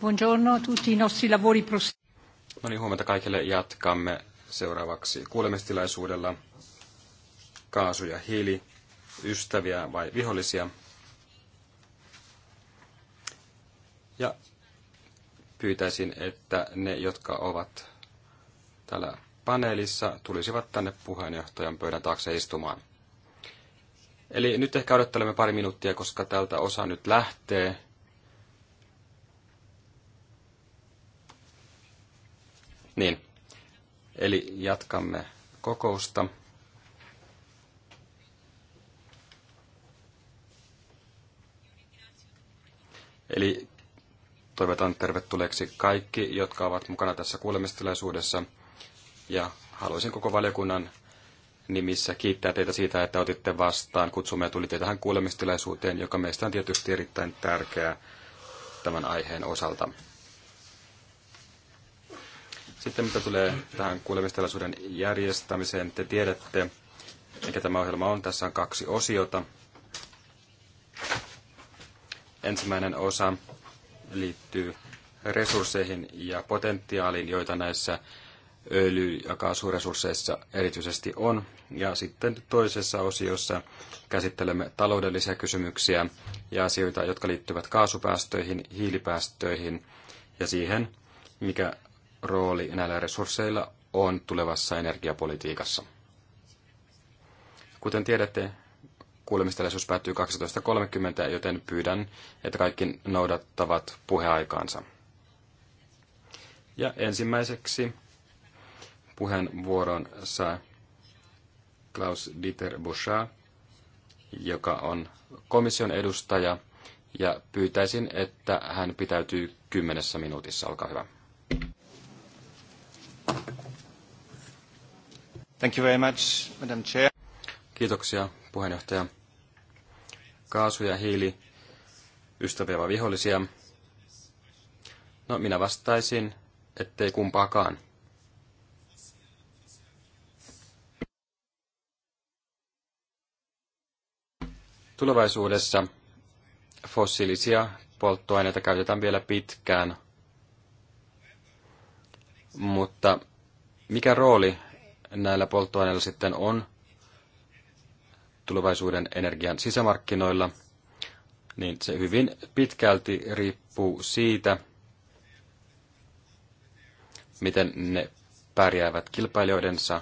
Buongiorno, tutti i nostri lavori No niin, huomenta kaikille. Jatkamme seuraavaksi kuulemistilaisuudella kaasu ja hiili, ystäviä vai vihollisia. Ja pyytäisin, että ne, jotka ovat täällä paneelissa, tulisivat tänne puheenjohtajan pöydän taakse istumaan. Eli nyt ehkä odottelemme pari minuuttia, koska tältä osa nyt lähtee. Niin, eli jatkamme kokousta. Eli toivotan tervetulleeksi kaikki, jotka ovat mukana tässä kuulemistilaisuudessa. Ja haluaisin koko valiokunnan nimissä kiittää teitä siitä, että otitte vastaan kutsumme ja tulitte tähän kuulemistilaisuuteen, joka meistä on tietysti erittäin tärkeää tämän aiheen osalta. Sitten mitä tulee tähän kuulemistilaisuuden järjestämiseen, te tiedätte, mikä tämä ohjelma on. Tässä on kaksi osiota. Ensimmäinen osa liittyy resursseihin ja potentiaaliin, joita näissä öljy- ja kaasuresursseissa erityisesti on. Ja sitten toisessa osiossa käsittelemme taloudellisia kysymyksiä ja asioita, jotka liittyvät kaasupäästöihin, hiilipäästöihin ja siihen, mikä rooli näillä resursseilla on tulevassa energiapolitiikassa. Kuten tiedätte, kuulemistelaisuus päättyy 12.30, joten pyydän, että kaikki noudattavat puheaikaansa. Ja ensimmäiseksi puheenvuoron saa Klaus Dieter Bouchard, joka on komission edustaja, ja pyytäisin, että hän pitäytyy kymmenessä minuutissa. Olkaa hyvä. Thank you very much, Madam Chair. Kiitoksia, puheenjohtaja. Kaasu ja hiili, ystäviä vai vihollisia? No, minä vastaisin, ettei kumpaakaan. Tulevaisuudessa fossiilisia polttoaineita käytetään vielä pitkään mutta mikä rooli näillä polttoaineilla sitten on tulevaisuuden energian sisämarkkinoilla, niin se hyvin pitkälti riippuu siitä, miten ne pärjäävät kilpailijoidensa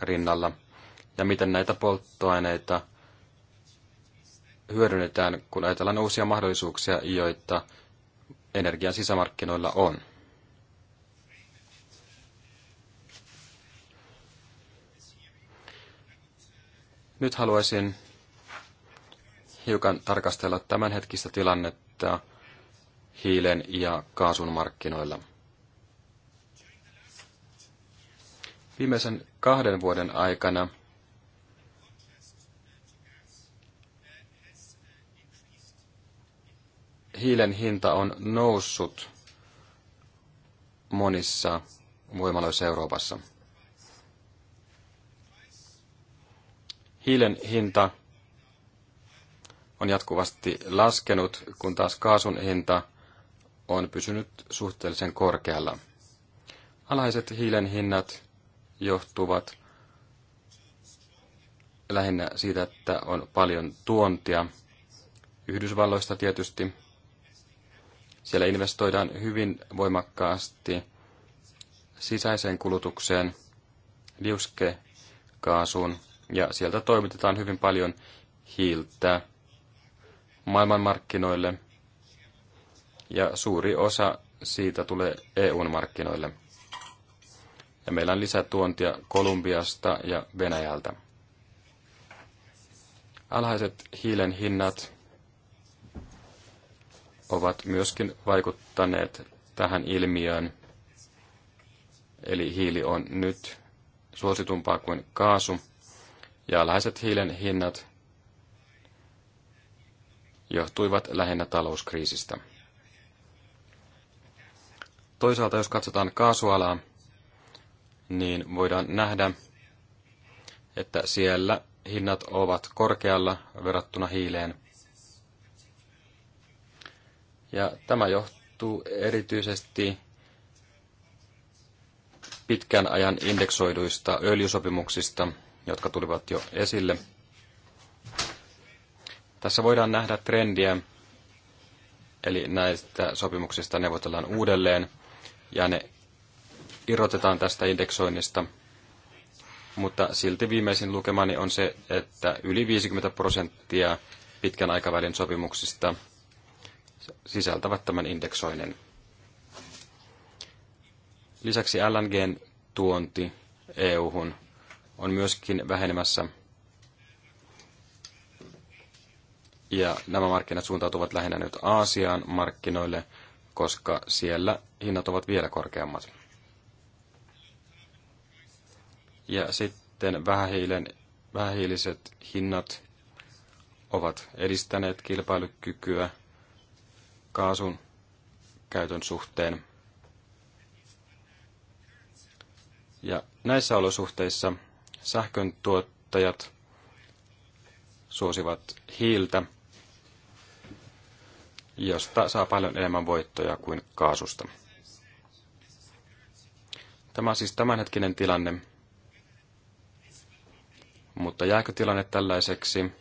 rinnalla ja miten näitä polttoaineita hyödynnetään, kun ajatellaan uusia mahdollisuuksia, joita energian sisämarkkinoilla on. Nyt haluaisin hiukan tarkastella tämänhetkistä tilannetta hiilen ja kaasun markkinoilla. Viimeisen kahden vuoden aikana hiilen hinta on noussut monissa voimaloissa Euroopassa. hiilen hinta on jatkuvasti laskenut, kun taas kaasun hinta on pysynyt suhteellisen korkealla. Alhaiset hiilen hinnat johtuvat lähinnä siitä, että on paljon tuontia. Yhdysvalloista tietysti. Siellä investoidaan hyvin voimakkaasti sisäiseen kulutukseen, liuskekaasuun ja sieltä toimitetaan hyvin paljon hiiltä maailmanmarkkinoille. Ja suuri osa siitä tulee EUn markkinoille. Ja meillä on lisätuontia Kolumbiasta ja Venäjältä. Alhaiset hiilen hinnat ovat myöskin vaikuttaneet tähän ilmiöön. Eli hiili on nyt suositumpaa kuin kaasu ja alhaiset hiilen hinnat johtuivat lähinnä talouskriisistä. Toisaalta, jos katsotaan kaasualaa, niin voidaan nähdä, että siellä hinnat ovat korkealla verrattuna hiileen. Ja tämä johtuu erityisesti pitkän ajan indeksoiduista öljysopimuksista – jotka tulivat jo esille. Tässä voidaan nähdä trendiä, eli näistä sopimuksista neuvotellaan uudelleen ja ne irrotetaan tästä indeksoinnista. Mutta silti viimeisin lukemani on se, että yli 50 prosenttia pitkän aikavälin sopimuksista sisältävät tämän indeksoinnin. Lisäksi lng tuonti EU-hun on myöskin vähenemässä. Ja nämä markkinat suuntautuvat lähinnä nyt Aasian markkinoille, koska siellä hinnat ovat vielä korkeammat. Ja sitten vähähiilen, vähähiiliset hinnat ovat edistäneet kilpailukykyä kaasun käytön suhteen. Ja näissä olosuhteissa – sähkön tuottajat suosivat hiiltä, josta saa paljon enemmän voittoja kuin kaasusta. Tämä on siis tämänhetkinen tilanne, mutta jääkö tilanne tällaiseksi?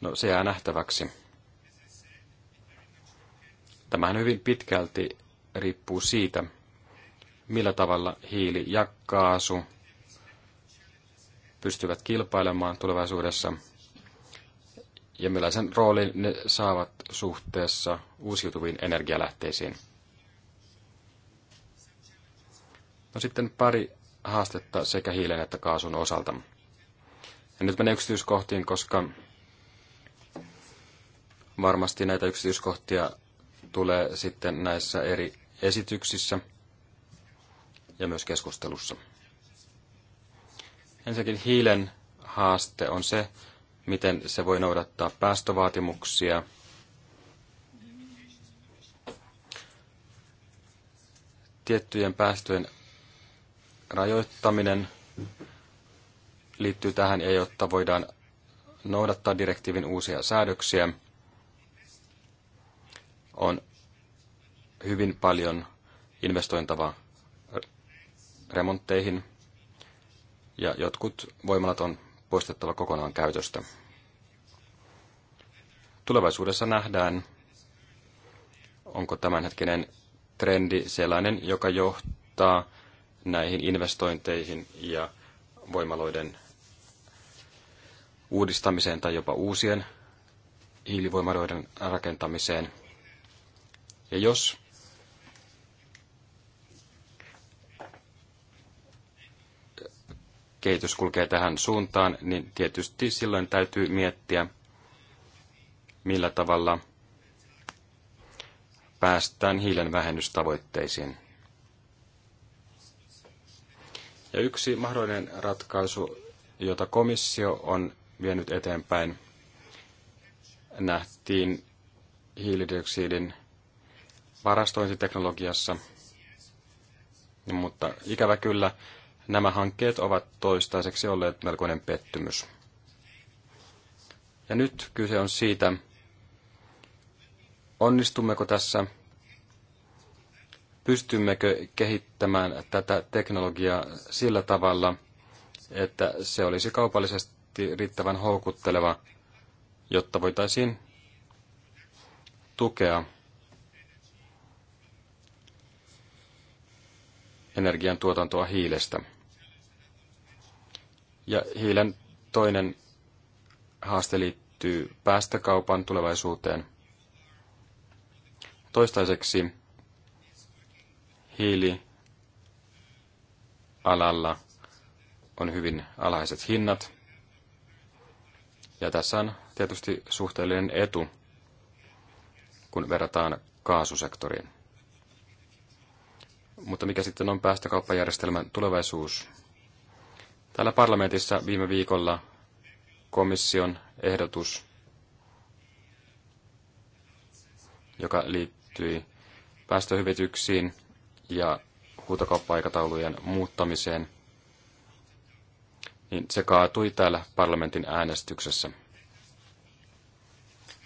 No se jää nähtäväksi. Tämähän hyvin pitkälti riippuu siitä, millä tavalla hiili ja kaasu pystyvät kilpailemaan tulevaisuudessa ja millaisen roolin ne saavat suhteessa uusiutuviin energialähteisiin. No sitten pari haastetta sekä hiilen että kaasun osalta. Ja nyt menen yksityiskohtiin, koska varmasti näitä yksityiskohtia tulee sitten näissä eri esityksissä – ja myös keskustelussa. Ensinnäkin hiilen haaste on se, miten se voi noudattaa päästövaatimuksia. Tiettyjen päästöjen rajoittaminen liittyy tähän, ja jotta voidaan noudattaa direktiivin uusia säädöksiä, on hyvin paljon investointavaa remontteihin ja jotkut voimalat on poistettava kokonaan käytöstä. Tulevaisuudessa nähdään, onko tämänhetkinen trendi sellainen, joka johtaa näihin investointeihin ja voimaloiden uudistamiseen tai jopa uusien hiilivoimaloiden rakentamiseen. Ja jos kehitys kulkee tähän suuntaan, niin tietysti silloin täytyy miettiä, millä tavalla päästään hiilen vähennystavoitteisiin. Ja yksi mahdollinen ratkaisu, jota komissio on vienyt eteenpäin, nähtiin hiilidioksidin varastointiteknologiassa, mutta ikävä kyllä Nämä hankkeet ovat toistaiseksi olleet melkoinen pettymys. Ja nyt kyse on siitä, onnistummeko tässä, pystymmekö kehittämään tätä teknologiaa sillä tavalla, että se olisi kaupallisesti riittävän houkutteleva, jotta voitaisiin tukea energiantuotantoa hiilestä. Ja hiilen toinen haaste liittyy päästökaupan tulevaisuuteen. Toistaiseksi hiilialalla on hyvin alhaiset hinnat. Ja tässä on tietysti suhteellinen etu, kun verrataan kaasusektoriin. Mutta mikä sitten on päästökauppajärjestelmän tulevaisuus? Täällä parlamentissa viime viikolla komission ehdotus, joka liittyi päästöhyvityksiin ja huutokauppa-aikataulujen muuttamiseen, niin se kaatui täällä parlamentin äänestyksessä.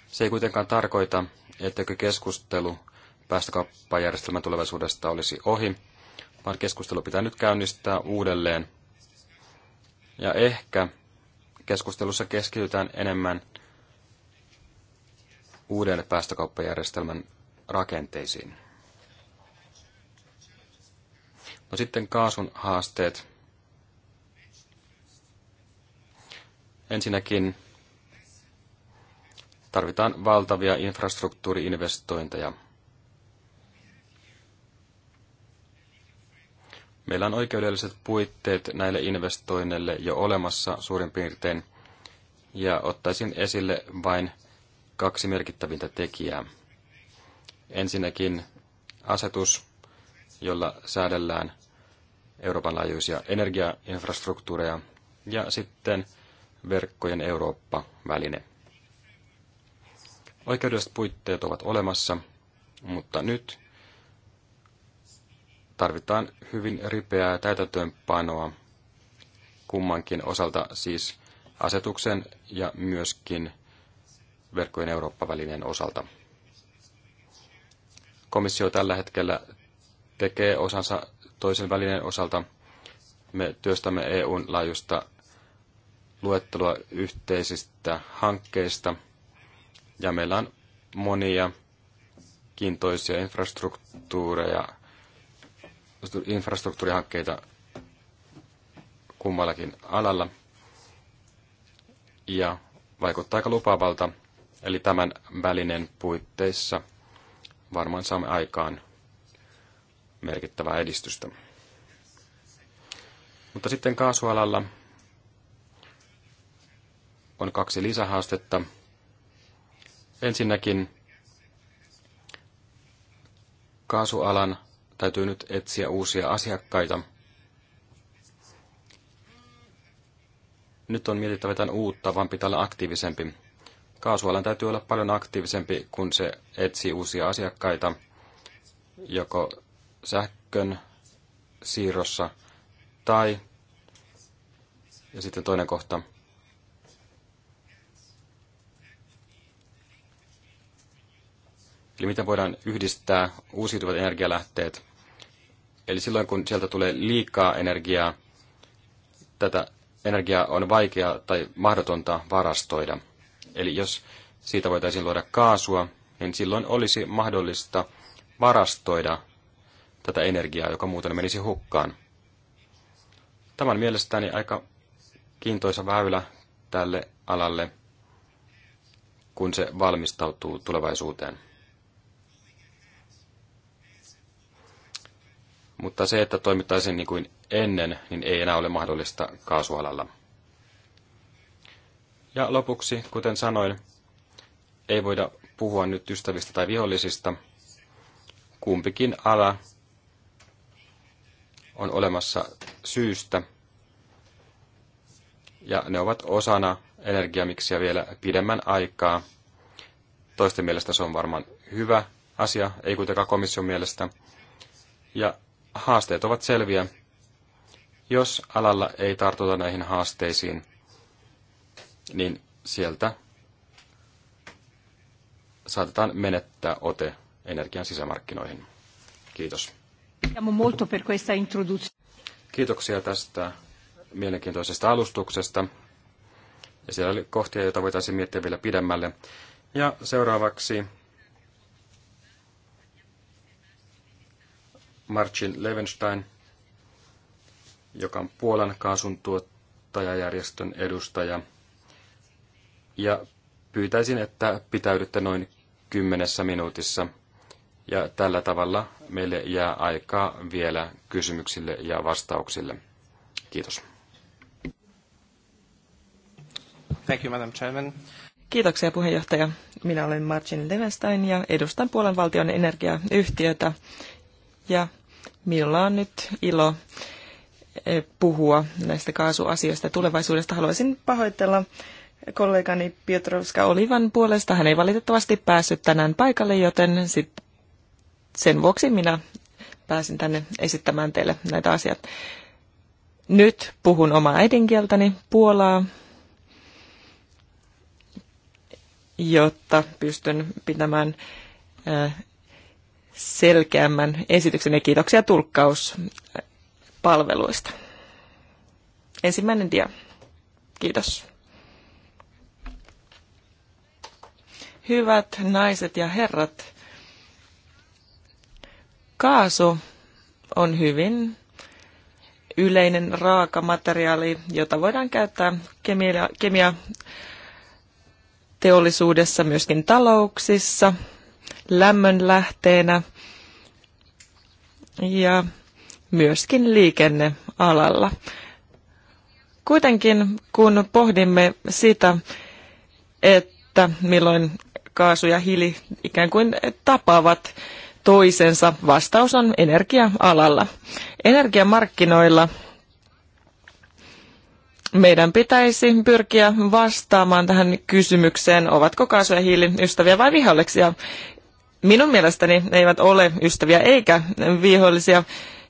Se ei kuitenkaan tarkoita, etteikö keskustelu päästökauppajärjestelmän tulevaisuudesta olisi ohi, vaan keskustelu pitää nyt käynnistää uudelleen – ja ehkä keskustelussa keskitytään enemmän uuden päästökauppajärjestelmän rakenteisiin. No sitten kaasun haasteet. Ensinnäkin tarvitaan valtavia infrastruktuuriinvestointeja – Meillä on oikeudelliset puitteet näille investoinneille jo olemassa suurin piirtein, ja ottaisin esille vain kaksi merkittävintä tekijää. Ensinnäkin asetus, jolla säädellään Euroopan laajuisia energiainfrastruktuureja, ja sitten verkkojen Eurooppa-väline. Oikeudelliset puitteet ovat olemassa, mutta nyt tarvitaan hyvin ripeää täytäntöönpanoa kummankin osalta, siis asetuksen ja myöskin verkkojen Eurooppa-välineen osalta. Komissio tällä hetkellä tekee osansa toisen välineen osalta. Me työstämme EUn laajuista luettelua yhteisistä hankkeista ja meillä on monia kiintoisia infrastruktuureja infrastruktuurihankkeita kummallakin alalla. Ja vaikuttaa aika lupaavalta, eli tämän välinen puitteissa varmaan saamme aikaan merkittävää edistystä. Mutta sitten kaasualalla on kaksi lisähaastetta. Ensinnäkin kaasualan täytyy nyt etsiä uusia asiakkaita. Nyt on mietittävä jotain uutta, vaan pitää olla aktiivisempi. Kaasualan täytyy olla paljon aktiivisempi, kun se etsii uusia asiakkaita, joko sähkön siirrossa tai, ja sitten toinen kohta, Eli miten voidaan yhdistää uusiutuvat energialähteet Eli silloin kun sieltä tulee liikaa energiaa, tätä energiaa on vaikea tai mahdotonta varastoida. Eli jos siitä voitaisiin luoda kaasua, niin silloin olisi mahdollista varastoida tätä energiaa, joka muuten menisi hukkaan. Tämä on mielestäni aika kiintoisa väylä tälle alalle, kun se valmistautuu tulevaisuuteen. Mutta se, että toimittaisiin niin kuin ennen, niin ei enää ole mahdollista kaasualalla. Ja lopuksi, kuten sanoin, ei voida puhua nyt ystävistä tai vihollisista. Kumpikin ala on olemassa syystä, ja ne ovat osana energiamiksiä vielä pidemmän aikaa. Toisten mielestä se on varmaan hyvä asia, ei kuitenkaan komission mielestä. Ja haasteet ovat selviä. Jos alalla ei tartuta näihin haasteisiin, niin sieltä saatetaan menettää ote energian sisämarkkinoihin. Kiitos. Kiitoksia tästä mielenkiintoisesta alustuksesta. Ja siellä oli kohtia, joita voitaisiin miettiä vielä pidemmälle. Ja seuraavaksi Marcin Levenstein, joka on Puolan tuottajajärjestön edustaja. Ja pyytäisin, että pitäydytte noin kymmenessä minuutissa. Ja tällä tavalla meille jää aikaa vielä kysymyksille ja vastauksille. Kiitos. Thank you, Madam Chairman. Kiitoksia puheenjohtaja. Minä olen Martin Levenstein ja edustan Puolan valtion energiayhtiötä. Ja Minulla on nyt ilo eh, puhua näistä kaasuasioista tulevaisuudesta. Haluaisin pahoitella kollegani Piotrowska Olivan puolesta. Hän ei valitettavasti päässyt tänään paikalle, joten sit sen vuoksi minä pääsin tänne esittämään teille näitä asioita. Nyt puhun omaa äidinkieltäni puolaa, jotta pystyn pitämään eh, selkeämmän esityksen ja kiitoksia tulkkauspalveluista. Ensimmäinen dia. Kiitos. Hyvät naiset ja herrat, kaasu on hyvin yleinen raakamateriaali, jota voidaan käyttää kemia, kemia teollisuudessa, myöskin talouksissa – lämmön lähteenä ja myöskin liikennealalla. Kuitenkin kun pohdimme sitä, että milloin kaasu ja hiili ikään kuin tapaavat toisensa, vastaus on energia-alalla. Energiamarkkinoilla meidän pitäisi pyrkiä vastaamaan tähän kysymykseen, ovatko kaasu ja hiili ystäviä vai vihalleksia minun mielestäni ne eivät ole ystäviä eikä vihollisia.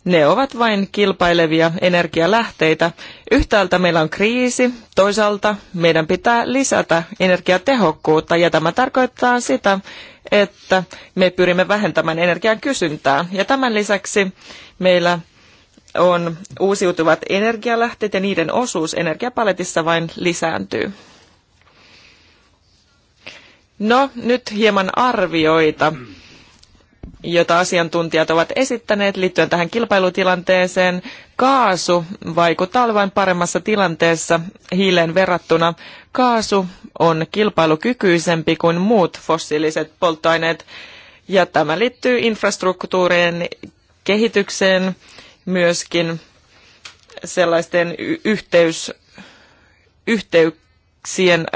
Ne ovat vain kilpailevia energialähteitä. Yhtäältä meillä on kriisi, toisaalta meidän pitää lisätä energiatehokkuutta ja tämä tarkoittaa sitä, että me pyrimme vähentämään energian kysyntää. Ja tämän lisäksi meillä on uusiutuvat energialähteet ja niiden osuus energiapaletissa vain lisääntyy. No, nyt hieman arvioita, jota asiantuntijat ovat esittäneet liittyen tähän kilpailutilanteeseen. Kaasu vaikuttaa olevan paremmassa tilanteessa hiileen verrattuna. Kaasu on kilpailukykyisempi kuin muut fossiiliset polttoaineet, ja tämä liittyy infrastruktuurien kehitykseen myöskin sellaisten yhteys, yhteyksien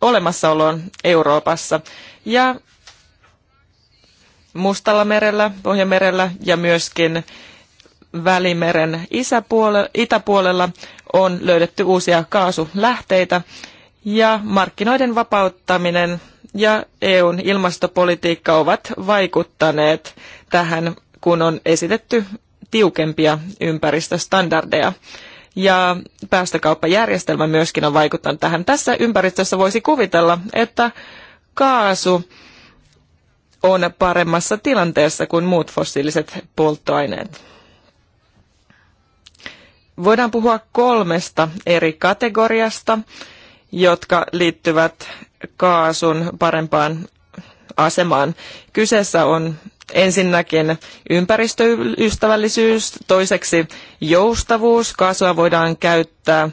olemassaoloon Euroopassa ja Mustalla merellä, Pohjanmerellä ja myöskin Välimeren isäpuole, itäpuolella on löydetty uusia kaasulähteitä ja markkinoiden vapauttaminen ja EUn ilmastopolitiikka ovat vaikuttaneet tähän, kun on esitetty tiukempia ympäristöstandardeja ja päästökauppajärjestelmä myöskin on vaikuttanut tähän. Tässä ympäristössä voisi kuvitella, että kaasu on paremmassa tilanteessa kuin muut fossiiliset polttoaineet. Voidaan puhua kolmesta eri kategoriasta, jotka liittyvät kaasun parempaan asemaan. Kyseessä on ensinnäkin ympäristöystävällisyys, toiseksi joustavuus. Kaasua voidaan käyttää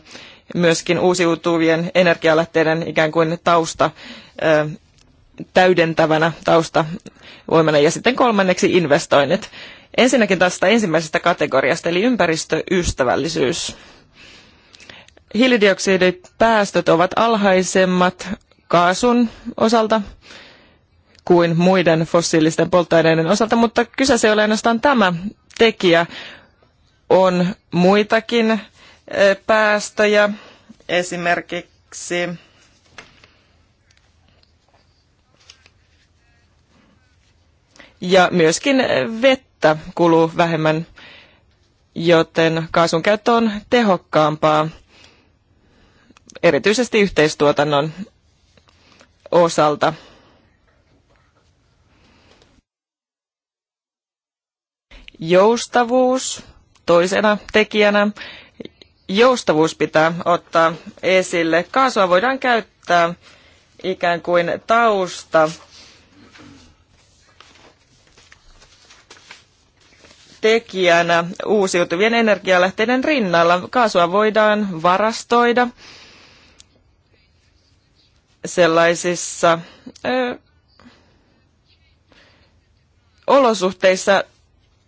myöskin uusiutuvien energialähteiden ikään kuin tausta täydentävänä taustavoimana ja sitten kolmanneksi investoinnit. Ensinnäkin tästä ensimmäisestä kategoriasta eli ympäristöystävällisyys. Hiilidioksidipäästöt ovat alhaisemmat kaasun osalta kuin muiden fossiilisten polttoaineiden osalta, mutta kyseessä ei ole ainoastaan tämä tekijä. On muitakin eh, päästöjä, esimerkiksi ja myöskin vettä kuluu vähemmän, joten kaasun käyttö on tehokkaampaa, erityisesti yhteistuotannon osalta. Joustavuus toisena tekijänä. Joustavuus pitää ottaa esille. Kaasua voidaan käyttää ikään kuin tausta tekijänä uusiutuvien energialähteiden rinnalla. Kaasua voidaan varastoida sellaisissa ö, olosuhteissa,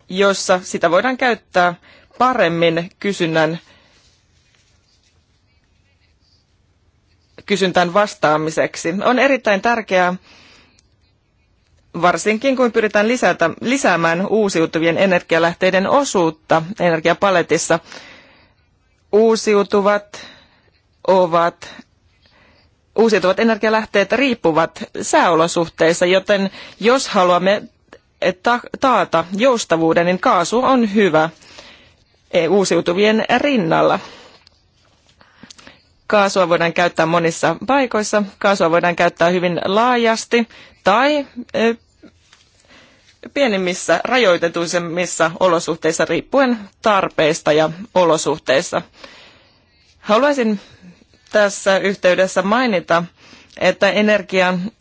joissa sitä voidaan käyttää paremmin kysynnän kysyntään vastaamiseksi. On erittäin tärkeää, varsinkin kun pyritään lisätä, lisäämään uusiutuvien energialähteiden osuutta energiapaletissa. Uusiutuvat ovat Uusiutuvat energialähteet riippuvat sääolosuhteissa, joten jos haluamme taata joustavuuden, niin kaasu on hyvä e, uusiutuvien rinnalla. Kaasua voidaan käyttää monissa paikoissa, kaasua voidaan käyttää hyvin laajasti tai e, pienimmissä rajoitetuisemmissa olosuhteissa riippuen tarpeista ja olosuhteista. Haluaisin tässä yhteydessä mainita, että energian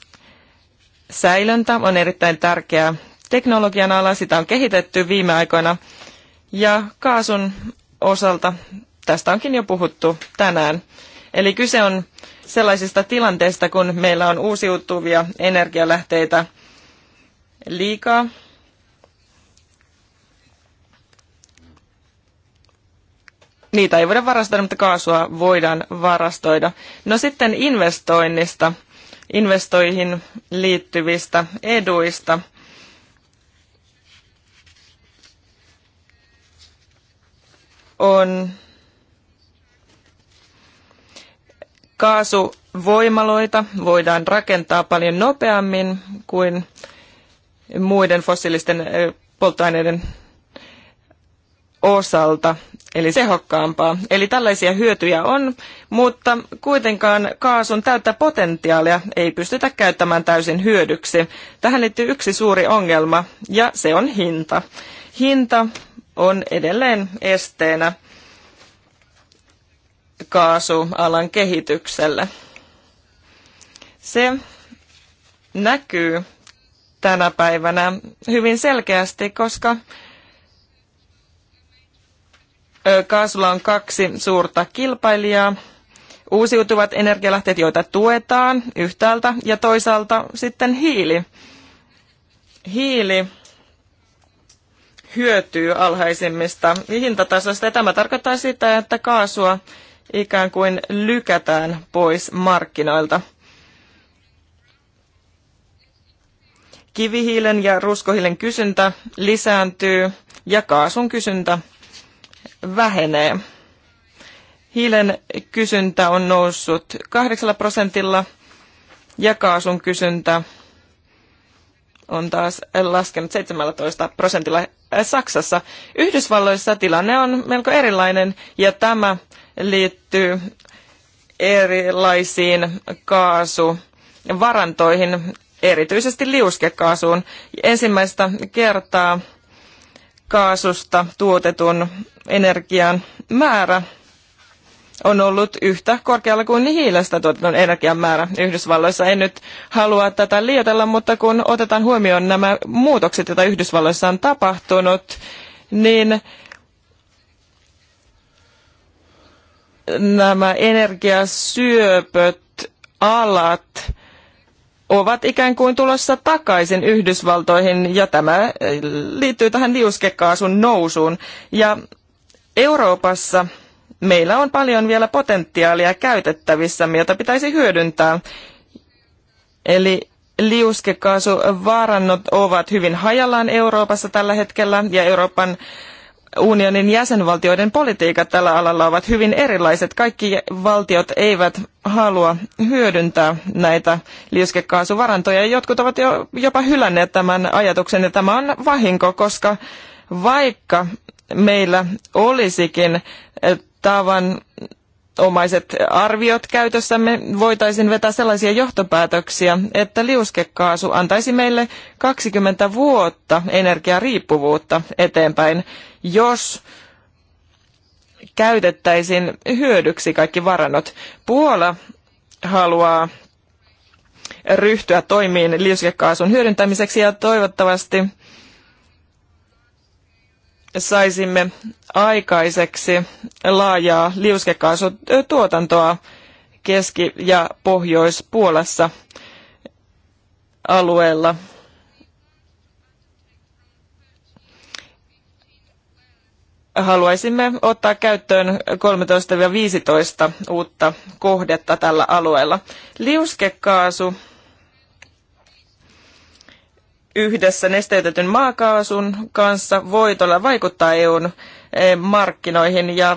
säilöntä on erittäin tärkeää teknologian ala, sitä on kehitetty viime aikoina. Ja kaasun osalta tästä onkin jo puhuttu tänään. Eli kyse on sellaisista tilanteista, kun meillä on uusiutuvia energialähteitä liikaa. Niitä ei voida varastoida, mutta kaasua voidaan varastoida. No sitten investoinnista, investoihin liittyvistä eduista – on kaasuvoimaloita voidaan rakentaa paljon nopeammin kuin muiden fossiilisten polttoaineiden osalta, eli tehokkaampaa. Eli tällaisia hyötyjä on, mutta kuitenkaan kaasun täyttä potentiaalia ei pystytä käyttämään täysin hyödyksi. Tähän liittyy yksi suuri ongelma, ja se on hinta. Hinta on edelleen esteenä kaasualan kehitykselle. Se näkyy tänä päivänä hyvin selkeästi, koska kaasulla on kaksi suurta kilpailijaa. Uusiutuvat energialähteet, joita tuetaan yhtäältä, ja toisaalta sitten hiili. Hiili hyötyy alhaisimmista hintatasoista. Ja tämä tarkoittaa sitä, että kaasua ikään kuin lykätään pois markkinoilta. Kivihiilen ja ruskohiilen kysyntä lisääntyy ja kaasun kysyntä vähenee. Hiilen kysyntä on noussut 8 prosentilla ja kaasun kysyntä on taas laskenut 17 prosentilla. Äh, Saksassa. Yhdysvalloissa tilanne on melko erilainen ja tämä liittyy erilaisiin kaasuvarantoihin, erityisesti liuskekaasuun. Ensimmäistä kertaa kaasusta tuotetun energian määrä on ollut yhtä korkealla kuin hiilestä tuotetun energian määrä Yhdysvalloissa. En nyt halua tätä liioitella, mutta kun otetaan huomioon nämä muutokset, joita Yhdysvalloissa on tapahtunut, niin nämä energiasyöpöt alat ovat ikään kuin tulossa takaisin Yhdysvaltoihin ja tämä liittyy tähän liuskekaasun nousuun. Ja Euroopassa meillä on paljon vielä potentiaalia käytettävissä, jota pitäisi hyödyntää. Eli liuskekaasuvaarannot ovat hyvin hajallaan Euroopassa tällä hetkellä ja Euroopan unionin jäsenvaltioiden politiikat tällä alalla ovat hyvin erilaiset. Kaikki valtiot eivät halua hyödyntää näitä liuskekaasuvarantoja. Jotkut ovat jo, jopa hylänneet tämän ajatuksen ja tämä on vahinko, koska vaikka meillä olisikin tavan omaiset arviot käytössämme, voitaisiin vetää sellaisia johtopäätöksiä, että liuskekaasu antaisi meille 20 vuotta energiariippuvuutta eteenpäin, jos käytettäisiin hyödyksi kaikki varannot. Puola haluaa ryhtyä toimiin liuskekaasun hyödyntämiseksi ja toivottavasti saisimme aikaiseksi laajaa liuskekaasutuotantoa Keski- ja Pohjois-Puolassa alueella. Haluaisimme ottaa käyttöön 13-15 uutta kohdetta tällä alueella. Liuskekaasu yhdessä nesteytetyn maakaasun kanssa voitolla vaikuttaa EUn eh, markkinoihin ja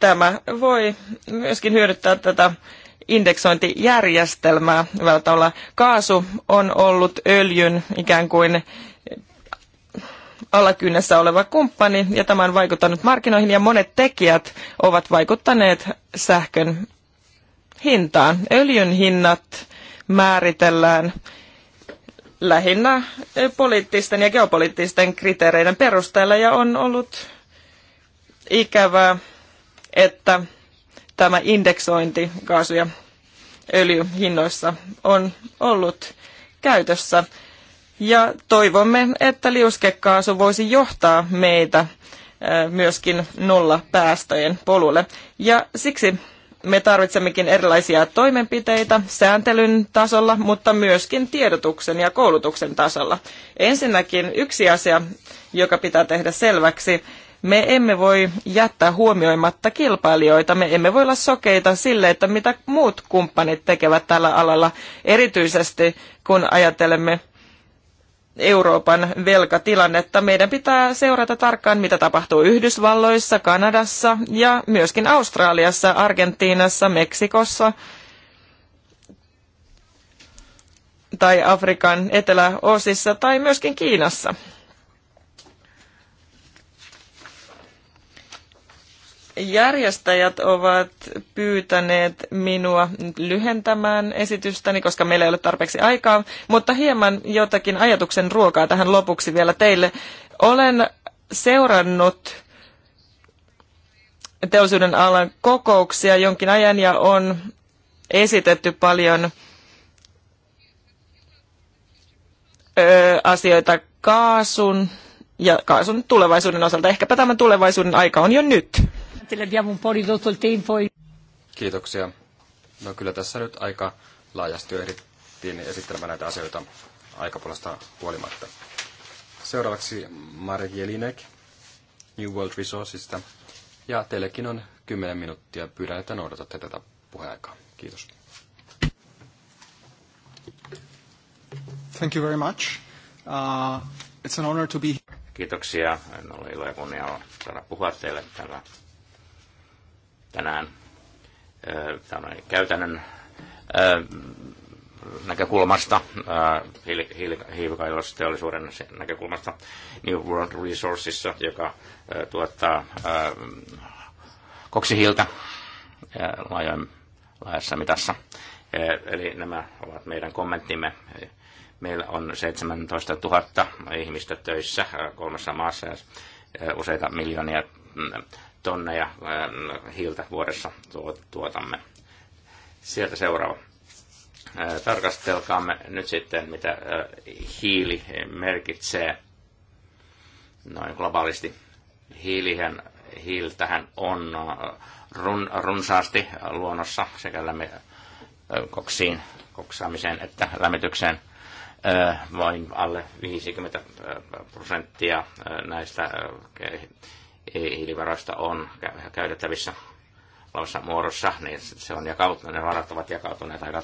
tämä voi myöskin hyödyttää tätä indeksointijärjestelmää Välttämällä Kaasu on ollut öljyn ikään kuin alakynnessä oleva kumppani ja tämä on vaikuttanut markkinoihin ja monet tekijät ovat vaikuttaneet sähkön hintaan. Öljyn hinnat määritellään lähinnä poliittisten ja geopoliittisten kriteereiden perusteella ja on ollut ikävää, että tämä indeksointi kaasu- ja öljyhinnoissa on ollut käytössä. Ja toivomme, että liuskekaasu voisi johtaa meitä myöskin nolla päästöjen polulle. Ja siksi me tarvitsemmekin erilaisia toimenpiteitä sääntelyn tasolla, mutta myöskin tiedotuksen ja koulutuksen tasolla. Ensinnäkin yksi asia, joka pitää tehdä selväksi, me emme voi jättää huomioimatta kilpailijoita, me emme voi olla sokeita sille, että mitä muut kumppanit tekevät tällä alalla, erityisesti kun ajattelemme Euroopan velkatilannetta. Meidän pitää seurata tarkkaan, mitä tapahtuu Yhdysvalloissa, Kanadassa ja myöskin Australiassa, Argentiinassa, Meksikossa tai Afrikan eteläosissa tai myöskin Kiinassa. järjestäjät ovat pyytäneet minua lyhentämään esitystäni, koska meillä ei ole tarpeeksi aikaa, mutta hieman jotakin ajatuksen ruokaa tähän lopuksi vielä teille. Olen seurannut teollisuuden alan kokouksia jonkin ajan ja on esitetty paljon asioita kaasun ja kaasun tulevaisuuden osalta. Ehkäpä tämän tulevaisuuden aika on jo nyt un po' ridotto il tempo. E- Kiitoksia. No kyllä tässä nyt aika laajasti ehdittiin esittelemään näitä asioita aikapuolesta huolimatta. Seuraavaksi Marek Jelinek New World Resourcesista. Ja teillekin on 10 minuuttia. Pyydän, että noudatatte tätä puheaikaa. Kiitos. Thank you very much. Uh, it's an honor to be here. Kiitoksia. En ole ilo ja kunnia saada puhua teille tällä tänään tämmöinen käytännön näkökulmasta, hiilikaivosteollisuuden näkökulmasta New World Resourcesissa, joka tuottaa koksihiiltä laajassa mitassa. Eli nämä ovat meidän kommenttimme. Meillä on 17 000 ihmistä töissä kolmessa maassa ja useita miljoonia mm, tonneja hiiltä vuodessa tuotamme. Sieltä seuraava. Tarkastelkaamme nyt sitten, mitä hiili merkitsee noin globaalisti. Hiilihän, hiiltähän on run, runsaasti luonnossa sekä lämmi, koksiin, koksaamiseen että lämmitykseen vain alle 50 prosenttia näistä hiilivaroista on käytettävissä laussa muodossa, niin se on jakautunut, ne varat ovat jakautuneet aika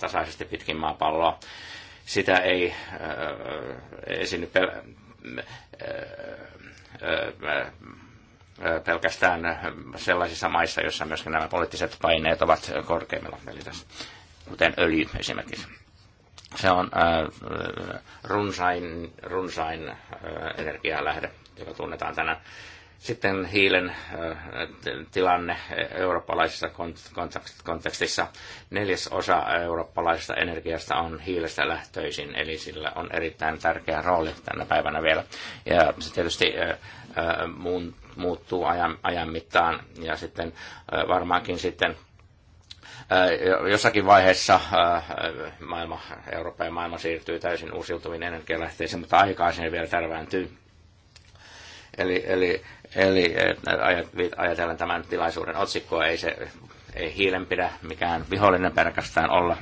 tasaisesti pitkin maapalloa. Sitä ei äh, esiinny pel- pelkästään sellaisissa maissa, joissa myöskin nämä poliittiset paineet ovat korkeimmilla, eli tässä, kuten öljy esimerkiksi. Se on äh, runsain, runsain äh, energialähde, joka tunnetaan tänään. Sitten hiilen äh, tilanne eurooppalaisessa kontekstissa. Neljäs osa eurooppalaisesta energiasta on hiilestä lähtöisin, eli sillä on erittäin tärkeä rooli tänä päivänä vielä. Ja se tietysti muuttuu ajan, ajan mittaan ja sitten varmaankin sitten Äh, jossakin vaiheessa äh, äh, maailma, Eurooppa ja maailma siirtyy täysin uusiutuviin energialähteisiin, mutta aikaisin vielä tärvääntyy. Eli, eli, eli ajatellen tämän tilaisuuden otsikkoa, ei se ei hiilen pidä mikään vihollinen pelkästään olla,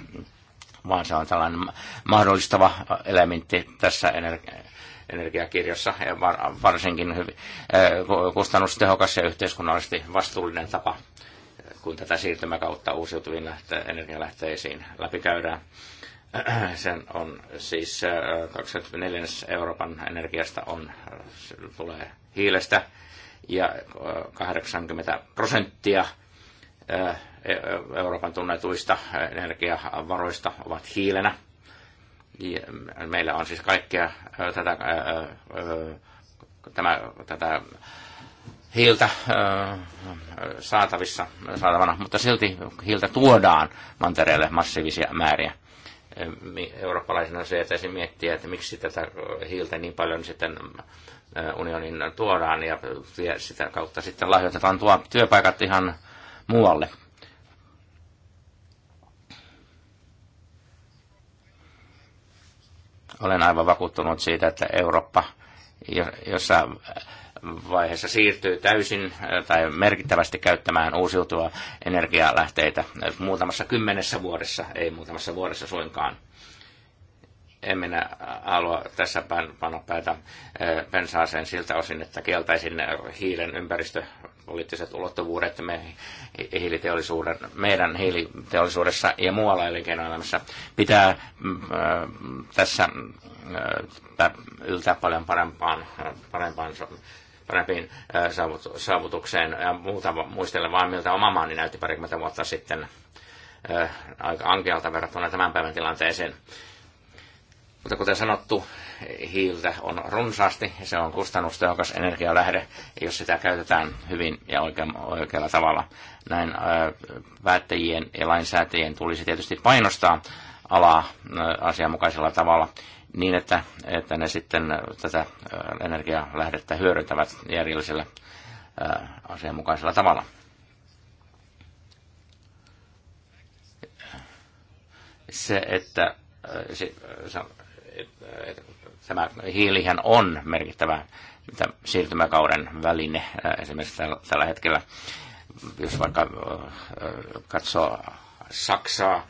vaan se on tällainen mahdollistava elementti tässä energi- energiakirjossa ja varsinkin hyvin kustannustehokas ja yhteiskunnallisesti vastuullinen tapa kun tätä siirtymäkautta uusiutuviin lähte- energialähteisiin läpikäydään. Sen on siis 24. Äh, Euroopan energiasta on, äh, tulee hiilestä ja 80 äh, prosenttia e-, Euroopan tunnetuista energiavaroista ovat hiilenä. Meillä on siis kaikkea tätä, tämä, tätä hiiltä saatavissa, saatavana, mutta silti hiiltä tuodaan mantereelle massiivisia määriä. Eurooppalaisena se pitäisi miettiä, että miksi tätä hiiltä niin paljon sitten unionin tuodaan ja sitä kautta sitten lahjoitetaan tuo työpaikat ihan muualle. Olen aivan vakuuttunut siitä, että Eurooppa, jossa vaiheessa siirtyy täysin äh, tai merkittävästi käyttämään uusiutuvia energialähteitä äh, muutamassa kymmenessä vuodessa, ei muutamassa vuodessa suinkaan. En minä halua tässä panna päätä äh, pensaaseen siltä osin, että kieltäisin hiilen ympäristöpoliittiset ulottuvuudet me hiiliteollisuuden, meidän hiiliteollisuudessa ja muualla elinkeinoelämässä. Pitää mm, tässä yltää paljon parempaan, parempaan parempiin saavutukseen. Ja muuta muistelen vaan, miltä oma maani näytti parikymmentä vuotta sitten aika ankealta verrattuna tämän päivän tilanteeseen. Mutta kuten sanottu, hiiltä on runsaasti ja se on kustannustehokas energialähde, jos sitä käytetään hyvin ja oikealla tavalla. Näin päättäjien ja lainsäätäjien tulisi tietysti painostaa alaa asianmukaisella tavalla niin, että, että ne sitten äh, tätä äh, energialähdettä hyödyntävät järjellisellä äh, asianmukaisella tavalla. Se, että se, se, tämä hiilihän on merkittävä siirtymäkauden väline esimerkiksi tällä hetkellä. Jos vaikka katsoo Saksaa,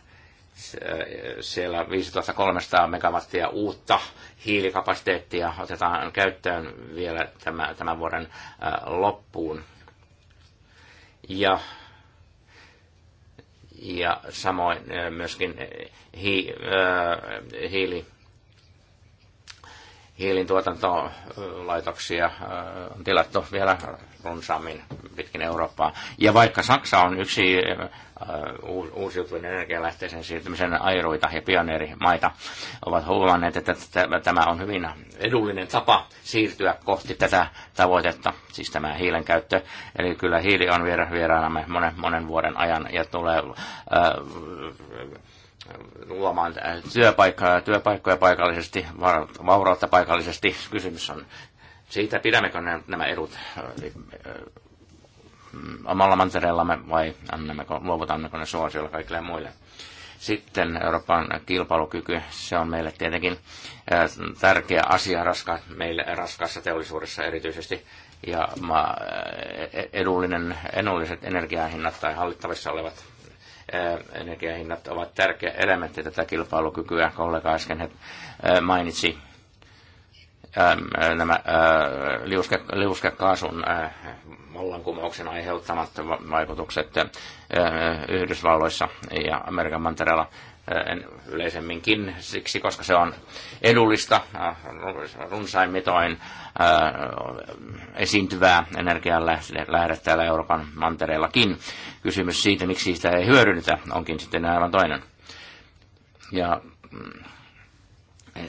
siellä 5300 megawattia uutta hiilikapasiteettia otetaan käyttöön vielä tämän, vuoden loppuun. Ja, ja samoin myöskin hi, hiili, hiilin tuotantolaitoksia on tilattu vielä runsaammin pitkin Eurooppaa. Ja vaikka Saksa on yksi Äh, uusiutuvien energialähteisen siirtymisen airoita ja pioneerimaita ovat huomanneet, että tämä on hyvin edullinen tapa siirtyä kohti tätä tavoitetta, siis tämä hiilen käyttö. Eli kyllä hiili on vieraanamme monen, monen vuoden ajan ja tulee ää, äh, luomaan äh, työpaikkoja, työpaikkoja paikallisesti, vaurautta paikallisesti. Kysymys on siitä, pidämmekö nämä edut omalla mantereellamme vai annammeko, luovutammeko ne suosiolla kaikille muille. Sitten Euroopan kilpailukyky, se on meille tietenkin tärkeä asia raska, meille raskaassa teollisuudessa erityisesti. Ja e, edullinen, edulliset energiahinnat tai hallittavissa olevat energiahinnat ovat tärkeä elementti tätä kilpailukykyä. Kollega äsken mainitsi Ähm, äh, nämä äh, liuske, liuskekaasun äh, vallankumouksen aiheuttamat vaikutukset Yhdysvalloissa ja Amerikan mantereella yleisemminkin siksi, koska se on edullista, runsain mitoin esiintyvää energianlähdettä täällä Euroopan mantereellakin. Kysymys siitä, miksi sitä ei hyödynnetä, onkin sitten aivan toinen. Ja mm,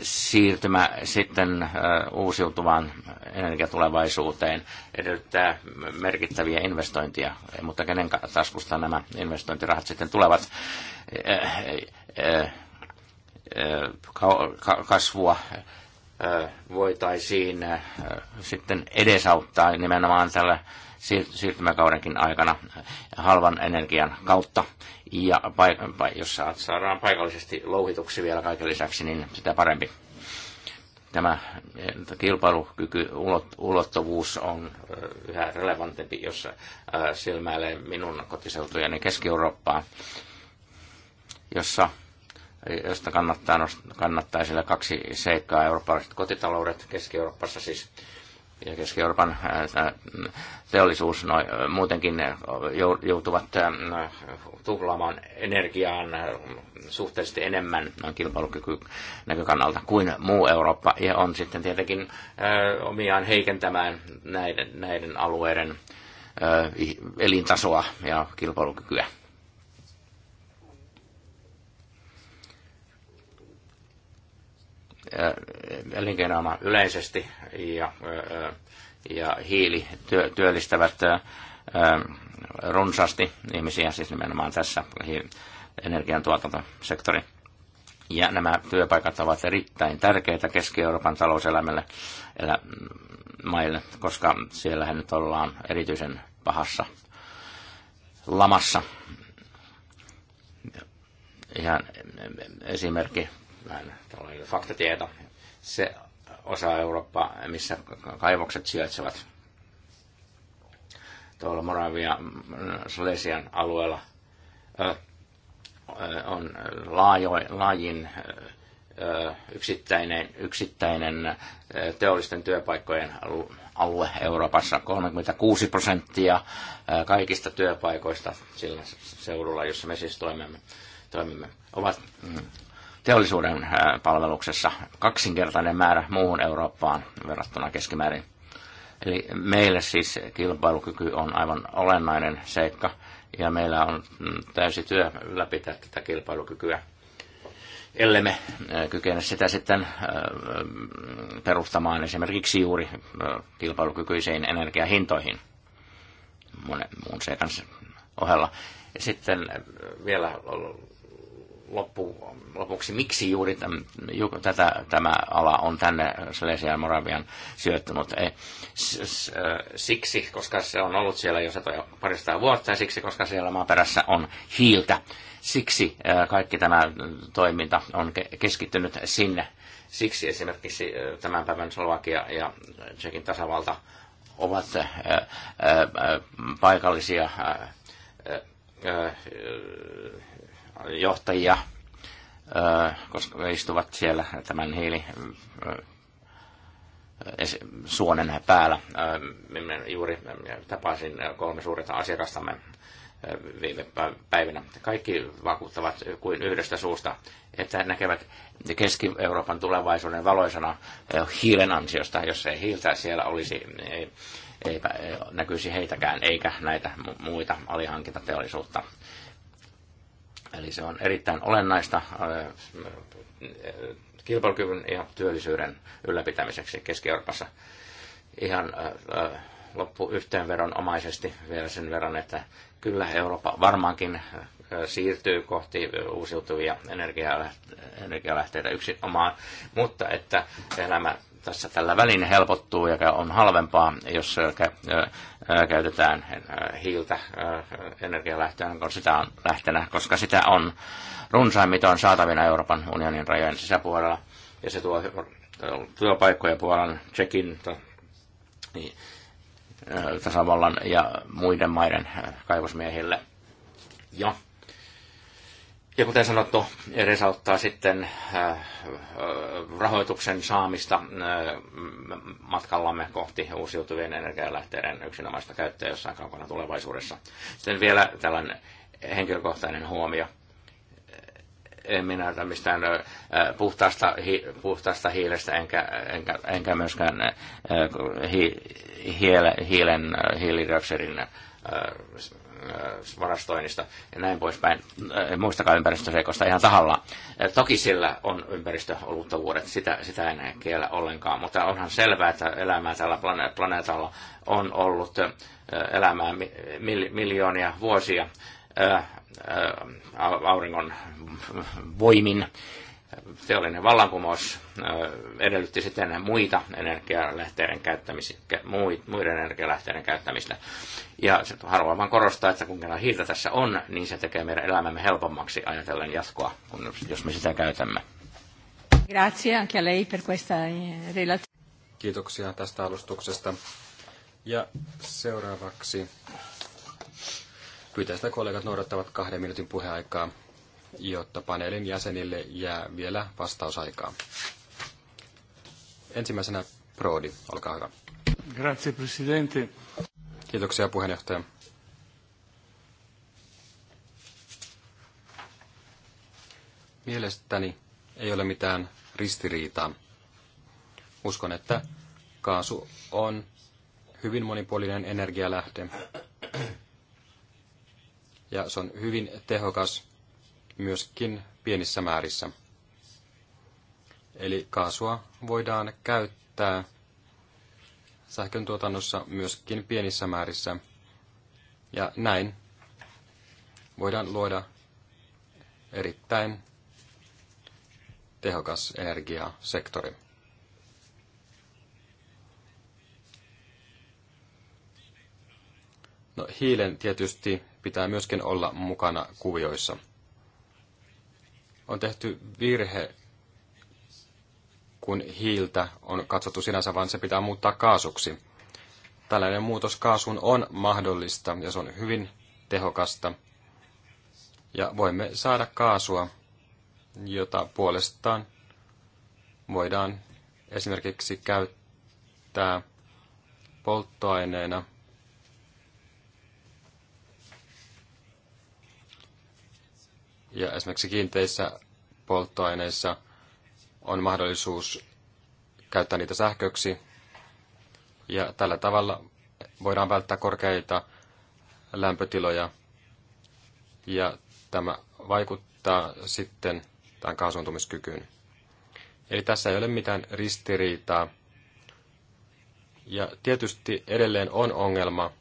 siirtymä sitten uusiutuvaan energiatulevaisuuteen edellyttää merkittäviä investointeja, mutta kenen taskusta nämä investointirahat sitten tulevat kasvua voitaisiin sitten edesauttaa nimenomaan tällä siirtymäkaudenkin aikana halvan energian kautta. Ja jos saadaan paikallisesti louhituksi vielä kaiken lisäksi, niin sitä parempi. Tämä eh, kilpailukyky, ulottuvuus on eh, yhä relevantempi, jos eh, silmäilee minun kotiseutujeni Keski-Eurooppaa, jossa josta kannattaa, kannattaa sillä kaksi seikkaa, eurooppalaiset kotitaloudet, Keski-Euroopassa siis ja Keski-Euroopan teollisuus no, muutenkin joutuvat tuhlaamaan energiaan suhteellisesti enemmän noin kilpailukykynäkökannalta kuin muu Eurooppa, ja on sitten tietenkin omiaan heikentämään näiden, näiden alueiden elintasoa ja kilpailukykyä. elinkeinoelämä yleisesti ja, ja hiili työllistävät runsaasti ihmisiä, siis nimenomaan tässä energiantuotantosektori. Ja nämä työpaikat ovat erittäin tärkeitä Keski-Euroopan talouselämälle maille, koska siellä nyt ollaan erityisen pahassa lamassa. Ihan esimerkki vähän tällainen faktatieto. Se osa Eurooppaa, missä kaivokset sijaitsevat tuolla Moravia mm, slesian alueella on laajo, laajin yksittäinen, yksittäinen teollisten työpaikkojen alue Euroopassa. 36 prosenttia kaikista työpaikoista sillä seudulla, jossa me siis toimimme, toimimme ovat mm, teollisuuden palveluksessa kaksinkertainen määrä muuhun Eurooppaan verrattuna keskimäärin. Eli meille siis kilpailukyky on aivan olennainen seikka ja meillä on mm, täysi työ ylläpitää tätä kilpailukykyä. Ellei me kykene sitä sitten perustamaan esimerkiksi juuri kilpailukykyisiin energiahintoihin monen muun seikan ohella. Ja sitten vielä loppu, lopuksi, miksi juuri täm, ju, tätä, tämä ala on tänne ja Moravian syöttynyt. Ei, siksi, koska se on ollut siellä jo satoja parista vuotta ja siksi, koska siellä maaperässä on hiiltä. Siksi kaikki tämä toiminta on keskittynyt sinne. Siksi esimerkiksi tämän päivän Slovakia ja Tsekin tasavalta ovat paikallisia johtajia, koska istuvat siellä tämän hiili suonen päällä. Minä juuri tapasin kolme suurinta asiakastamme viime päivinä. Kaikki vakuuttavat kuin yhdestä suusta, että näkevät Keski-Euroopan tulevaisuuden valoisana hiilen ansiosta. Jos ei hiiltä siellä olisi, ei, eipä näkyisi heitäkään, eikä näitä muita alihankintateollisuutta. Eli se on erittäin olennaista äh, kilpailukyvyn ja työllisyyden ylläpitämiseksi Keski-Euroopassa. Ihan äh, äh, omaisesti, vielä sen verran, että kyllä Eurooppa varmaankin siirtyy kohti uusiutuvia energialähteitä yksinomaan, mutta että elämä tässä tällä välin helpottuu ja on halvempaa, jos käytetään hiiltä energialähteenä, kun sitä on lähtenä, koska sitä on runsaimmiton saatavina Euroopan unionin rajojen sisäpuolella. Ja se tuo työpaikkoja Puolan, Tsekin, niin, tasavallan ja muiden maiden kaivosmiehille. Ja ja kuten sanottu, edesauttaa sitten äh, rahoituksen saamista äh, matkallamme kohti uusiutuvien energialähteiden yksinomaista käyttöä jossain kaukana tulevaisuudessa. Sitten vielä tällainen henkilökohtainen huomio. En minä näytä mistään äh, puhtaasta, hi, puhtaasta hiilestä, enkä, enkä, enkä myöskään hi, hiile, hiilen hiilidioksidin Äh, varastoinnista ja näin poispäin, äh, muistakaa ympäristöseikosta ihan tahalla. Äh, toki sillä on ympäristöoluttavuudet, sitä, sitä en kiellä ollenkaan, mutta onhan selvää, että elämää tällä planeetalla on ollut elämää miljoonia vuosia auringon voimin teollinen vallankumous edellytti sitten muita energialähteiden käyttämistä, muiden energialähteiden käyttämistä. Ja haluan vain korostaa, että kun kerran hiiltä tässä on, niin se tekee meidän elämämme helpommaksi ajatellen jatkoa, kun, jos me sitä käytämme. Grazie anche a lei per questa eh, relazione. Kiitoksia tästä alustuksesta. Ja seuraavaksi pyytää sitä kollegat noudattavat kahden minuutin puheaikaa jotta paneelin jäsenille jää vielä vastausaikaa. Ensimmäisenä Prodi, olkaa hyvä. Grazie, Presidente. Kiitoksia puheenjohtaja. Mielestäni ei ole mitään ristiriitaa. Uskon, että kaasu on hyvin monipuolinen energialähde ja se on hyvin tehokas myöskin pienissä määrissä. Eli kaasua voidaan käyttää sähkön tuotannossa myöskin pienissä määrissä. Ja näin voidaan luoda erittäin tehokas energiasektori. No, hiilen tietysti pitää myöskin olla mukana kuvioissa – on tehty virhe, kun hiiltä on katsottu sinänsä, vaan se pitää muuttaa kaasuksi. Tällainen muutos kaasuun on mahdollista ja se on hyvin tehokasta. Ja voimme saada kaasua, jota puolestaan voidaan esimerkiksi käyttää polttoaineena – Ja esimerkiksi kiinteissä polttoaineissa on mahdollisuus käyttää niitä sähköksi. Ja tällä tavalla voidaan välttää korkeita lämpötiloja. Ja tämä vaikuttaa sitten tämän kaasuntumiskykyyn. Eli tässä ei ole mitään ristiriitaa. Ja tietysti edelleen on ongelma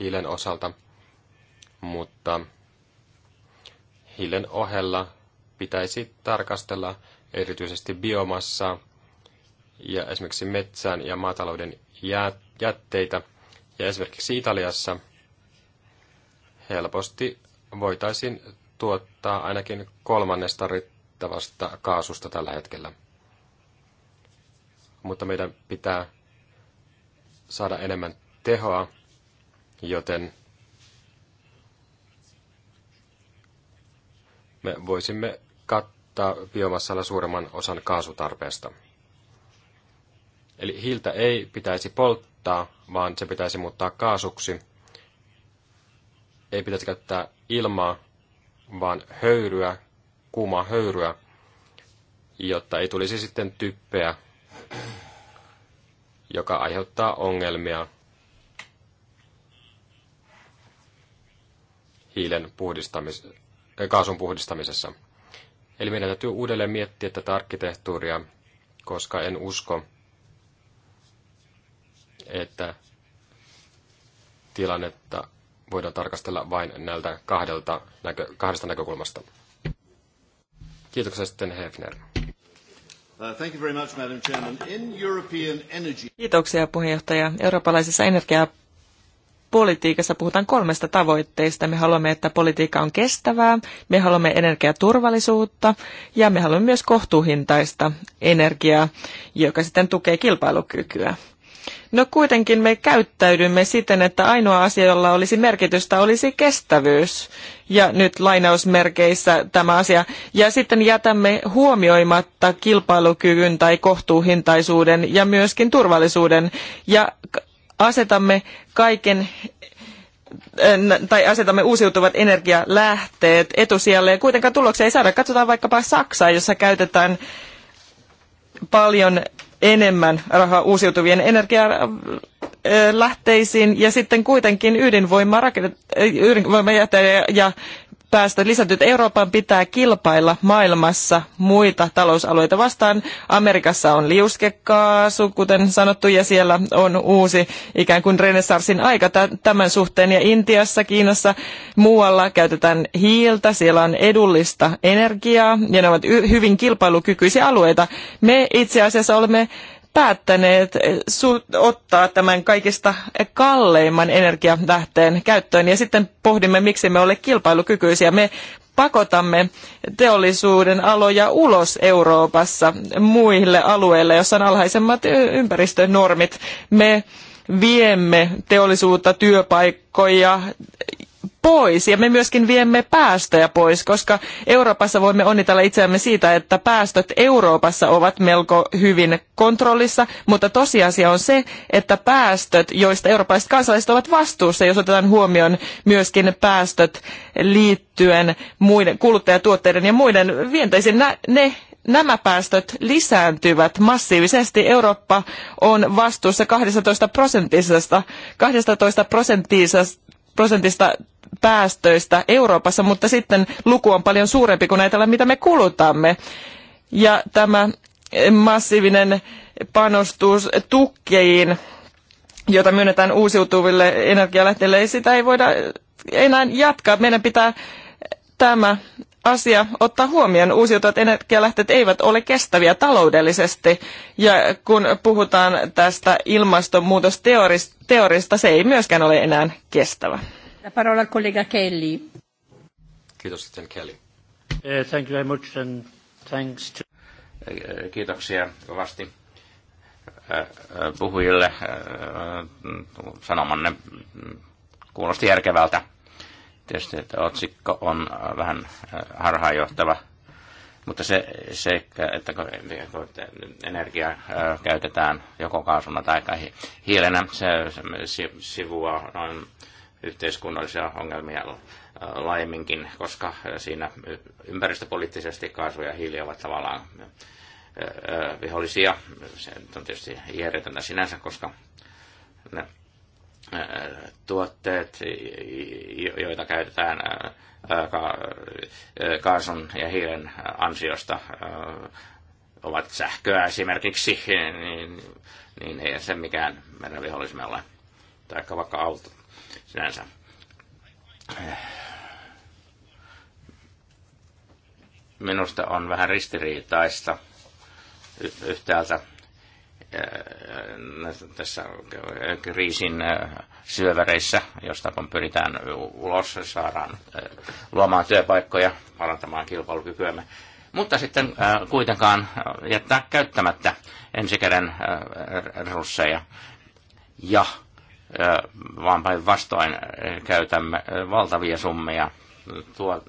hiilen osalta, mutta hiilen ohella pitäisi tarkastella erityisesti biomassaa ja esimerkiksi metsän ja maatalouden jätteitä. Ja esimerkiksi Italiassa helposti voitaisiin tuottaa ainakin kolmannes tarvittavasta kaasusta tällä hetkellä. Mutta meidän pitää saada enemmän tehoa, joten me voisimme kattaa biomassalla suuremman osan kaasutarpeesta. Eli hiiltä ei pitäisi polttaa, vaan se pitäisi muuttaa kaasuksi. Ei pitäisi käyttää ilmaa, vaan höyryä, kuumaa höyryä, jotta ei tulisi sitten typpeä, joka aiheuttaa ongelmia hiilen puhdistamis- kaasun puhdistamisessa. Eli meidän täytyy uudelleen miettiä tätä arkkitehtuuria, koska en usko, että tilannetta voidaan tarkastella vain näiltä kahdelta, näkö, kahdesta näkökulmasta. Kiitoksia sitten Hefner. Uh, Kiitoksia puheenjohtaja. Eurooppalaisessa energia- politiikassa puhutaan kolmesta tavoitteesta. Me haluamme, että politiikka on kestävää, me haluamme energiaturvallisuutta ja me haluamme myös kohtuuhintaista energiaa, joka sitten tukee kilpailukykyä. No kuitenkin me käyttäydymme siten, että ainoa asia, jolla olisi merkitystä, olisi kestävyys. Ja nyt lainausmerkeissä tämä asia. Ja sitten jätämme huomioimatta kilpailukyvyn tai kohtuuhintaisuuden ja myöskin turvallisuuden. Ja asetamme kaiken eh, tai asetamme uusiutuvat energialähteet etusijalle ja kuitenkaan tuloksia ei saada. Katsotaan vaikkapa Saksaa, jossa käytetään paljon enemmän rahaa uusiutuvien energialähteisiin ja sitten kuitenkin ydinvoimaa rakennet, eh, ja päästä lisätyt. Euroopan pitää kilpailla maailmassa muita talousalueita vastaan. Amerikassa on liuskekaasu, kuten sanottu, ja siellä on uusi ikään kuin renessarsin aika tämän suhteen. Ja Intiassa, Kiinassa, muualla käytetään hiiltä, siellä on edullista energiaa, ja ne ovat hyvin kilpailukykyisiä alueita. Me itse asiassa olemme päättäneet ottaa tämän kaikista kalleimman energialähteen käyttöön ja sitten pohdimme, miksi me ole kilpailukykyisiä. Me pakotamme teollisuuden aloja ulos Euroopassa muille alueille, jossa on alhaisemmat ympäristönormit. Me viemme teollisuutta, työpaikkoja pois ja me myöskin viemme päästöjä pois, koska Euroopassa voimme onnitella itseämme siitä, että päästöt Euroopassa ovat melko hyvin kontrollissa, mutta tosiasia on se, että päästöt, joista eurooppalaiset kansalaiset ovat vastuussa, jos otetaan huomioon myöskin päästöt liittyen muiden kuluttajatuotteiden ja muiden vienteisiin, ne nämä päästöt lisääntyvät massiivisesti. Eurooppa on vastuussa 12 prosentista, 12 prosentista päästöistä Euroopassa, mutta sitten luku on paljon suurempi kuin näitä, mitä me kulutamme. Ja tämä massiivinen panostus tukkeihin, jota myönnetään uusiutuville energialähteille, ei sitä ei voida enää jatkaa. Meidän pitää tämä asia ottaa huomioon. Uusiutuvat energialähteet eivät ole kestäviä taloudellisesti. Ja kun puhutaan tästä ilmastonmuutosteorista, se ei myöskään ole enää kestävä. La parola Kelly. Kiitos Kelly. Eh, thank you very much and thanks to... Eh, kiitoksia kovasti eh, puhujille sanomanne mm, kuulosti järkevältä. Tietysti että otsikko on vähän harhaanjohtava, mutta se seikka, että energia energiaa käytetään joko kaasuna tai hiilenä, se sivuaa noin yhteiskunnallisia ongelmia laajemminkin, koska siinä ympäristöpoliittisesti kaasu ja hiili ovat tavallaan vihollisia. Se on tietysti järjetöntä sinänsä, koska ne tuotteet, joita käytetään kaasun ja hiilen ansiosta, ovat sähköä esimerkiksi, niin, niin ei se mikään meidän vihollisemme ole. Tai vaikka autot sinänsä. Minusta on vähän ristiriitaista yhtäältä äh, tässä kriisin äh, syöväreissä, josta kun pyritään ulos, saadaan äh, luomaan työpaikkoja, parantamaan kilpailukykyämme. Mutta sitten kuitenkaan jättää käyttämättä ensikäden resursseja ja vaan päinvastoin käytämme valtavia summia tuo,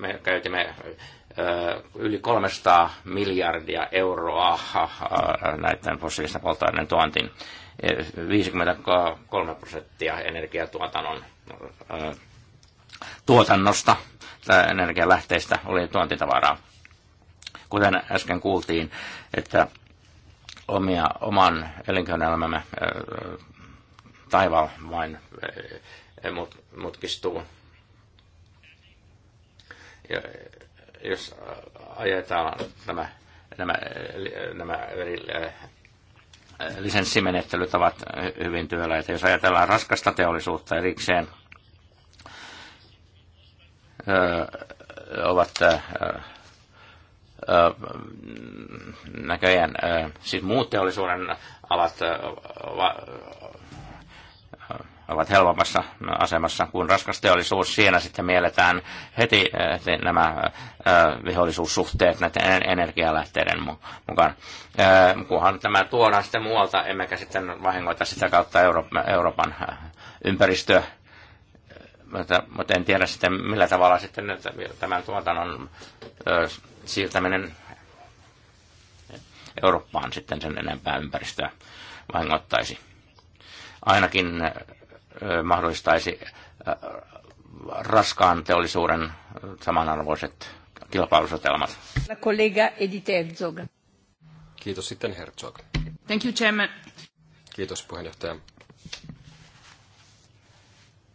Me käytimme yli 300 miljardia euroa näiden fossiilisten polttoaineiden tuontiin. 53 prosenttia energiatuotannon tuotannosta tai energialähteistä oli tuontitavaraa. Kuten äsken kuultiin, että omia, oman elinkeinoelämämme taivaan vain mut, mutkistuu. Ja jos ajetaan nämä, nämä, nämä eri lisenssimenettelyt ovat hyvin työläitä. Jos ajatellaan raskasta teollisuutta erikseen, ovat näköjään, siis muut teollisuuden alat ovat helpommassa asemassa kuin raskas teollisuus. Siinä sitten mielletään heti nämä vihollisuussuhteet näiden energialähteiden mukaan. Kunhan tämä tuodaan sitten muualta, emmekä sitten vahingoita sitä kautta Euroopan ympäristöä. Mutta en tiedä sitten, millä tavalla sitten tämän tuotannon siirtäminen Eurooppaan sitten sen enempää ympäristöä vahingoittaisi. Ainakin mahdollistaisi raskaan teollisuuden samanarvoiset kilpailusotelmat. Kollega Herzog. Kiitos sitten Herzog. Thank you, Chairman. Kiitos puheenjohtaja.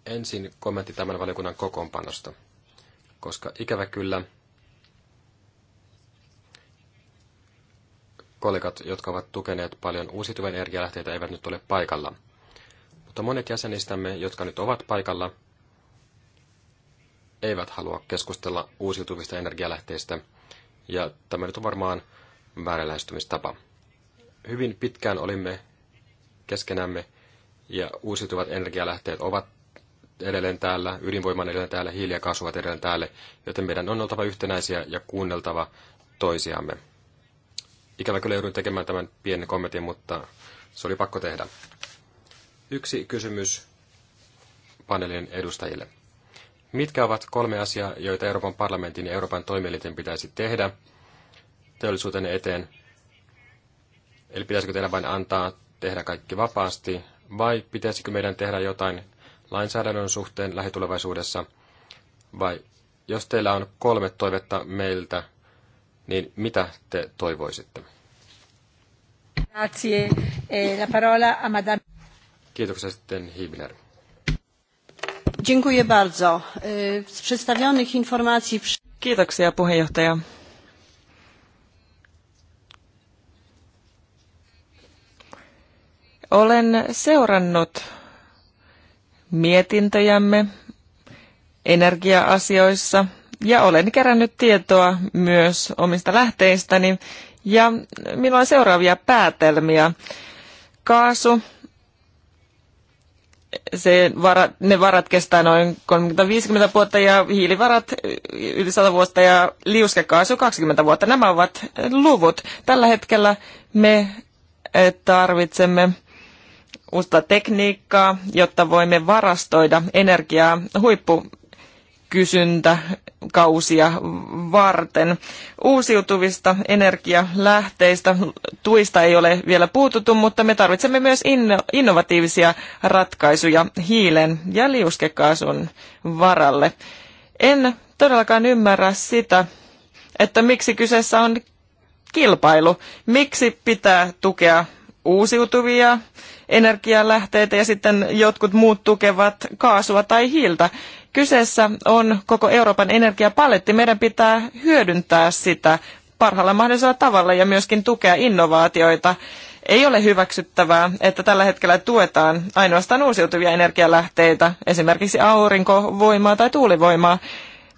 Ensin kommentti tämän valiokunnan kokoonpanosta, koska ikävä kyllä – kollegat, jotka ovat tukeneet paljon uusiutuvia energialähteitä, eivät nyt ole paikalla. Mutta monet jäsenistämme, jotka nyt ovat paikalla, eivät halua keskustella uusiutuvista energialähteistä, ja tämä nyt on varmaan väärälähestymistapa. Hyvin pitkään olimme keskenämme, ja uusiutuvat energialähteet ovat edelleen täällä, ydinvoiman edelleen täällä, hiili ja kaasu ovat edelleen täällä, joten meidän on oltava yhtenäisiä ja kuunneltava toisiamme. Ikävä kyllä jouduin tekemään tämän pienen kommentin, mutta se oli pakko tehdä. Yksi kysymys paneelin edustajille. Mitkä ovat kolme asiaa, joita Euroopan parlamentin ja Euroopan toimielinten pitäisi tehdä teollisuuden eteen? Eli pitäisikö teidän vain antaa tehdä kaikki vapaasti, vai pitäisikö meidän tehdä jotain lainsäädännön suhteen lähitulevaisuudessa, vai jos teillä on kolme toivetta meiltä niin mitä te toivoisitte? Grazie. Eh, la parola a madame. Kiitoksia sitten Hibner. Dziękuję bardzo. Eh, z przedstawionych informacji... Kiitoksia puheenjohtaja. Olen seurannut mietintöjämme energia-asioissa – ja olen kerännyt tietoa myös omista lähteistäni ja minulla on seuraavia päätelmiä. Kaasu, se vara, ne varat kestää noin 30-50 vuotta ja hiilivarat yli 100 vuotta ja liuskekaasu 20 vuotta. Nämä ovat luvut. Tällä hetkellä me eh, tarvitsemme uutta tekniikkaa, jotta voimme varastoida energiaa huippu kausia varten. Uusiutuvista energialähteistä tuista ei ole vielä puututtu, mutta me tarvitsemme myös inno- innovatiivisia ratkaisuja hiilen ja liuskekaasun varalle. En todellakaan ymmärrä sitä, että miksi kyseessä on kilpailu. Miksi pitää tukea uusiutuvia energialähteitä ja sitten jotkut muut tukevat kaasua tai hiiltä. Kyseessä on koko Euroopan energiapaletti. Meidän pitää hyödyntää sitä parhaalla mahdollisella tavalla ja myöskin tukea innovaatioita. Ei ole hyväksyttävää, että tällä hetkellä tuetaan ainoastaan uusiutuvia energialähteitä, esimerkiksi aurinkovoimaa tai tuulivoimaa.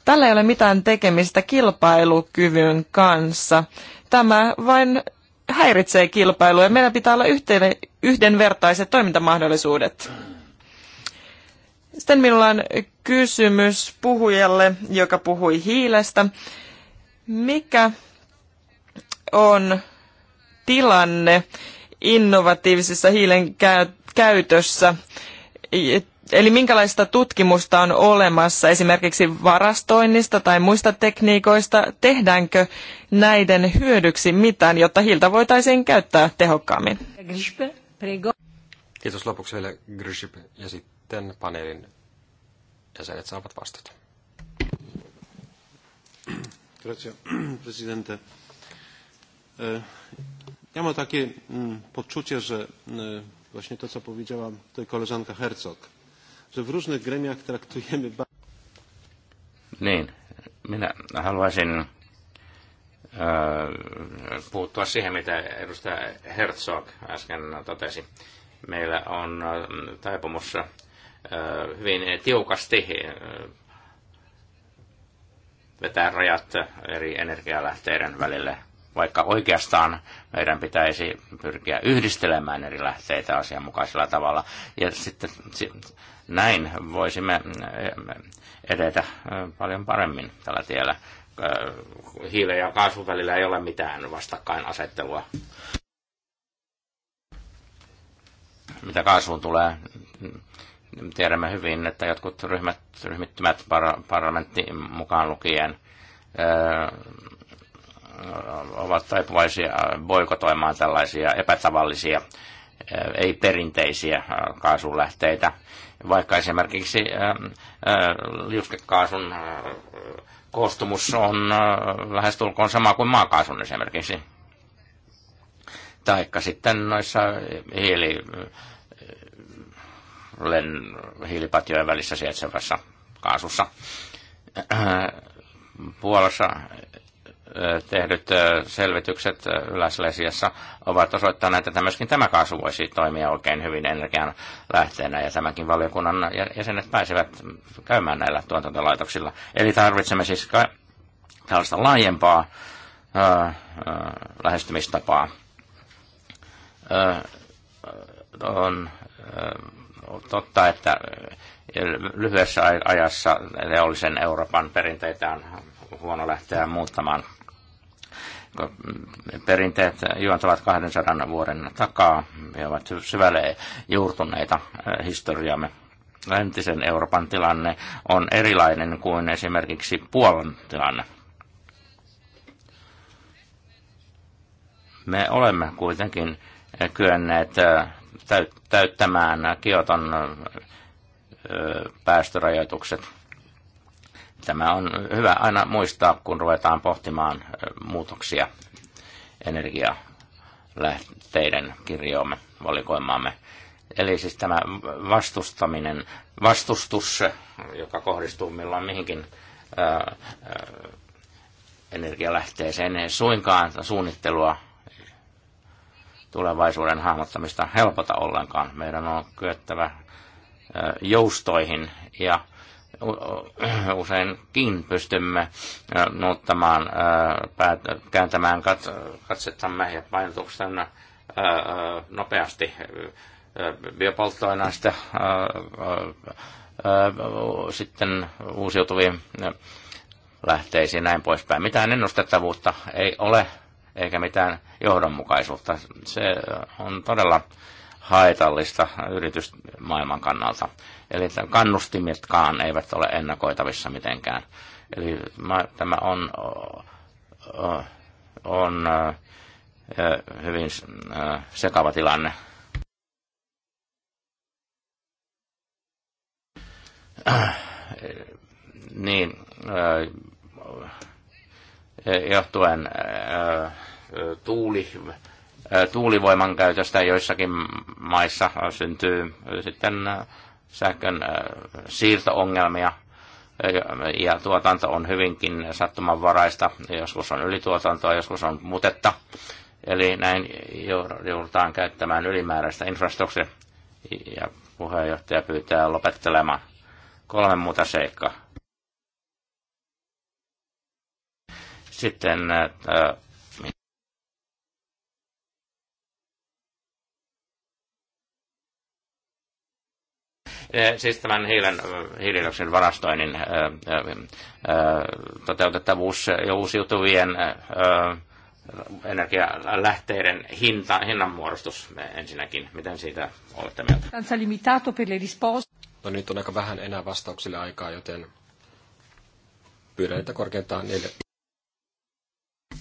Tällä ei ole mitään tekemistä kilpailukyvyn kanssa. Tämä vain häiritsee kilpailua ja meillä pitää olla yhteinen, yhdenvertaiset toimintamahdollisuudet. Sitten minulla on kysymys puhujalle, joka puhui hiilestä. Mikä on tilanne innovatiivisessa hiilen käytössä? Eli minkälaista tutkimusta on olemassa esimerkiksi varastoinnista tai muista tekniikoista? Tehdäänkö näiden hyödyksi mitään, jotta hiiltä voitaisiin käyttää tehokkaammin? Kiitos lopuksi vielä Griship ja sitten sitten paneelin jäsenet saavat vastata. Grazie, presidente. E, ja mam takie mm, poczucie, że mm, właśnie to, co powiedziała tutaj koleżanka Herzog, że w różnych gremiach traktujemy... Niin, minä haluaisin e, puuttua siihen, mitä edustaja Herzog äsken totesi. Meillä on mm, taipumus hyvin eh, tiukasti vetää rajat eri energialähteiden välille, vaikka oikeastaan meidän pitäisi pyrkiä yhdistelemään eri lähteitä asianmukaisella tavalla. Ja sitten näin voisimme eh, edetä paljon paremmin tällä tiellä. Hiilen ja kaasun välillä ei ole mitään vastakkainasettelua. Mitä kaasuun tulee, Tiedämme hyvin, että jotkut ryhmät, ryhmittymät par, parlamentti mukaan lukien ovat taipuvaisia boikotoimaan tällaisia epätavallisia, ei-perinteisiä kaasulähteitä, vaikka esimerkiksi liuskekaasun koostumus on lähestulkoon sama kuin maakaasun esimerkiksi. Taikka sitten noissa hiili len, hiilipatjojen välissä sijaitsevassa kaasussa. Puolassa tehdyt selvitykset Yläslesiassa ovat osoittaneet, että myöskin tämä kaasu voisi toimia oikein hyvin energian lähteenä, ja tämänkin valiokunnan jäsenet pääsevät käymään näillä tuotantolaitoksilla. Eli tarvitsemme siis tällaista laajempaa lähestymistapaa. on totta, että eh, lyhyessä ajassa teollisen Euroopan perinteitä on huono lähteä muuttamaan. Mm, perinteet juontavat 200 vuoden takaa ja ovat syvälle juurtuneita eh, historiamme. Läntisen Euroopan tilanne on erilainen kuin esimerkiksi Puolan tilanne. Me olemme kuitenkin eh, kyenneet täyttämään Kioton päästörajoitukset. Tämä on hyvä aina muistaa, kun ruvetaan pohtimaan muutoksia energialähteiden kirjoomme, valikoimaamme. Eli siis tämä vastustaminen, vastustus, joka kohdistuu milloin mihinkin ää, ää, energialähteeseen, ei suinkaan suunnittelua tulevaisuuden hahmottamista helpota ollenkaan. Meidän on kyettävä joustoihin ja useinkin pystymme nuuttamaan, kääntämään katsettamme ja painotuksen nopeasti biopolttoaineista sitten uusiutuviin lähteisiin näin poispäin. Mitään ennustettavuutta ei ole, eikä mitään johdonmukaisuutta. Se on todella haitallista yritysmaailman kannalta. Eli kannustimetkaan eivät ole ennakoitavissa mitenkään. Eli tämä on, on hyvin sekava tilanne. Niin, johtuen äh, tuuli, äh, tuulivoiman käytöstä joissakin maissa syntyy sitten äh, sähkön siirtoongelmia ja tuotanto on hyvinkin sattumanvaraista. Joskus on ylituotantoa, joskus on mutetta. Eli näin joudutaan käyttämään ylimääräistä infrastruktuuria. Ja puheenjohtaja pyytää lopettelemaan kolme muuta seikkaa Sitten äh, äh, eh, siis tämän hiilen, äh, hiilidioksidin varastoinnin toteutettavuus ja uusiutuvien energialähteiden hinta, hinnanmuodostus ensinnäkin. Miten siitä olette mieltä? No nyt on aika vähän enää vastauksille aikaa, joten pyydän, että korkeintaan neljä 4-5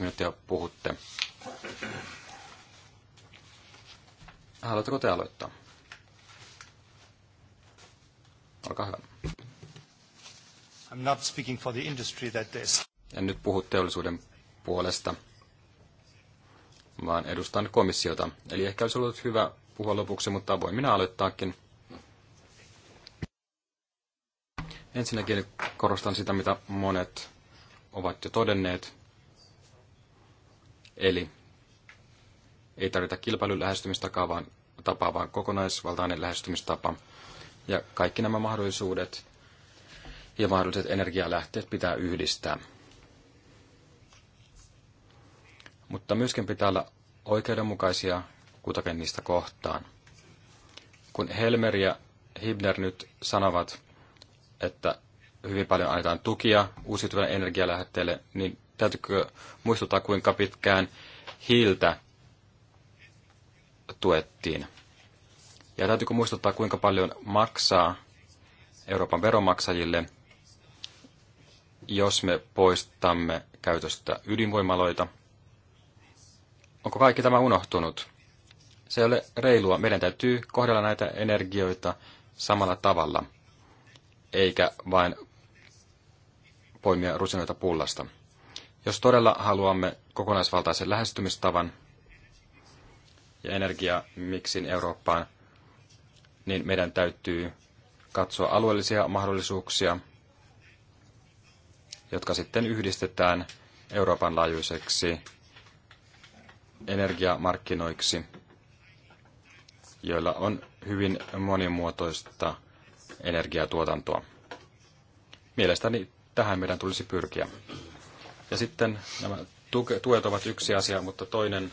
minuuttia puhutte. Haluatteko te aloittaa? Olkaa hyvä. I'm not speaking for the industry that is. En nyt puhu teollisuuden puolesta, vaan edustan komissiota. Eli ehkä olisi ollut hyvä puhua lopuksi, mutta voin minä aloittaakin. Ensinnäkin korostan sitä, mitä monet ovat jo todenneet. Eli ei tarvita kilpailun lähestymistapaa, vaan, tapaa, vaan kokonaisvaltainen lähestymistapa. Ja kaikki nämä mahdollisuudet ja mahdolliset energialähteet pitää yhdistää. Mutta myöskin pitää olla oikeudenmukaisia kutakin niistä kohtaan. Kun Helmer ja Hibner nyt sanovat, että hyvin paljon annetaan tukia uusiutuville energialähteille, niin täytyykö muistuttaa, kuinka pitkään hiiltä tuettiin. Ja täytyykö muistuttaa, kuinka paljon maksaa Euroopan veronmaksajille, jos me poistamme käytöstä ydinvoimaloita. Onko kaikki tämä unohtunut? Se ei ole reilua. Meidän täytyy kohdella näitä energioita samalla tavalla, eikä vain poimia rusinoita pullasta. Jos todella haluamme kokonaisvaltaisen lähestymistavan ja energiamiksin Eurooppaan, niin meidän täytyy katsoa alueellisia mahdollisuuksia, jotka sitten yhdistetään Euroopan laajuiseksi energiamarkkinoiksi, joilla on hyvin monimuotoista energiatuotantoa. Mielestäni tähän meidän tulisi pyrkiä. Ja sitten nämä tuet ovat yksi asia, mutta toinen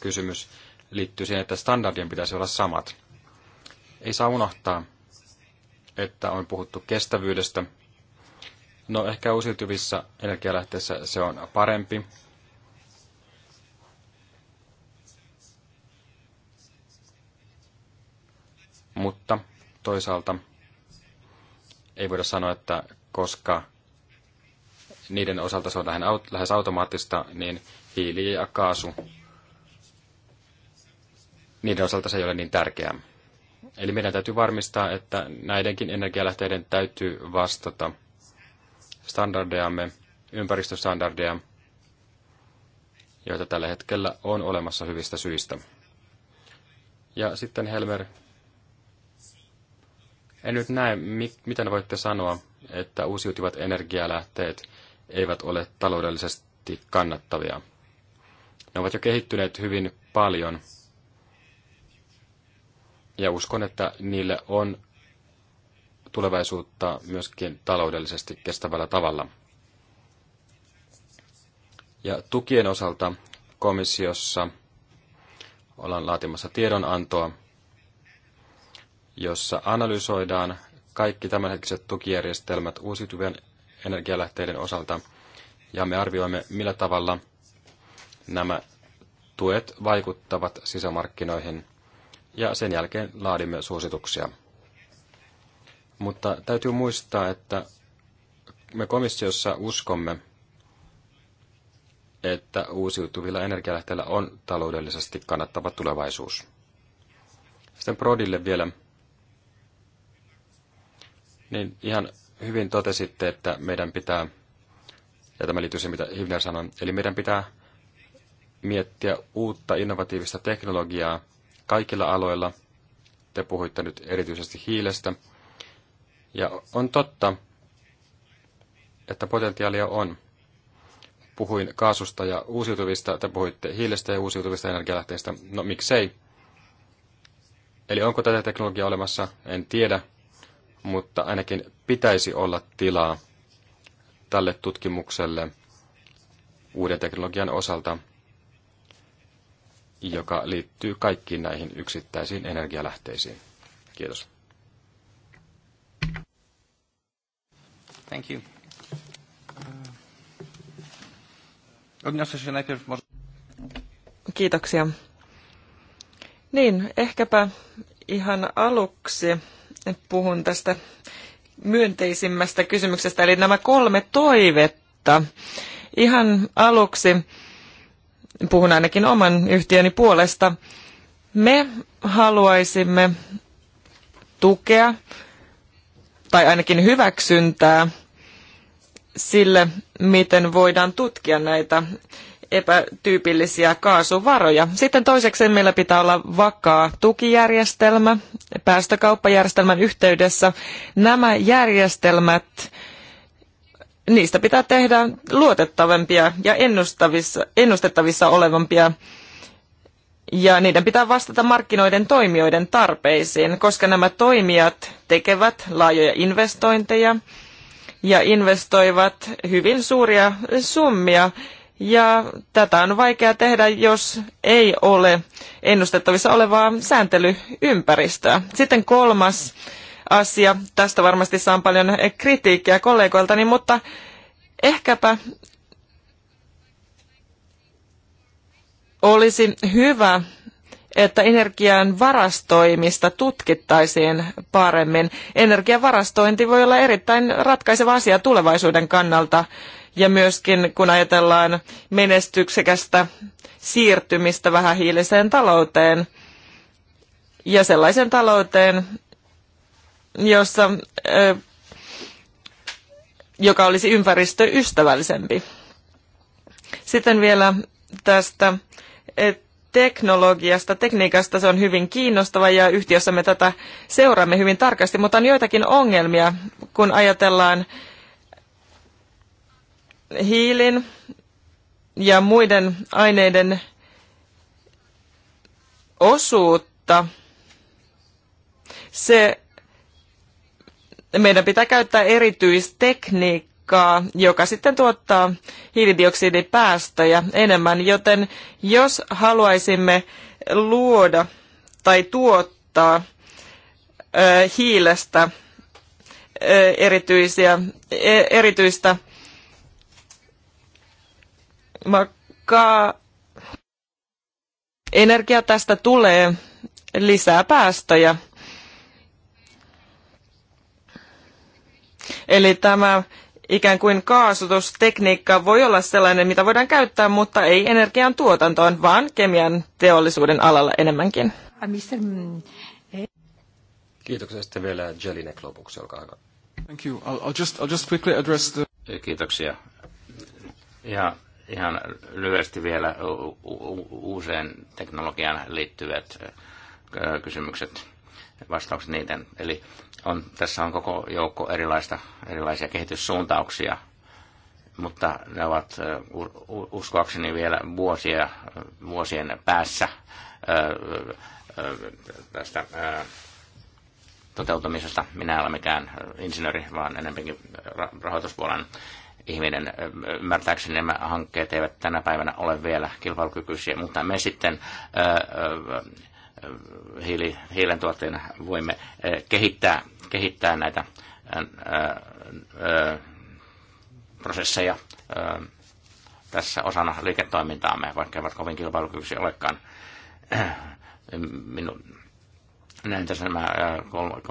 kysymys liittyy siihen, että standardien pitäisi olla samat. Ei saa unohtaa, että on puhuttu kestävyydestä. No ehkä uusiutuvissa energialähteissä se on parempi. Mutta toisaalta ei voida sanoa, että koska niiden osalta se on lähes automaattista, niin hiili ja kaasu, niiden osalta se ei ole niin tärkeää. Eli meidän täytyy varmistaa, että näidenkin energialähteiden täytyy vastata standardeamme, ympäristöstandardeja, joita tällä hetkellä on olemassa hyvistä syistä. Ja sitten Helmer, en nyt näe, miten voitte sanoa, että uusiutuvat energialähteet eivät ole taloudellisesti kannattavia. Ne ovat jo kehittyneet hyvin paljon ja uskon, että niille on tulevaisuutta myöskin taloudellisesti kestävällä tavalla. Ja tukien osalta komissiossa ollaan laatimassa tiedonantoa, jossa analysoidaan kaikki tämänhetkiset tukijärjestelmät uusiutuvien energialähteiden osalta. Ja me arvioimme, millä tavalla nämä tuet vaikuttavat sisämarkkinoihin. Ja sen jälkeen laadimme suosituksia. Mutta täytyy muistaa, että me komissiossa uskomme, että uusiutuvilla energialähteillä on taloudellisesti kannattava tulevaisuus. Sitten Prodille vielä. Niin ihan hyvin totesitte, että meidän pitää, ja tämä liittyy siihen, mitä Hivner sanoi, eli meidän pitää miettiä uutta innovatiivista teknologiaa kaikilla aloilla. Te puhuitte nyt erityisesti hiilestä. Ja on totta, että potentiaalia on. Puhuin kaasusta ja uusiutuvista, te puhuitte hiilestä ja uusiutuvista energialähteistä. No miksei? Eli onko tätä teknologiaa olemassa? En tiedä, mutta ainakin pitäisi olla tilaa tälle tutkimukselle uuden teknologian osalta, joka liittyy kaikkiin näihin yksittäisiin energialähteisiin. Kiitos. Thank you. Uh, Kiitoksia. Niin, ehkäpä ihan aluksi puhun tästä myönteisimmästä kysymyksestä, eli nämä kolme toivetta. Ihan aluksi puhun ainakin oman yhtiöni puolesta. Me haluaisimme tukea tai ainakin hyväksyntää sille, miten voidaan tutkia näitä epätyypillisiä kaasuvaroja. Sitten toiseksi meillä pitää olla vakaa tukijärjestelmä päästökauppajärjestelmän yhteydessä. Nämä järjestelmät, niistä pitää tehdä luotettavampia ja ennustavissa, ennustettavissa olevampia ja niiden pitää vastata markkinoiden toimijoiden tarpeisiin, koska nämä toimijat tekevät laajoja investointeja ja investoivat hyvin suuria summia ja tätä on vaikea tehdä, jos ei ole ennustettavissa olevaa sääntelyympäristöä. Sitten kolmas asia. Tästä varmasti saan paljon kritiikkiä kollegoiltani, mutta ehkäpä olisi hyvä, että energian varastoimista tutkittaisiin paremmin. Energian varastointi voi olla erittäin ratkaiseva asia tulevaisuuden kannalta ja myöskin kun ajatellaan menestyksekästä siirtymistä vähähiiliseen talouteen ja sellaiseen talouteen, jossa, joka olisi ympäristöystävällisempi. Sitten vielä tästä teknologiasta, tekniikasta. Se on hyvin kiinnostava ja yhtiössä me tätä seuraamme hyvin tarkasti, mutta on joitakin ongelmia, kun ajatellaan hiilin ja muiden aineiden osuutta, se meidän pitää käyttää erityistekniikkaa, joka sitten tuottaa hiilidioksidipäästöjä enemmän, joten jos haluaisimme luoda tai tuottaa hiilestä erityisiä, e, erityistä vaikka energia tästä tulee lisää päästöjä. Eli tämä ikään kuin kaasutustekniikka voi olla sellainen, mitä voidaan käyttää, mutta ei energian tuotantoon, vaan kemian teollisuuden alalla enemmänkin. Ah, mm, eh. Kiitoksia sitten vielä Jelinek lopuksi, olkaa hyvä. Thank you. I'll, I'll just, I'll just quickly address the... Kiitoksia. Ja ihan lyhyesti vielä uuseen teknologiaan liittyvät kysymykset, vastaukset niiden. Eli on, tässä on koko joukko erilaista, erilaisia kehityssuuntauksia, mutta ne ovat uskoakseni vielä vuosia, vuosien päässä tästä toteutumisesta. Minä en ole mikään insinööri, vaan enemmänkin rahoituspuolen ihminen. Ymmärtääkseni nämä hankkeet eivät tänä päivänä ole vielä kilpailukykyisiä, mutta me sitten hiili, hiilen tuotteena voimme kehittää, kehittää näitä prosesseja tässä osana liiketoimintaamme, vaikka eivät kovin kilpailukykyisiä olekaan. Minun, näin tässä nämä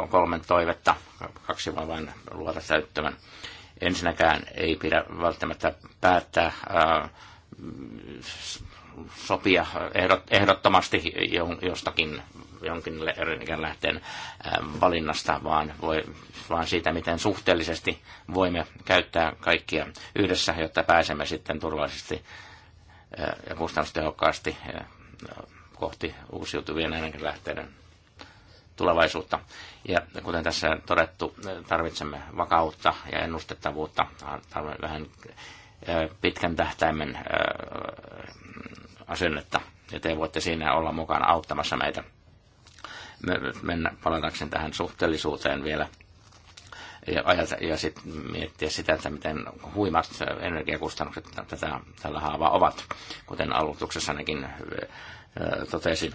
kolme toivetta, kaksi vain luota täyttämän. Ensinnäkään ei pidä välttämättä päättää sopia ehdottomasti jostakin jonkin lähteen valinnasta, vaan, voi, vaan siitä, miten suhteellisesti voimme käyttää kaikkia yhdessä, jotta pääsemme sitten turvallisesti ja kustannustehokkaasti kohti uusiutuvien energialähteiden tulevaisuutta. Ja kuten tässä on todettu, tarvitsemme vakautta ja ennustettavuutta, vähän pitkän tähtäimen asennetta, ja te voitte siinä olla mukana auttamassa meitä. Mennä, palatakseni tähän suhteellisuuteen vielä ja, ajata, ja sit miettiä sitä, että miten huimat energiakustannukset tätä, tällä haavaa ovat, kuten aloituksessanakin totesin.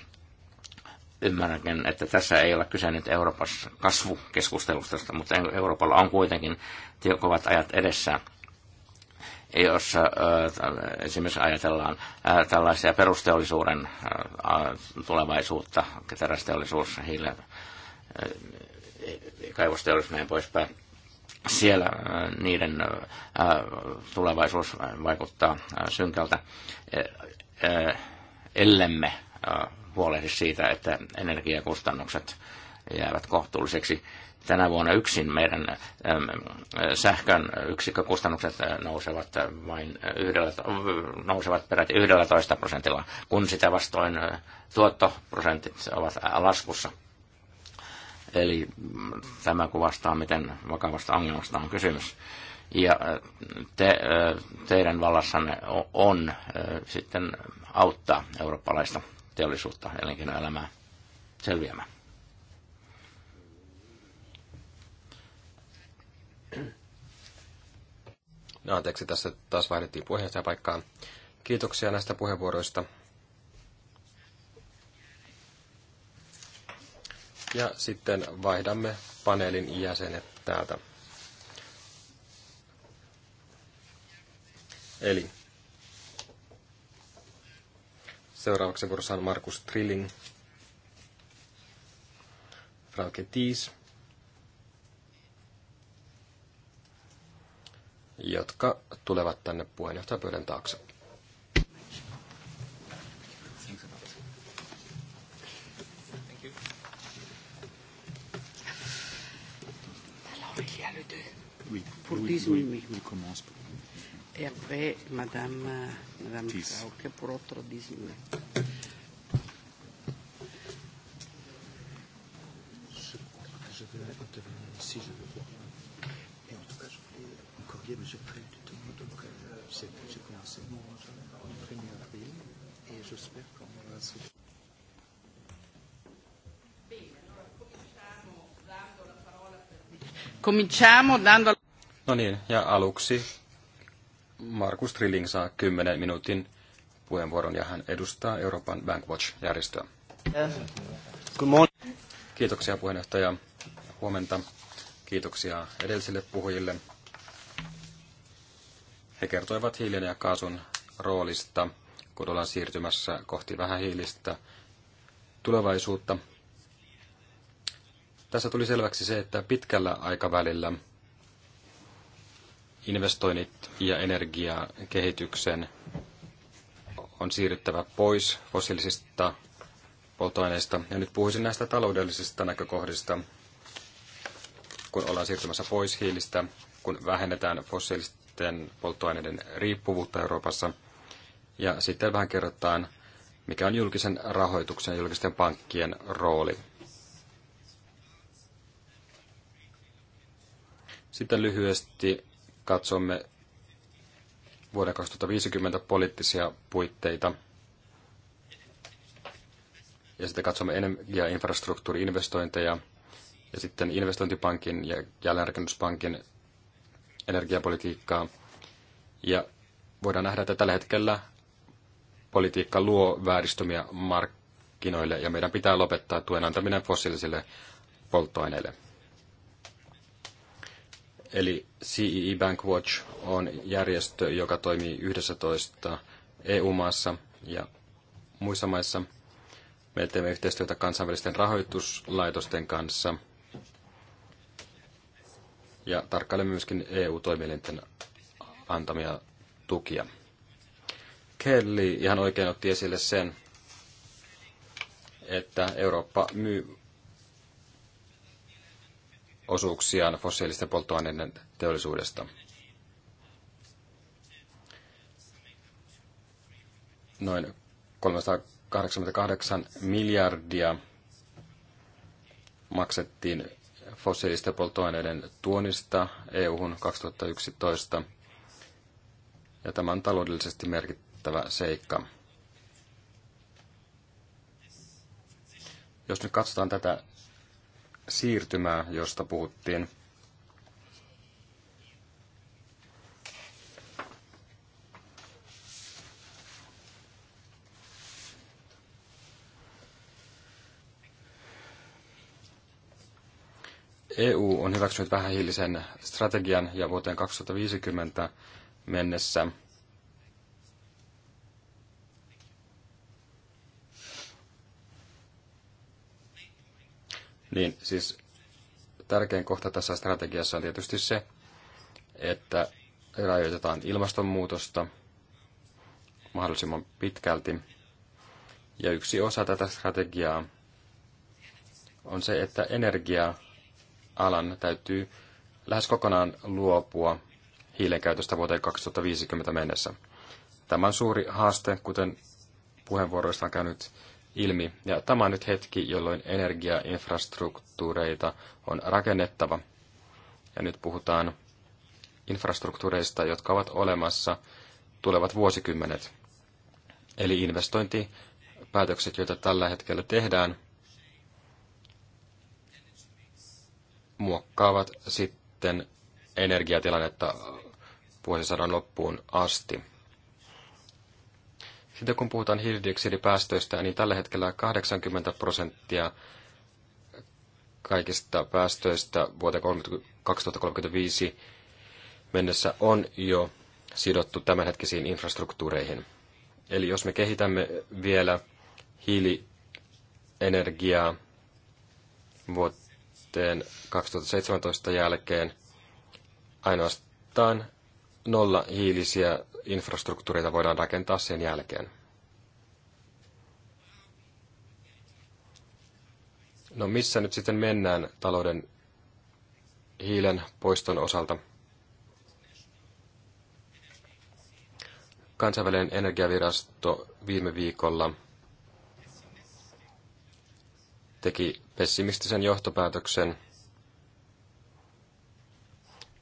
Ymmärränkin, että tässä ei ole kyse nyt Euroopassa kasvukeskustelusta, mutta Euroopalla on kuitenkin kovat ajat edessään jossa äh, esimerkiksi ajatellaan äh, tällaisia perusteollisuuden äh, tulevaisuutta, terästeollisuus, hiilä, äh, kaivosteollisuus näin poispäin. Siellä äh, niiden äh, tulevaisuus vaikuttaa äh, synkältä, äh, äh, ellemme äh, huolehdi siitä, että energiakustannukset jäävät kohtuulliseksi. Tänä vuonna yksin meidän sähkön yksikkökustannukset äh, nousevat vain yhdellä, nousevat peräti 11 prosentilla, kun sitä vastoin äh, tuottoprosentit ovat laskussa. Eli mm, tämä kuvastaa, miten vakavasta ongelmasta on kysymys. Ja äh, te, teidän vallassanne on sitten auttaa eurooppalaista teollisuutta, elinkeinoelämää selviämään. No anteeksi, tässä taas vaihdettiin paikkaan. Kiitoksia näistä puheenvuoroista. Ja sitten vaihdamme paneelin jäsenet täältä. Eli Seuraavaksi vuorossa on Markus Trilling, Frauke Thies, jotka tulevat tänne puheenjohtajapöydän taakse. pour 10 minutes. Oui, commence et après, Madame, Madame Trauque pour autre 10 minutes. Je vais intervenir ici, je le vois. Et en tout cas, je voulais encourager M. Fred de me donner. J'ai commencé mon premier avril et j'espère qu'on va se. Cominciamo dando... No niin, ja aluksi Markus Trilling saa 10 minuutin puheenvuoron ja hän edustaa Euroopan Bankwatch-järjestöä. Kiitoksia puheenjohtaja. Huomenta. Kiitoksia edellisille puhujille. He kertoivat hiilen ja kaasun roolista, kun ollaan siirtymässä kohti vähähiilistä tulevaisuutta. Tässä tuli selväksi se, että pitkällä aikavälillä – investoinnit ja energiakehityksen on siirryttävä pois fossiilisista polttoaineista. Ja nyt puhuisin näistä taloudellisista näkökohdista, kun ollaan siirtymässä pois hiilistä, kun vähennetään fossiilisten polttoaineiden riippuvuutta Euroopassa. Ja sitten vähän kerrotaan, mikä on julkisen rahoituksen ja julkisten pankkien rooli. Sitten lyhyesti katsomme vuoden 2050 poliittisia puitteita. Ja sitten katsomme energiainfrastruktuuriinvestointeja ja sitten investointipankin ja jälleenrakennuspankin energiapolitiikkaa. Ja voidaan nähdä, että tällä hetkellä politiikka luo vääristymiä markkinoille ja meidän pitää lopettaa tuen antaminen fossiilisille polttoaineille. Eli CEE e Bank Watch on järjestö, joka toimii 11 EU-maassa ja muissa maissa. Me teemme yhteistyötä kansainvälisten rahoituslaitosten kanssa ja tarkkailemme myöskin EU-toimielinten antamia tukia. Kelly ihan oikein otti esille sen, että Eurooppa myy osuuksiaan fossiilisten polttoaineiden teollisuudesta. Noin 388 miljardia maksettiin fossiilisten polttoaineiden tuonnista EU-hun 2011, ja tämä on taloudellisesti merkittävä seikka. Jos nyt katsotaan tätä siirtymää, josta puhuttiin. EU on hyväksynyt vähähiilisen strategian ja vuoteen 2050 mennessä Niin siis tärkein kohta tässä strategiassa on tietysti se, että rajoitetaan ilmastonmuutosta mahdollisimman pitkälti. Ja yksi osa tätä strategiaa on se, että energia-alan täytyy lähes kokonaan luopua hiilen käytöstä vuoteen 2050 mennessä. Tämä on suuri haaste, kuten puheenvuoroista on käynyt ilmi. Ja tämä on nyt hetki, jolloin energiainfrastruktuureita on rakennettava. Ja nyt puhutaan infrastruktuureista, jotka ovat olemassa tulevat vuosikymmenet. Eli investointipäätökset, joita tällä hetkellä tehdään, muokkaavat sitten energiatilannetta vuosisadan loppuun asti. Sitten kun puhutaan hiilidioksidipäästöistä, niin tällä hetkellä 80 prosenttia kaikista päästöistä vuoteen 2035 mennessä on jo sidottu tämänhetkisiin infrastruktuureihin. Eli jos me kehitämme vielä hiilienergiaa vuoteen 2017 jälkeen, ainoastaan nolla hiilisiä infrastruktuureita voidaan rakentaa sen jälkeen. No missä nyt sitten mennään talouden hiilen poiston osalta? Kansainvälinen energiavirasto viime viikolla teki pessimistisen johtopäätöksen,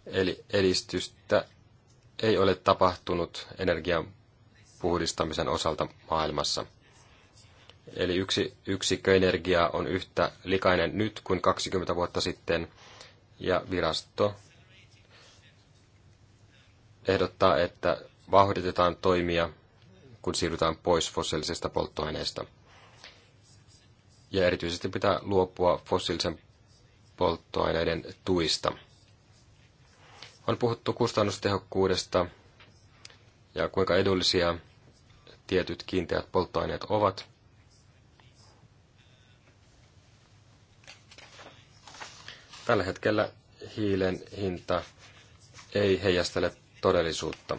eli edistystä ei ole tapahtunut energian puhdistamisen osalta maailmassa. Eli yksi yksikkö energiaa on yhtä likainen nyt kuin 20 vuotta sitten, ja virasto ehdottaa, että vauhditetaan toimia, kun siirrytään pois fossiilisesta polttoaineesta. Ja erityisesti pitää luopua fossiilisen polttoaineiden tuista. On puhuttu kustannustehokkuudesta ja kuinka edullisia tietyt kiinteät polttoaineet ovat. Tällä hetkellä hiilen hinta ei heijastele todellisuutta.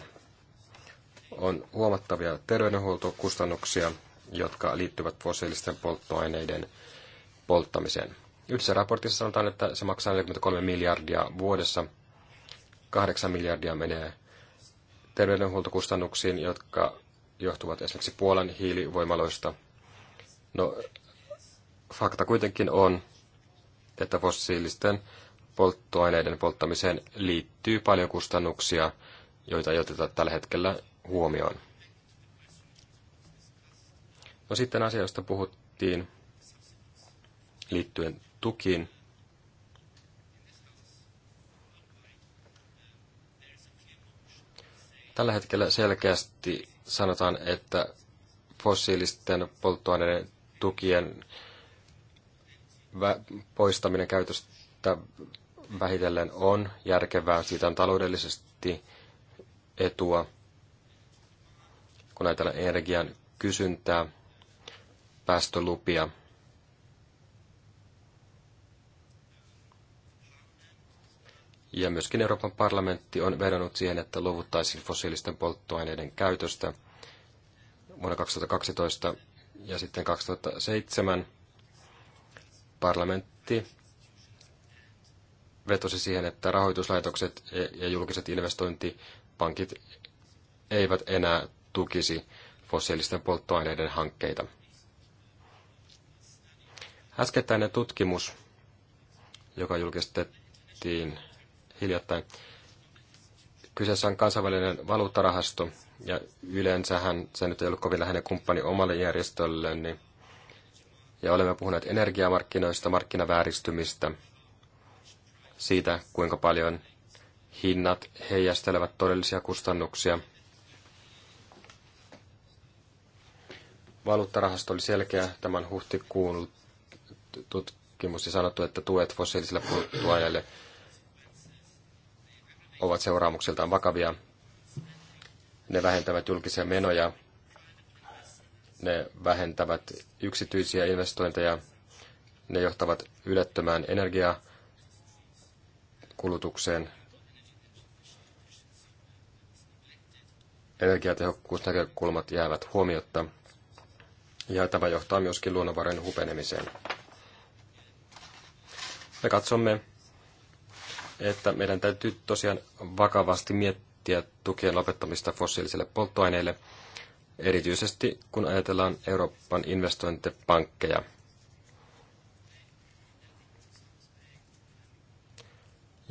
On huomattavia terveydenhuoltokustannuksia, jotka liittyvät fossiilisten polttoaineiden polttamiseen. Yhdessä raportissa sanotaan, että se maksaa 43 miljardia vuodessa – 8 miljardia menee terveydenhuoltokustannuksiin, jotka johtuvat esimerkiksi Puolan hiilivoimaloista. No, fakta kuitenkin on, että fossiilisten polttoaineiden polttamiseen liittyy paljon kustannuksia, joita ei oteta tällä hetkellä huomioon. No sitten asia, josta puhuttiin liittyen tukiin. Tällä hetkellä selkeästi sanotaan, että fossiilisten polttoaineiden tukien poistaminen käytöstä vähitellen on järkevää. Siitä on taloudellisesti etua, kun ajatellaan energian kysyntää, päästölupia – Ja myöskin Euroopan parlamentti on vedonnut siihen, että luovuttaisiin fossiilisten polttoaineiden käytöstä vuonna 2012 ja sitten 2007 parlamentti vetosi siihen, että rahoituslaitokset ja julkiset investointipankit eivät enää tukisi fossiilisten polttoaineiden hankkeita. Äskettäinen tutkimus, joka julkistettiin hiljattain. Kyseessä on kansainvälinen valuuttarahasto, ja yleensähän se nyt ei ollut kovin lähinnä kumppani omalle järjestölle, niin ja olemme puhuneet energiamarkkinoista, markkinavääristymistä, siitä kuinka paljon hinnat heijastelevat todellisia kustannuksia. Valuuttarahasto oli selkeä tämän huhtikuun tutkimus ja sanottu, että tuet fossiilisille polttoaineille ovat seuraamuksiltaan vakavia. Ne vähentävät julkisia menoja, ne vähentävät yksityisiä investointeja, ne johtavat ylettömään energiakulutukseen. Energiatehokkuusnäkökulmat jäävät huomiotta ja tämä johtaa myöskin luonnonvarojen hupenemiseen. Me katsomme, että meidän täytyy tosiaan vakavasti miettiä tukien lopettamista fossiilisille polttoaineille, erityisesti kun ajatellaan Euroopan investointipankkeja.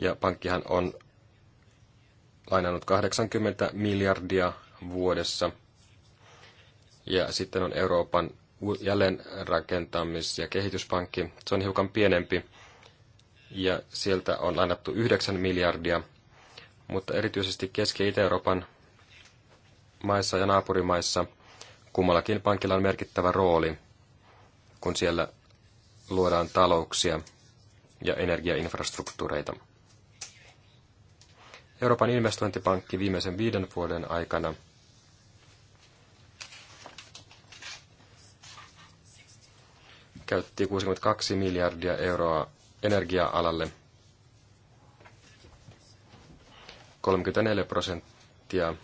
Ja pankkihan on lainannut 80 miljardia vuodessa. Ja sitten on Euroopan jälleenrakentamis- ja kehityspankki. Se on hiukan pienempi ja sieltä on lainattu 9 miljardia, mutta erityisesti Keski- Itä-Euroopan maissa ja naapurimaissa kummallakin pankilla on merkittävä rooli, kun siellä luodaan talouksia ja energiainfrastruktuureita. Euroopan investointipankki viimeisen viiden vuoden aikana käytti 62 miljardia euroa energia-alalle. 34 prosenttia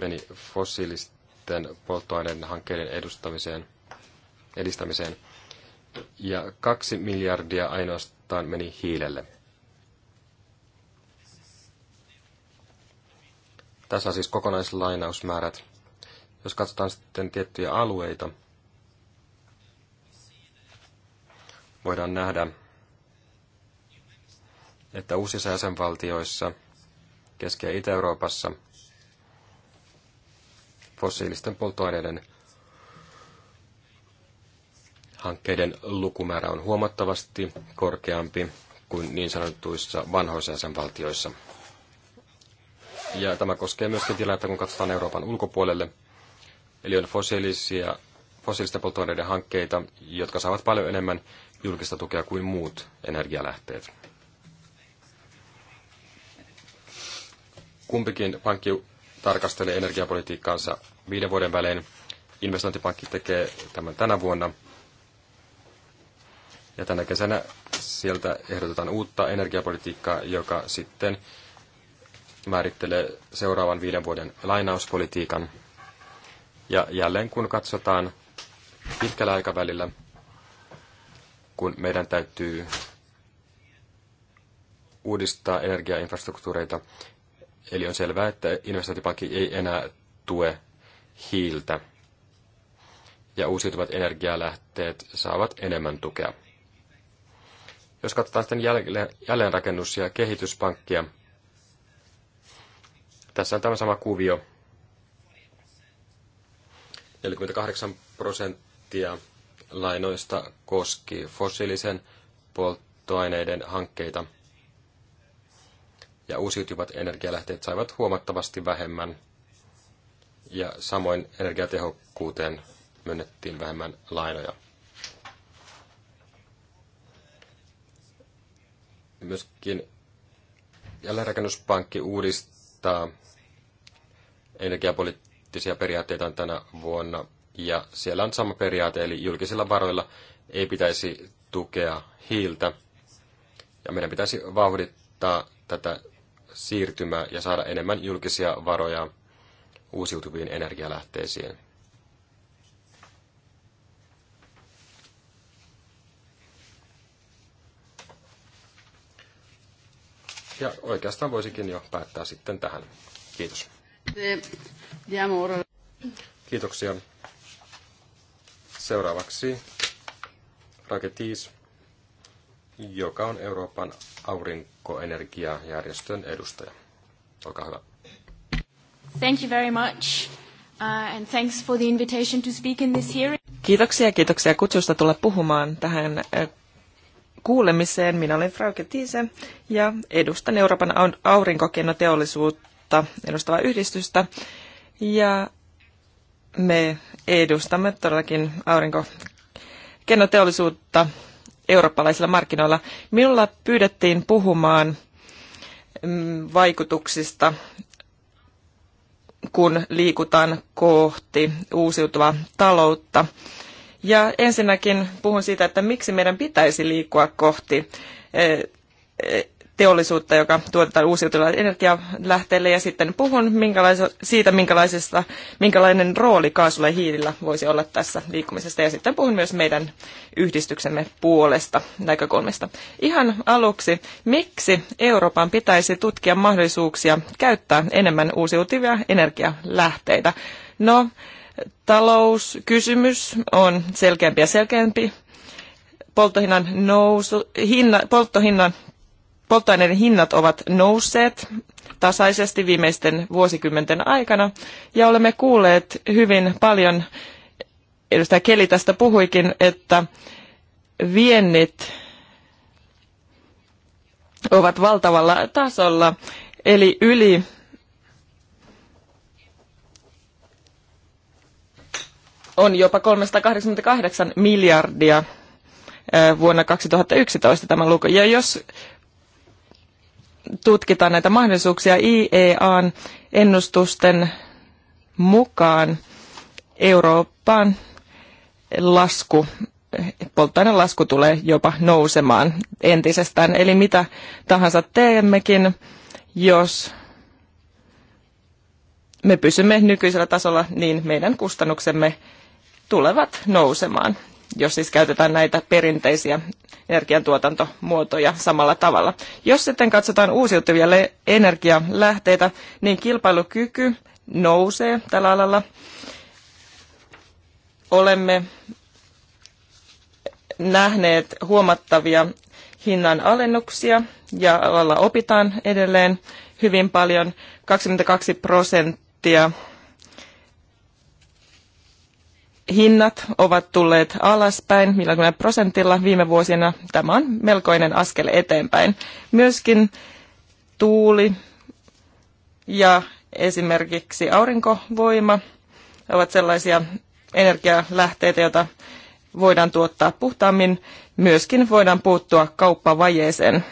meni fossiilisten polttoaineiden hankkeiden edustamiseen, edistämiseen ja kaksi miljardia ainoastaan meni hiilelle. Tässä on siis kokonaislainausmäärät. Jos katsotaan sitten tiettyjä alueita, voidaan nähdä, että uusissa jäsenvaltioissa, Keski- ja Itä-Euroopassa, fossiilisten polttoaineiden hankkeiden lukumäärä on huomattavasti korkeampi kuin niin sanotuissa vanhoissa jäsenvaltioissa. Ja tämä koskee myöskin tilannetta, kun katsotaan Euroopan ulkopuolelle. Eli on fossiilisia, fossiilisten polttoaineiden hankkeita, jotka saavat paljon enemmän julkista tukea kuin muut energialähteet. Kumpikin pankki tarkastelee energiapolitiikkaansa viiden vuoden välein. Investointipankki tekee tämän tänä vuonna. Ja tänä kesänä sieltä ehdotetaan uutta energiapolitiikkaa, joka sitten määrittelee seuraavan viiden vuoden lainauspolitiikan. Ja jälleen kun katsotaan pitkällä aikavälillä, kun meidän täytyy uudistaa energiainfrastruktuureita, Eli on selvää, että investointipankki ei enää tue hiiltä. Ja uusiutuvat energialähteet saavat enemmän tukea. Jos katsotaan sitten jälleenrakennus- ja kehityspankkia, tässä on tämä sama kuvio. 48 prosenttia lainoista koski fossiilisen polttoaineiden hankkeita – ja uusiutuvat energialähteet saivat huomattavasti vähemmän ja samoin energiatehokkuuteen myönnettiin vähemmän lainoja. Myöskin jälleenrakennuspankki uudistaa energiapoliittisia periaatteita tänä vuonna ja siellä on sama periaate, eli julkisilla varoilla ei pitäisi tukea hiiltä ja meidän pitäisi vauhdittaa tätä siirtymä ja saada enemmän julkisia varoja uusiutuviin energialähteisiin. Ja oikeastaan voisikin jo päättää sitten tähän. Kiitos. Kiitoksia. Seuraavaksi raketiis joka on Euroopan aurinkoenergiajärjestön edustaja. Olkaa hyvä. Thank you very much. Uh, and thanks for the invitation to speak in this hearing. Kiitoksia, kiitoksia kutsusta tulla puhumaan tähän uh, kuulemiseen. Minä olen Frauke Tiise ja edustan Euroopan aurinkokennoteollisuutta edustavaa yhdistystä. Ja me edustamme todellakin aurinkokennoteollisuutta eurooppalaisilla markkinoilla. Minulla pyydettiin puhumaan mm, vaikutuksista, kun liikutaan kohti uusiutuvaa taloutta. Ja ensinnäkin puhun siitä, että miksi meidän pitäisi liikkua kohti eh, eh, teollisuutta, joka tuotetaan uusiutuvilla energialähteillä, ja sitten puhun siitä, minkälaisesta, minkälainen rooli kaasulla ja hiilillä voisi olla tässä liikkumisesta, ja sitten puhun myös meidän yhdistyksemme puolesta näkökulmista. Ihan aluksi, miksi Euroopan pitäisi tutkia mahdollisuuksia käyttää enemmän uusiutuvia energialähteitä? No, talouskysymys on selkeämpi ja selkeämpi polttohinnan nousu, hinna, polttohinnan polttoaineiden hinnat ovat nousseet tasaisesti viimeisten vuosikymmenten aikana ja olemme kuulleet hyvin paljon, edustaja Keli tästä puhuikin, että viennit ovat valtavalla tasolla, eli yli on jopa 388 miljardia vuonna 2011 tämä luku. Ja jos tutkitaan näitä mahdollisuuksia IEAn ennustusten mukaan Eurooppaan lasku, polttoainelasku tulee jopa nousemaan entisestään. Eli mitä tahansa teemmekin, jos me pysymme nykyisellä tasolla, niin meidän kustannuksemme tulevat nousemaan jos siis käytetään näitä perinteisiä energiantuotantomuotoja samalla tavalla. Jos sitten katsotaan uusiutuvia energialähteitä, niin kilpailukyky nousee tällä alalla. Olemme nähneet huomattavia hinnan alennuksia ja alalla opitaan edelleen hyvin paljon. 22 prosenttia hinnat ovat tulleet alaspäin 40 prosentilla viime vuosina. Tämä on melkoinen askel eteenpäin. Myöskin tuuli ja esimerkiksi aurinkovoima ovat sellaisia energialähteitä, joita voidaan tuottaa puhtaammin. Myöskin voidaan puuttua kauppavajeeseen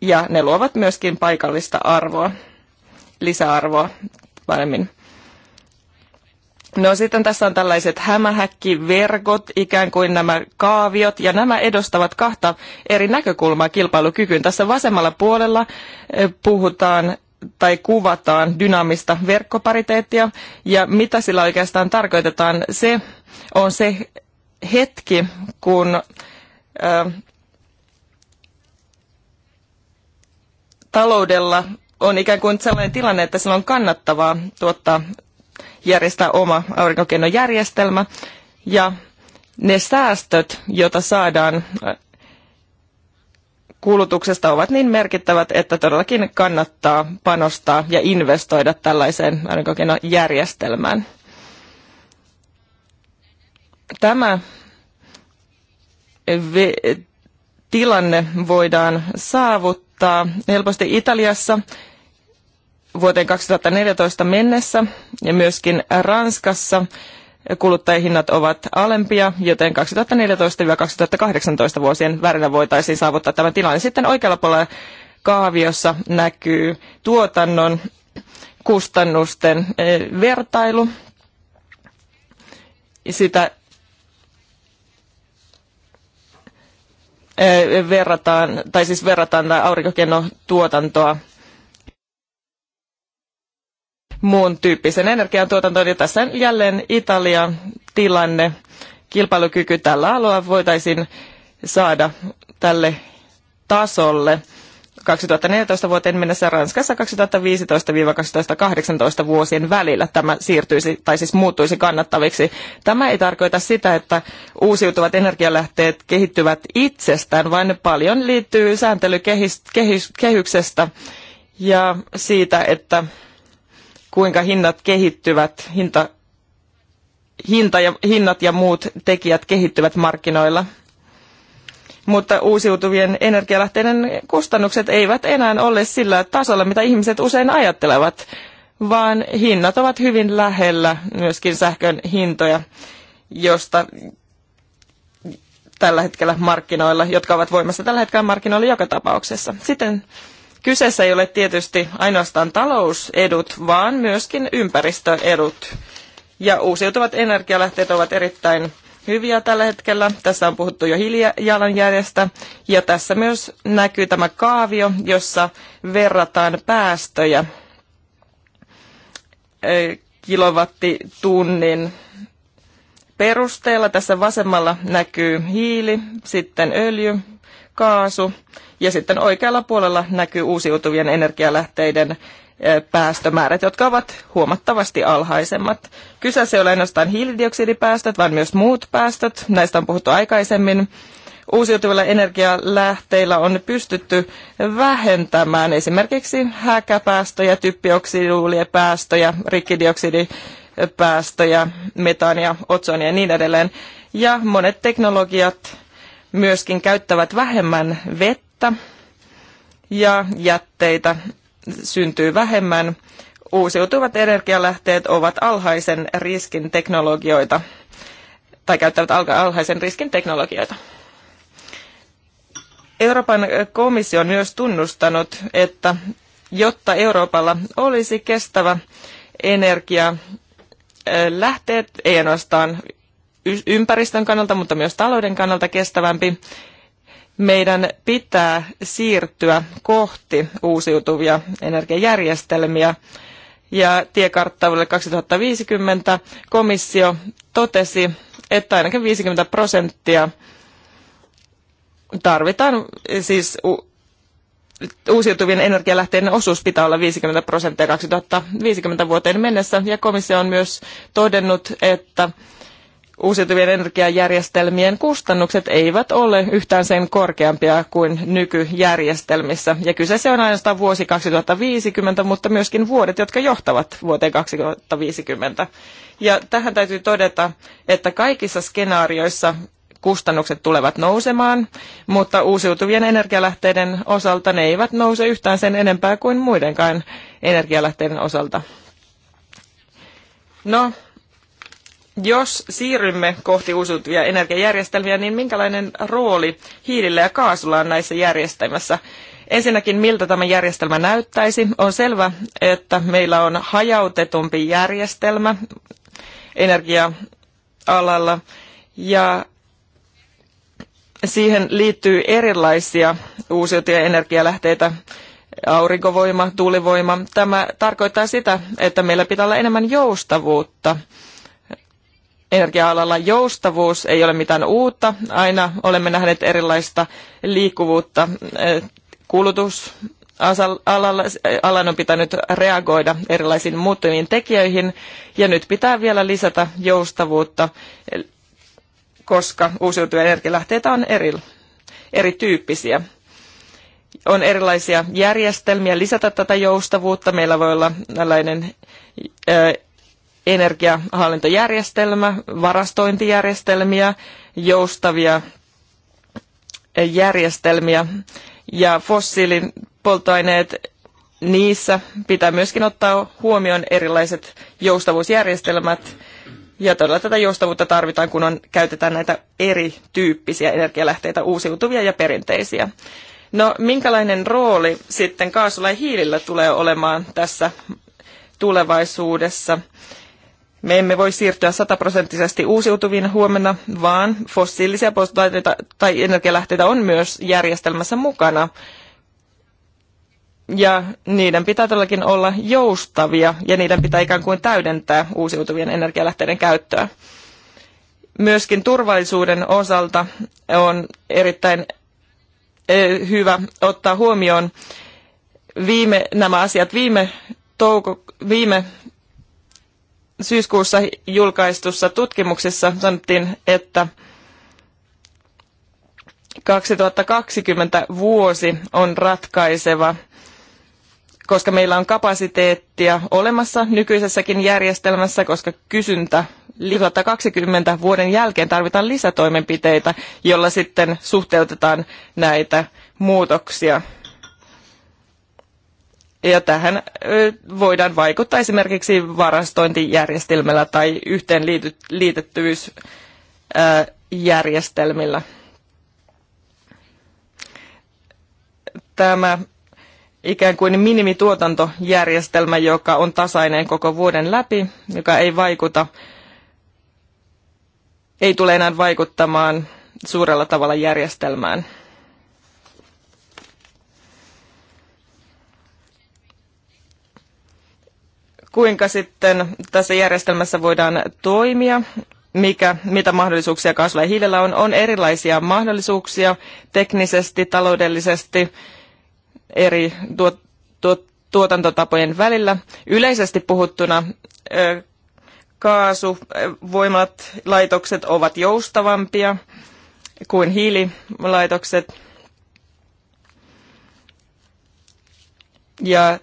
ja ne luovat myöskin paikallista arvoa, lisäarvoa paremmin. No sitten tässä on tällaiset hämähäkkiverkot, ikään kuin nämä kaaviot, ja nämä edustavat kahta eri näkökulmaa kilpailukykyyn. Tässä vasemmalla puolella eh, puhutaan tai kuvataan dynaamista verkkopariteettia, ja mitä sillä oikeastaan tarkoitetaan, se on se hetki, kun ö, eh, taloudella on ikään kuin sellainen tilanne, että sillä on kannattavaa tuottaa järjestää oma aurinkokennojärjestelmä ja ne säästöt, joita saadaan äh, kulutuksesta ovat niin merkittävät, että todellakin kannattaa panostaa ja investoida tällaiseen aurinkokennojärjestelmään. Tämä tilanne voidaan saavuttaa helposti Italiassa vuoteen 2014 mennessä ja myöskin Ranskassa kuluttajahinnat ovat alempia, joten 2014-2018 vuosien välillä voitaisiin saavuttaa tämä tilanne. Sitten oikealla puolella kaaviossa näkyy tuotannon kustannusten eh, vertailu. Sitä eh, verrataan, tai siis verrataan aurinkokennotuotantoa tuotantoa muun tyyppisen energiantuotantoon. Ja tässä jälleen Italian tilanne, kilpailukyky tällä alueella voitaisiin saada tälle tasolle. 2014 vuoteen mennessä Ranskassa 2015-2018 vuosien välillä tämä siirtyisi tai siis muuttuisi kannattaviksi. Tämä ei tarkoita sitä, että uusiutuvat energialähteet kehittyvät itsestään, vaan paljon liittyy sääntelykehyksestä ja siitä, että kuinka hinnat kehittyvät, hinta, hinta ja, hinnat ja muut tekijät kehittyvät markkinoilla. Mutta uusiutuvien energialähteiden kustannukset eivät enää ole sillä tasolla, mitä ihmiset usein ajattelevat, vaan hinnat ovat hyvin lähellä myöskin sähkön hintoja, josta tällä hetkellä markkinoilla, jotka ovat voimassa tällä hetkellä markkinoilla joka tapauksessa. Sitten Kyseessä ei ole tietysti ainoastaan talousedut, vaan myöskin ympäristöedut. Ja uusiutuvat energialähteet ovat erittäin hyviä tällä hetkellä. Tässä on puhuttu jo hiilijalanjäljestä ja tässä myös näkyy tämä kaavio, jossa verrataan päästöjä kilowattitunnin perusteella. Tässä vasemmalla näkyy hiili, sitten öljy, kaasu ja sitten oikealla puolella näkyy uusiutuvien energialähteiden eh, päästömäärät, jotka ovat huomattavasti alhaisemmat. Kyseessä ei ole ainoastaan hiilidioksidipäästöt, vaan myös muut päästöt. Näistä on puhuttu aikaisemmin. Uusiutuvilla energialähteillä on pystytty vähentämään esimerkiksi häkäpäästöjä, typpioksiduuliepäästöjä, rikkidioksidipäästöjä, metaania, otsonia ja niin edelleen. Ja monet teknologiat myöskin käyttävät vähemmän vettä ja jätteitä syntyy vähemmän. Uusiutuvat energialähteet ovat alhaisen riskin teknologioita tai käyttävät alhaisen riskin teknologioita. Euroopan komissio on myös tunnustanut, että jotta Euroopalla olisi kestävä energia, lähteet, ei ainoastaan ympäristön kannalta, mutta myös talouden kannalta kestävämpi. Meidän pitää siirtyä kohti uusiutuvia energiajärjestelmiä. Ja tiekartta vuodelle 2050 komissio totesi, että ainakin 50 prosenttia tarvitaan, siis uusiutuvien energialähteiden osuus pitää olla 50 prosenttia 2050 vuoteen mennessä. Ja komissio on myös todennut, että uusiutuvien energiajärjestelmien kustannukset eivät ole yhtään sen korkeampia kuin nykyjärjestelmissä. Ja kyseessä on ainoastaan vuosi 2050, mutta myöskin vuodet, jotka johtavat vuoteen 2050. Ja tähän täytyy todeta, että kaikissa skenaarioissa kustannukset tulevat nousemaan, mutta uusiutuvien energialähteiden osalta ne eivät nouse yhtään sen enempää kuin muidenkaan energialähteiden osalta. No, jos siirrymme kohti uusiutuvia energiajärjestelmiä, niin minkälainen rooli hiilillä ja kaasulla on näissä järjestelmässä? Ensinnäkin, miltä tämä järjestelmä näyttäisi? On selvä, että meillä on hajautetumpi järjestelmä energia-alalla ja siihen liittyy erilaisia uusiutuvia energialähteitä, aurinkovoima, tuulivoima. Tämä tarkoittaa sitä, että meillä pitää olla enemmän joustavuutta energia-alalla joustavuus ei ole mitään uutta. Aina olemme nähneet erilaista liikkuvuutta kulutus on pitänyt reagoida erilaisiin muuttuviin tekijöihin ja nyt pitää vielä lisätä joustavuutta, koska uusiutuvia energialähteitä on eri, erityyppisiä. On erilaisia järjestelmiä lisätä tätä joustavuutta. Meillä voi olla tällainen energiahallintojärjestelmä, varastointijärjestelmiä, joustavia järjestelmiä ja fossiilin polttoaineet niissä pitää myöskin ottaa huomioon erilaiset joustavuusjärjestelmät ja todella tätä joustavuutta tarvitaan, kun on, käytetään näitä erityyppisiä energialähteitä, uusiutuvia ja perinteisiä. No, minkälainen rooli sitten kaasulla ja hiilillä tulee olemaan tässä tulevaisuudessa? Me emme voi siirtyä sataprosenttisesti uusiutuviin huomenna, vaan fossiilisia polttoaineita tai energialähteitä on myös järjestelmässä mukana. Ja niiden pitää todellakin olla joustavia ja niiden pitää ikään kuin täydentää uusiutuvien energialähteiden käyttöä. Myöskin turvallisuuden osalta on erittäin eh, hyvä ottaa huomioon viime, nämä asiat viime, touko, viime syyskuussa julkaistussa tutkimuksessa sanottiin, että 2020 vuosi on ratkaiseva, koska meillä on kapasiteettia olemassa nykyisessäkin järjestelmässä, koska kysyntä 2020 vuoden jälkeen tarvitaan lisätoimenpiteitä, jolla sitten suhteutetaan näitä muutoksia. Ja tähän voidaan vaikuttaa esimerkiksi varastointijärjestelmällä tai yhteen Tämä ikään kuin minimituotantojärjestelmä, joka on tasainen koko vuoden läpi, joka ei vaikuta, ei tule enää vaikuttamaan suurella tavalla järjestelmään. kuinka sitten tässä järjestelmässä voidaan toimia, mikä, mitä mahdollisuuksia kasvaa ja hiilellä on. On erilaisia mahdollisuuksia teknisesti, taloudellisesti eri tuot, tuot, tuotantotapojen välillä. Yleisesti puhuttuna kaasuvoimat, laitokset ovat joustavampia kuin hiililaitokset. Ja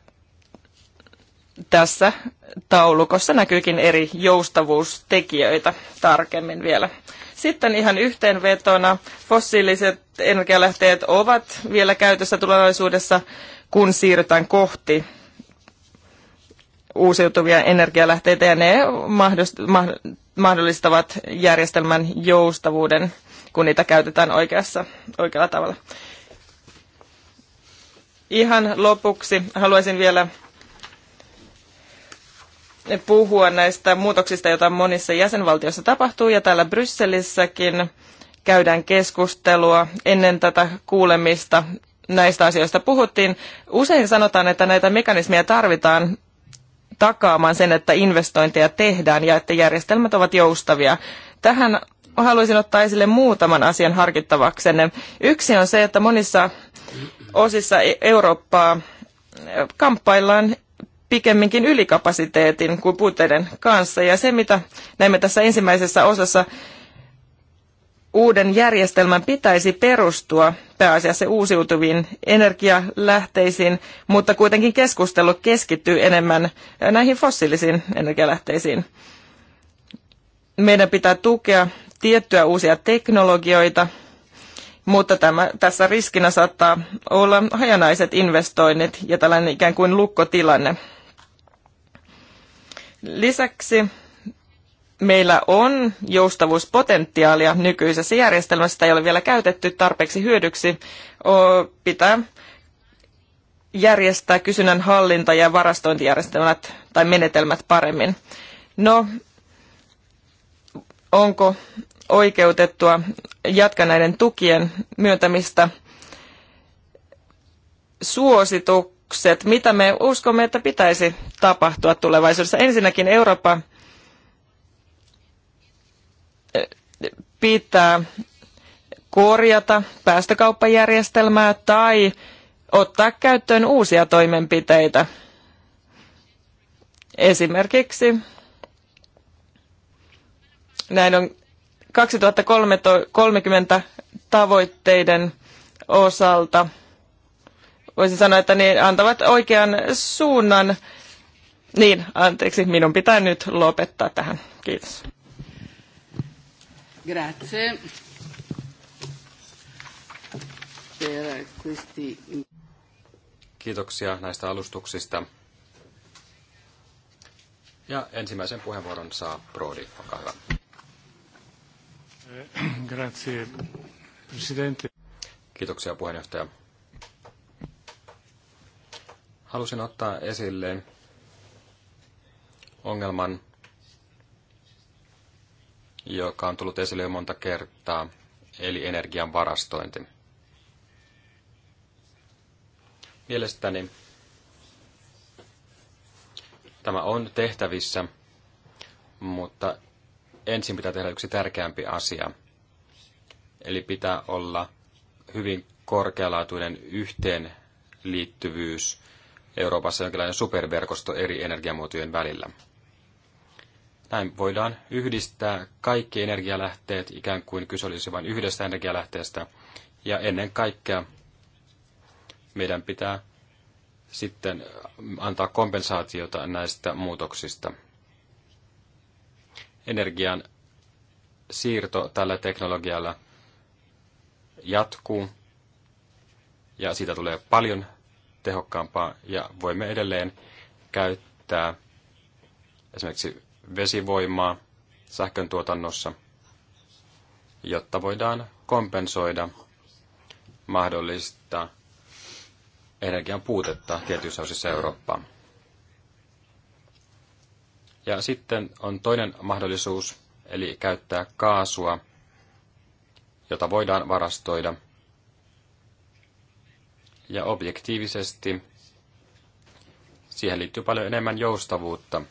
tässä taulukossa näkyykin eri joustavuustekijöitä tarkemmin vielä. Sitten ihan yhteenvetona, fossiiliset energialähteet ovat vielä käytössä tulevaisuudessa, kun siirrytään kohti uusiutuvia energialähteitä ja ne mahdollistavat järjestelmän joustavuuden, kun niitä käytetään oikeassa, oikealla tavalla. Ihan lopuksi haluaisin vielä puhua näistä muutoksista, joita monissa jäsenvaltioissa tapahtuu, ja täällä Brysselissäkin käydään keskustelua ennen tätä kuulemista. Näistä asioista puhuttiin. Usein sanotaan, että näitä mekanismeja tarvitaan takaamaan sen, että investointeja tehdään ja että järjestelmät ovat joustavia. Tähän haluaisin ottaa esille muutaman asian harkittavaksenne. Yksi on se, että monissa osissa e- Eurooppaa kamppaillaan pikemminkin ylikapasiteetin kuin puutteiden kanssa. Ja se, mitä näemme tässä ensimmäisessä osassa, uuden järjestelmän pitäisi perustua pääasiassa uusiutuviin energialähteisiin, mutta kuitenkin keskustelu keskittyy enemmän näihin fossiilisiin energialähteisiin. Meidän pitää tukea tiettyjä uusia teknologioita, mutta tämä, tässä riskinä saattaa olla hajanaiset investoinnit ja tällainen ikään kuin lukkotilanne. Lisäksi meillä on joustavuuspotentiaalia nykyisessä järjestelmässä, sitä ei ole vielä käytetty tarpeeksi hyödyksi. Pitää järjestää kysynnän hallinta ja varastointijärjestelmät tai menetelmät paremmin. No, onko oikeutettua jatkaa näiden tukien myöntämistä. Suositukset, mitä me uskomme, että pitäisi tapahtua tulevaisuudessa. Ensinnäkin Eurooppa pitää korjata päästökauppajärjestelmää tai ottaa käyttöön uusia toimenpiteitä. Esimerkiksi näin on 2030 tavoitteiden osalta. Voisin sanoa, että ne antavat oikean suunnan. Niin, anteeksi, minun pitää nyt lopettaa tähän. Kiitos. Grazie. Kiitoksia näistä alustuksista. Ja ensimmäisen puheenvuoron saa Prodi, olkaa hyvä. Eh, grazie, presidente. Kiitoksia puheenjohtaja. Halusin ottaa esille ongelman, joka on tullut esille jo monta kertaa, eli energian varastointi. Mielestäni tämä on tehtävissä, mutta ensin pitää tehdä yksi tärkeämpi asia. Eli pitää olla hyvin korkealaatuinen yhteenliittyvyys Euroopassa jonkinlainen superverkosto eri energiamuotojen välillä. Näin voidaan yhdistää kaikki energialähteet ikään kuin kyse olisi vain yhdestä energialähteestä. Ja ennen kaikkea meidän pitää sitten antaa kompensaatiota näistä muutoksista energian siirto tällä teknologialla jatkuu ja siitä tulee paljon tehokkaampaa ja voimme edelleen käyttää esimerkiksi vesivoimaa sähkön tuotannossa, jotta voidaan kompensoida mahdollista energian puutetta tietyissä osissa Eurooppaa. Ja sitten on toinen mahdollisuus, eli käyttää kaasua, jota voidaan varastoida. Ja objektiivisesti siihen liittyy paljon enemmän joustavuutta,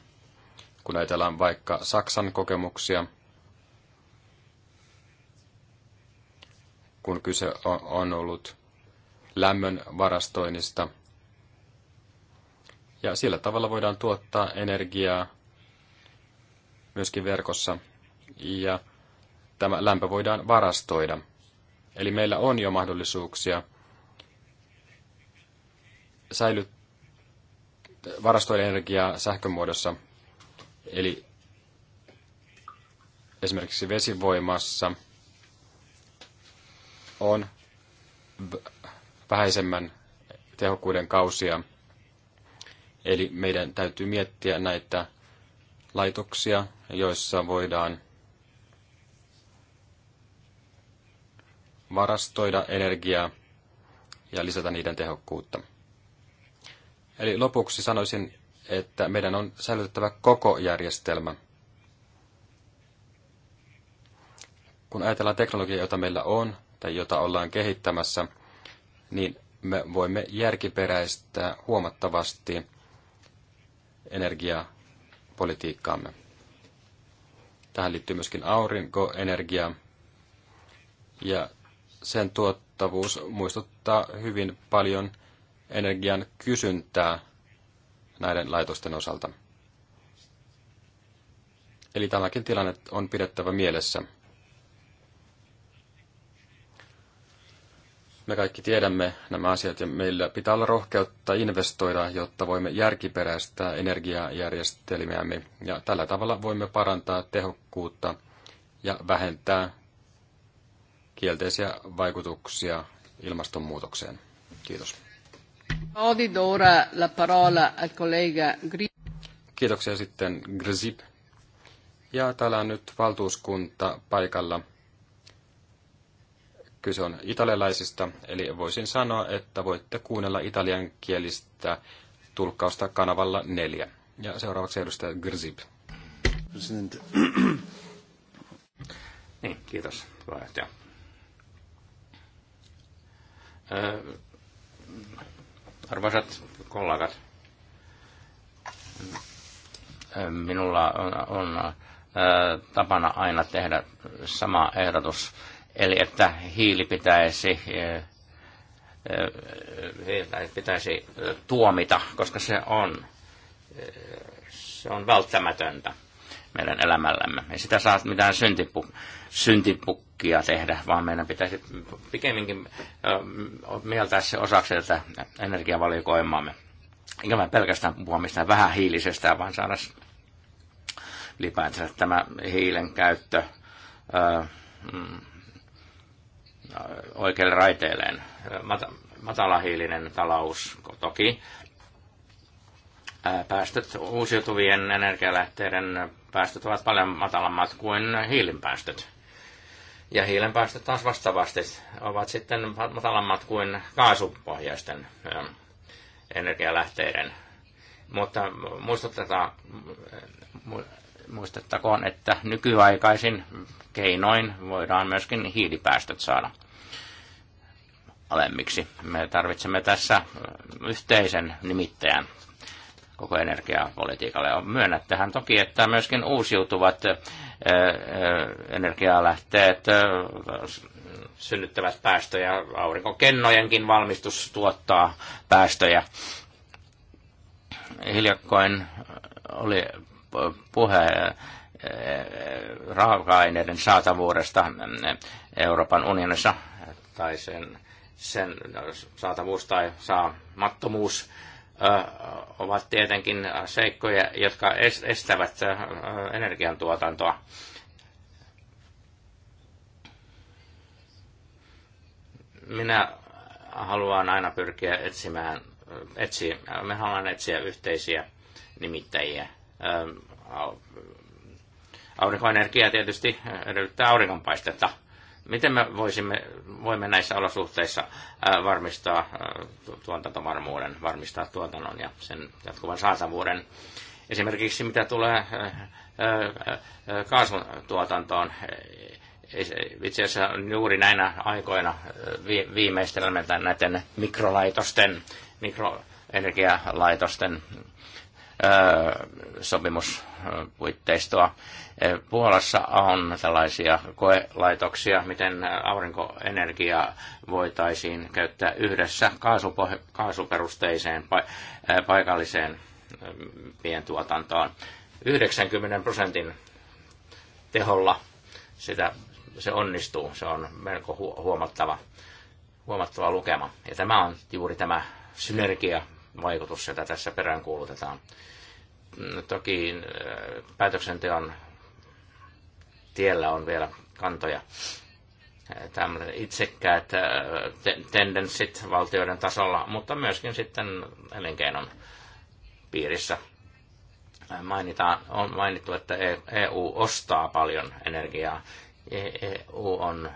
kun ajatellaan vaikka Saksan kokemuksia, kun kyse on ollut lämmön varastoinnista. Ja sillä tavalla voidaan tuottaa energiaa myöskin verkossa, ja tämä lämpö voidaan varastoida. Eli meillä on jo mahdollisuuksia säilyt, varastoida energiaa sähkömuodossa. Eli esimerkiksi vesivoimassa on vähäisemmän tehokkuuden kausia. Eli meidän täytyy miettiä näitä laitoksia, joissa voidaan varastoida energiaa ja lisätä niiden tehokkuutta. Eli lopuksi sanoisin, että meidän on säilytettävä koko järjestelmä. Kun ajatellaan teknologiaa, jota meillä on tai jota ollaan kehittämässä, niin me voimme järkiperäistää huomattavasti energiaa politiikkaamme. Tähän liittyy myöskin aurinkoenergia ja sen tuottavuus muistuttaa hyvin paljon energian kysyntää näiden laitosten osalta. Eli tämäkin tilanne on pidettävä mielessä. Me kaikki tiedämme nämä asiat ja meillä pitää olla rohkeutta investoida, jotta voimme järkiperäistää energiajärjestelmiämme ja tällä tavalla voimme parantaa tehokkuutta ja vähentää kielteisiä vaikutuksia ilmastonmuutokseen. Kiitos. Kiitoksia sitten Grzib. Ja täällä on nyt valtuuskunta paikalla – Kyse on italialaisista, eli voisin sanoa, että voitte kuunnella italiankielistä tulkkausta kanavalla neljä. Ja seuraavaksi edustaja Grzib. Niin, kiitos puheenjohtaja. Arvoisat kollegat, minulla on, on tapana aina tehdä sama ehdotus Eli että hiili pitäisi, eh, eh, pitäisi eh, tuomita, koska se on, se on välttämätöntä meidän elämällämme. Ei sitä saa mitään syntipu, syntipukkia tehdä, vaan meidän pitäisi pikemminkin mieltää se osaksi tätä energiavalikoimaamme. Eikä mä pelkästään puhua mistään vähän hiilisestä, vaan saada ylipäätänsä tämä hiilen käyttö mm, oikeille Mat- Matalahiilinen talous toki. Päästöt uusiutuvien energialähteiden päästöt ovat paljon matalammat kuin hiilinpäästöt. Ja hiilenpäästöt taas vastaavasti ovat sitten matalammat kuin kaasupohjaisten energialähteiden. Mutta muistettakoon, että nykyaikaisin keinoin voidaan myöskin hiilipäästöt saada alemmiksi. Me tarvitsemme tässä yhteisen nimittäjän koko energiapolitiikalle. Myönnättehän toki, että myöskin uusiutuvat energialähteet synnyttävät päästöjä. Aurinkokennojenkin valmistus tuottaa päästöjä. Hiljakkoin oli puhe raaka-aineiden saatavuudesta Euroopan unionissa tai sen sen saatavuus tai saamattomuus ovat tietenkin seikkoja, jotka estävät energiantuotantoa. Minä haluan aina pyrkiä etsimään, etsiä, me haluan etsiä yhteisiä nimittäjiä. Aurinkoenergia tietysti edellyttää auringonpaistetta – Miten me voisimme, voimme näissä olosuhteissa äh, varmistaa äh, tuotantovarmuuden, varmistaa tuotannon ja sen jatkuvan saatavuuden? Esimerkiksi mitä tulee äh, kaasun tuotantoon, itse asiassa juuri näinä aikoina viimeistelemme näiden mikrolaitosten, mikroenergialaitosten sopimuspuitteistoa. Puolassa on tällaisia koelaitoksia, miten aurinkoenergiaa voitaisiin käyttää yhdessä kaasuperusteiseen paikalliseen pientuotantoon. 90 prosentin teholla sitä, se onnistuu. Se on melko huomattava, huomattava lukema. Ja tämä on juuri tämä synergia vaikutus, jota tässä peräänkuulutetaan. Mm, toki äh, päätöksenteon tiellä on vielä kantoja. Äh, Tämmöiset itsekkäät äh, tendenssit valtioiden tasolla, mutta myöskin sitten elinkeinon piirissä mainitaan, on mainittu, että EU e ostaa paljon energiaa. EU e on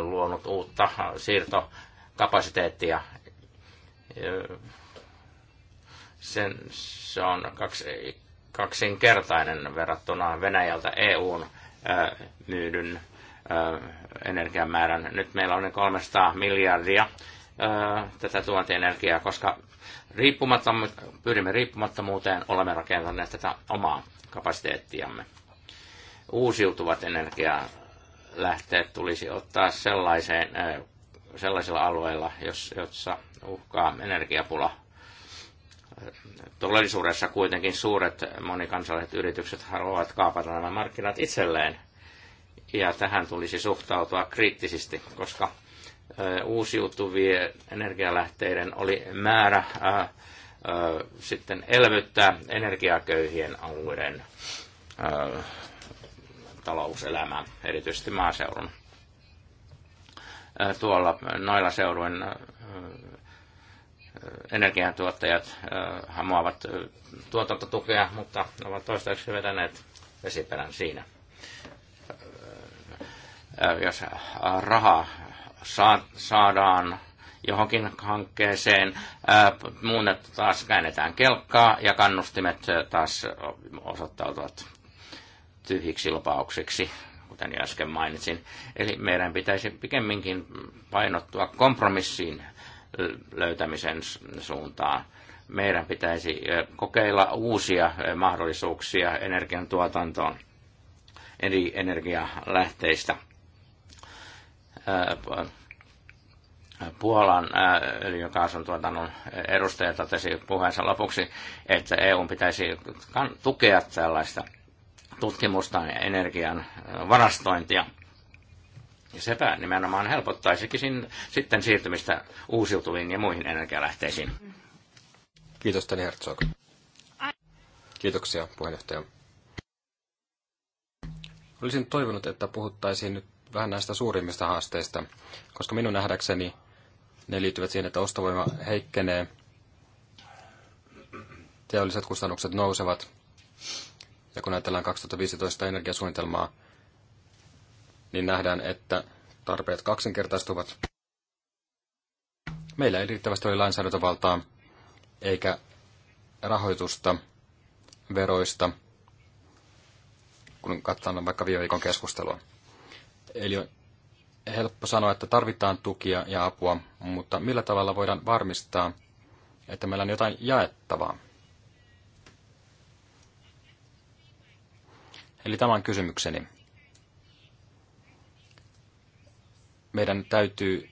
luonut uutta siirtokapasiteettia sen, se on kaksi, kaksinkertainen verrattuna Venäjältä EUn äh, myydyn äh, energiamäärän. Nyt meillä on 300 miljardia äh, tätä tuontienergiaa, koska riippumattomu- pyrimme riippumattomuuteen, olemme rakentaneet tätä omaa kapasiteettiamme. Uusiutuvat energialähteet tulisi ottaa sellaiseen, sellaisilla alueilla, jos, jossa uhkaa energiapula todellisuudessa kuitenkin suuret monikansalliset yritykset haluavat kaapata nämä markkinat itselleen. Ja tähän tulisi suhtautua kriittisesti, koska uusiutuvien energialähteiden oli määrä ää, ää, sitten elvyttää energiaköyhien alueiden ää, talouselämää, erityisesti maaseudun. Ää, tuolla noilla seuduin ää, energiantuottajat hamoavat äh, äh, tuotantotukea, mutta ovat toistaiseksi vetäneet vesiperän siinä. Äh, jos raha saadaan johonkin hankkeeseen, muunnet taas käännetään kelkkaa ja kannustimet taas osoittautuvat tyhjiksi lupauksiksi, kuten jo äsken mainitsin. Eli meidän pitäisi pikemminkin painottua kompromissiin löytämisen suuntaan. Meidän pitäisi kokeilla uusia mahdollisuuksia energiantuotantoon eri energialähteistä. Puolan öljykaasun tuotannon edustaja totesi puheensa lopuksi, että EU pitäisi tukea tällaista tutkimusta ja energian varastointia ja sepä nimenomaan helpottaisikin sitten siirtymistä uusiutuviin ja muihin energialähteisiin. Kiitos, Tani Herzog. Kiitoksia, puheenjohtaja. Olisin toivonut, että puhuttaisiin nyt vähän näistä suurimmista haasteista, koska minun nähdäkseni ne liittyvät siihen, että ostovoima heikkenee, teolliset kustannukset nousevat, ja kun ajatellaan 2015 energiasuunnitelmaa, niin nähdään, että tarpeet kaksinkertaistuvat. Meillä ei riittävästi ole lainsäädäntövaltaa eikä rahoitusta veroista, kun katsotaan vaikka viime viikon keskustelua. Eli on helppo sanoa, että tarvitaan tukia ja apua, mutta millä tavalla voidaan varmistaa, että meillä on jotain jaettavaa? Eli tämä on kysymykseni. meidän täytyy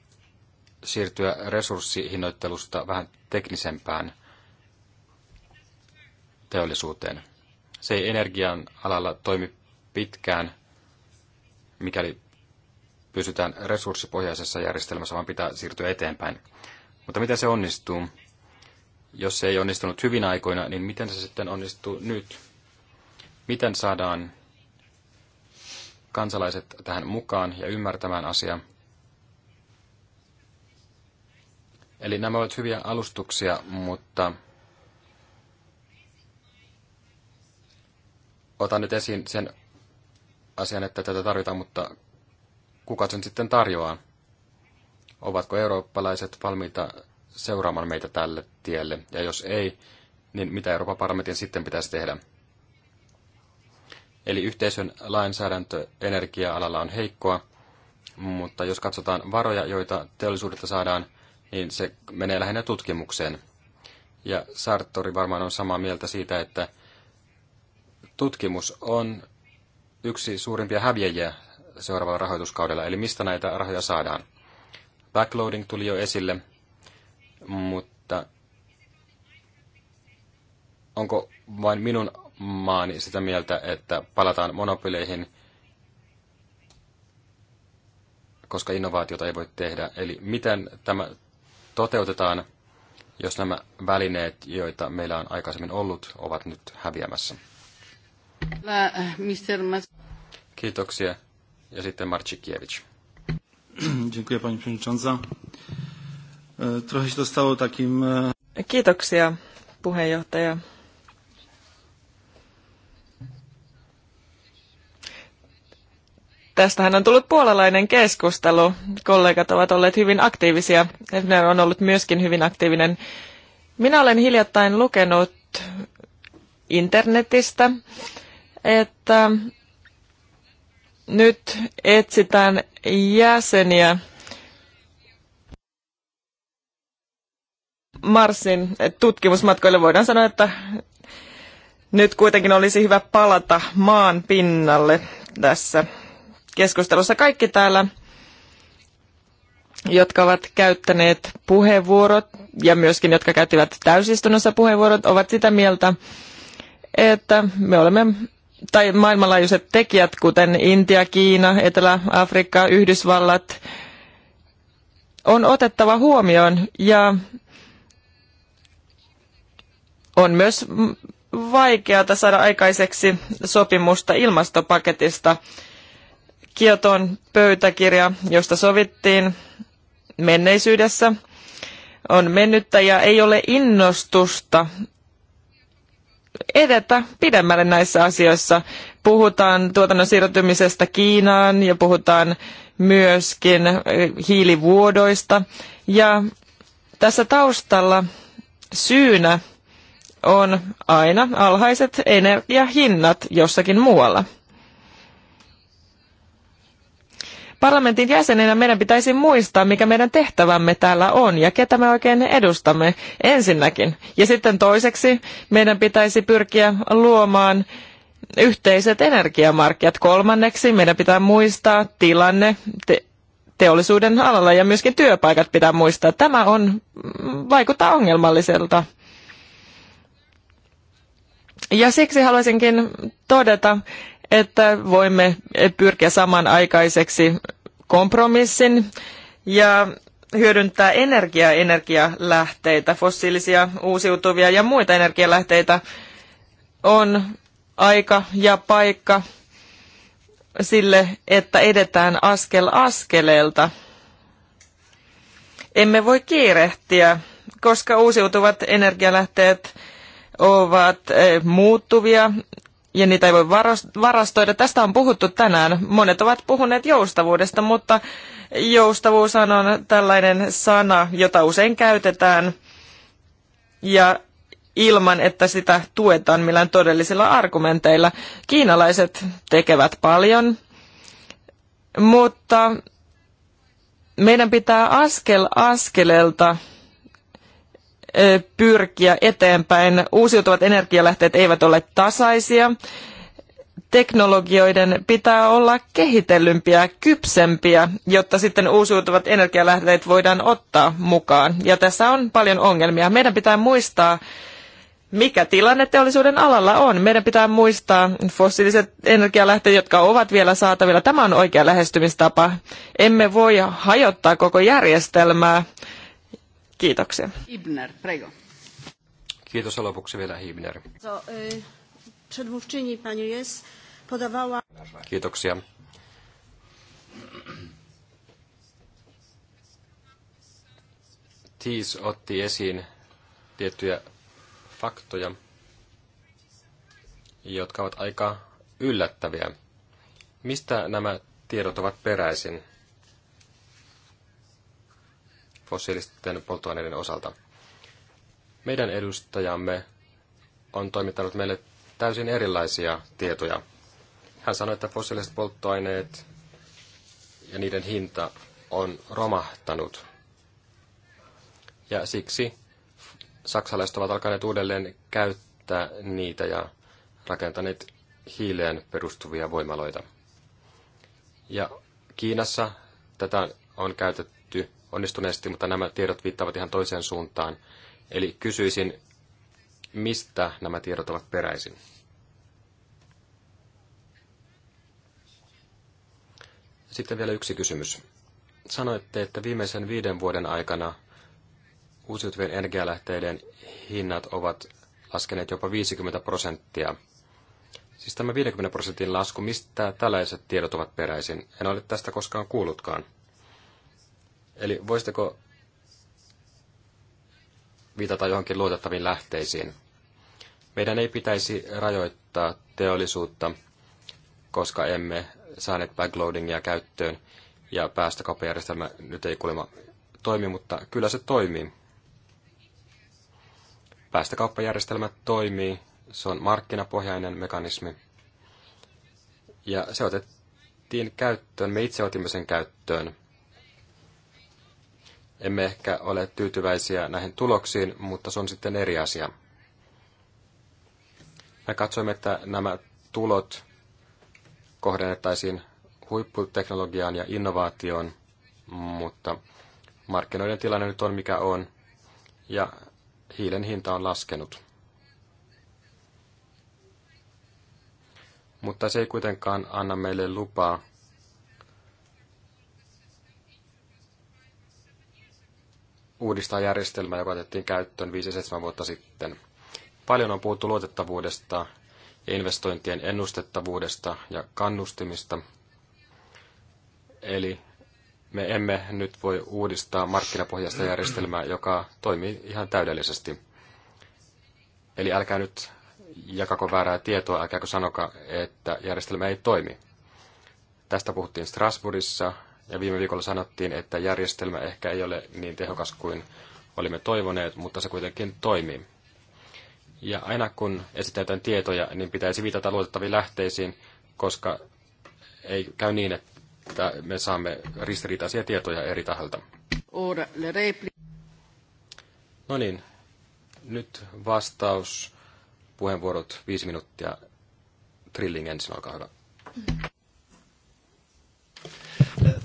siirtyä resurssihinnoittelusta vähän teknisempään teollisuuteen. Se ei energian alalla toimi pitkään, mikäli pysytään resurssipohjaisessa järjestelmässä, vaan pitää siirtyä eteenpäin. Mutta miten se onnistuu? Jos se ei onnistunut hyvin aikoina, niin miten se sitten onnistuu nyt? Miten saadaan kansalaiset tähän mukaan ja ymmärtämään asiaa? Eli nämä ovat hyviä alustuksia, mutta otan nyt esiin sen asian, että tätä tarvitaan, mutta kuka sen sitten tarjoaa? Ovatko eurooppalaiset valmiita seuraamaan meitä tälle tielle? Ja jos ei, niin mitä Euroopan parlamentin sitten pitäisi tehdä? Eli yhteisön lainsäädäntö energia-alalla on heikkoa, mutta jos katsotaan varoja, joita teollisuudelta saadaan – niin se menee lähinnä tutkimukseen. Ja Sartori varmaan on samaa mieltä siitä, että tutkimus on yksi suurimpia häviäjiä seuraavalla rahoituskaudella, eli mistä näitä rahoja saadaan. Backloading tuli jo esille, mutta onko vain minun maani sitä mieltä, että palataan monopoleihin, koska innovaatiota ei voi tehdä. Eli miten tämä toteutetaan, jos nämä välineet, joita meillä on aikaisemmin ollut, ovat nyt häviämässä. Kiitoksia. Ja sitten Marcikiewicz. Dziękuję pani przewodnicząca. E, trochę się dostało takim... E, Kiitoksia puheenjohtaja. Tästähän on tullut puolalainen keskustelu. Kollegat ovat olleet hyvin aktiivisia. Ne on ollut myöskin hyvin aktiivinen. Minä olen hiljattain lukenut internetistä, että nyt etsitään jäseniä Marsin tutkimusmatkoille. Voidaan sanoa, että nyt kuitenkin olisi hyvä palata maan pinnalle tässä keskustelussa kaikki täällä, jotka ovat käyttäneet puheenvuorot ja myöskin jotka käyttivät täysistunnossa puheenvuorot, ovat sitä mieltä, että me olemme tai maailmanlaajuiset tekijät, kuten Intia, Kiina, Etelä-Afrikka, Yhdysvallat, on otettava huomioon ja on myös vaikeaa saada aikaiseksi sopimusta ilmastopaketista Kioton pöytäkirja, josta sovittiin menneisyydessä, on mennyttä ja ei ole innostusta edetä pidemmälle näissä asioissa. Puhutaan tuotannon siirtymisestä Kiinaan ja puhutaan myöskin hiilivuodoista. Ja tässä taustalla syynä on aina alhaiset energiahinnat jossakin muualla. Parlamentin jäsenenä meidän pitäisi muistaa, mikä meidän tehtävämme täällä on ja ketä me oikein edustamme ensinnäkin. Ja sitten toiseksi meidän pitäisi pyrkiä luomaan yhteiset energiamarkkinat. Kolmanneksi meidän pitää muistaa tilanne te- teollisuuden alalla ja myöskin työpaikat pitää muistaa. Tämä on, mm, vaikuttaa ongelmalliselta. Ja siksi haluaisinkin todeta, että voimme pyrkiä samanaikaiseksi kompromissin ja hyödyntää energiaa, energialähteitä, fossiilisia, uusiutuvia ja muita energialähteitä on aika ja paikka sille, että edetään askel askeleelta. Emme voi kiirehtiä, koska uusiutuvat energialähteet ovat eh, muuttuvia ja niitä ei voi varastoida. Tästä on puhuttu tänään. Monet ovat puhuneet joustavuudesta, mutta joustavuus on tällainen sana, jota usein käytetään ja ilman, että sitä tuetaan millään todellisilla argumenteilla. Kiinalaiset tekevät paljon, mutta meidän pitää askel askeleelta – pyrkiä eteenpäin. Uusiutuvat energialähteet eivät ole tasaisia. Teknologioiden pitää olla kehitellympiä, kypsempiä, jotta sitten uusiutuvat energialähteet voidaan ottaa mukaan. Ja tässä on paljon ongelmia. Meidän pitää muistaa, mikä tilanne teollisuuden alalla on. Meidän pitää muistaa fossiiliset energialähteet, jotka ovat vielä saatavilla. Tämä on oikea lähestymistapa. Emme voi hajottaa koko järjestelmää Kiitoksia. Ibner, prego. Kiitos lopuksi vielä Hibner. Kiitoksia. Tiis otti esiin tiettyjä faktoja, jotka ovat aika yllättäviä. Mistä nämä tiedot ovat peräisin? fossiilisten polttoaineiden osalta. Meidän edustajamme on toimittanut meille täysin erilaisia tietoja. Hän sanoi, että fossiiliset polttoaineet ja niiden hinta on romahtanut. Ja siksi saksalaiset ovat alkaneet uudelleen käyttää niitä ja rakentaneet hiileen perustuvia voimaloita. Ja Kiinassa tätä on käytetty onnistuneesti, mutta nämä tiedot viittaavat ihan toiseen suuntaan. Eli kysyisin, mistä nämä tiedot ovat peräisin? Sitten vielä yksi kysymys. Sanoitte, että viimeisen viiden vuoden aikana uusiutuvien energialähteiden hinnat ovat laskeneet jopa 50 prosenttia. Siis tämä 50 prosentin lasku, mistä tällaiset tiedot ovat peräisin? En ole tästä koskaan kuullutkaan. Eli voisitteko viitata johonkin luotettaviin lähteisiin? Meidän ei pitäisi rajoittaa teollisuutta, koska emme saaneet backloadingia käyttöön ja päästökauppajärjestelmä nyt ei kuulemma toimi, mutta kyllä se toimii. Päästökauppajärjestelmä toimii, se on markkinapohjainen mekanismi ja se otettiin käyttöön, me itse otimme sen käyttöön emme ehkä ole tyytyväisiä näihin tuloksiin, mutta se on sitten eri asia. Me katsoimme, että nämä tulot kohdennettaisiin huipputeknologiaan ja innovaatioon, mutta markkinoiden tilanne nyt on mikä on, ja hiilen hinta on laskenut. Mutta se ei kuitenkaan anna meille lupaa uudistaa järjestelmää, joka otettiin käyttöön 5-7 vuotta sitten. Paljon on puhuttu luotettavuudesta, investointien ennustettavuudesta ja kannustimista. Eli me emme nyt voi uudistaa markkinapohjaista järjestelmää, joka toimii ihan täydellisesti. Eli älkää nyt jakako väärää tietoa, älkääkö sanoka, että järjestelmä ei toimi. Tästä puhuttiin Strasbourgissa ja viime viikolla sanottiin, että järjestelmä ehkä ei ole niin tehokas kuin olimme toivoneet, mutta se kuitenkin toimii. Ja aina kun esitetään tietoja, niin pitäisi viitata luotettaviin lähteisiin, koska ei käy niin, että me saamme ristiriitaisia tietoja eri taholta. No niin, nyt vastaus, puheenvuorot, viisi minuuttia. Trilling ensin, olkaa hyvä.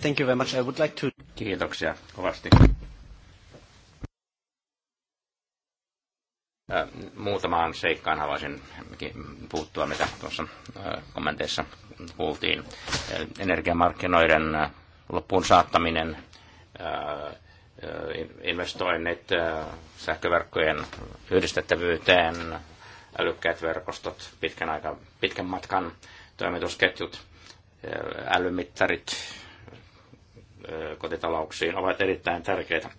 Thank you very much. I would like to... Kiitoksia kovasti. Muutamaan seikkaan haluaisin puuttua, mitä tuossa kommenteissa kuultiin. Energiamarkkinoiden loppuun saattaminen, investoinnit sähköverkkojen yhdistettävyyteen, älykkäät verkostot, pitkän, aika, pitkän matkan toimitusketjut, älymittarit, kotitalouksiin ovat erittäin tärkeitä.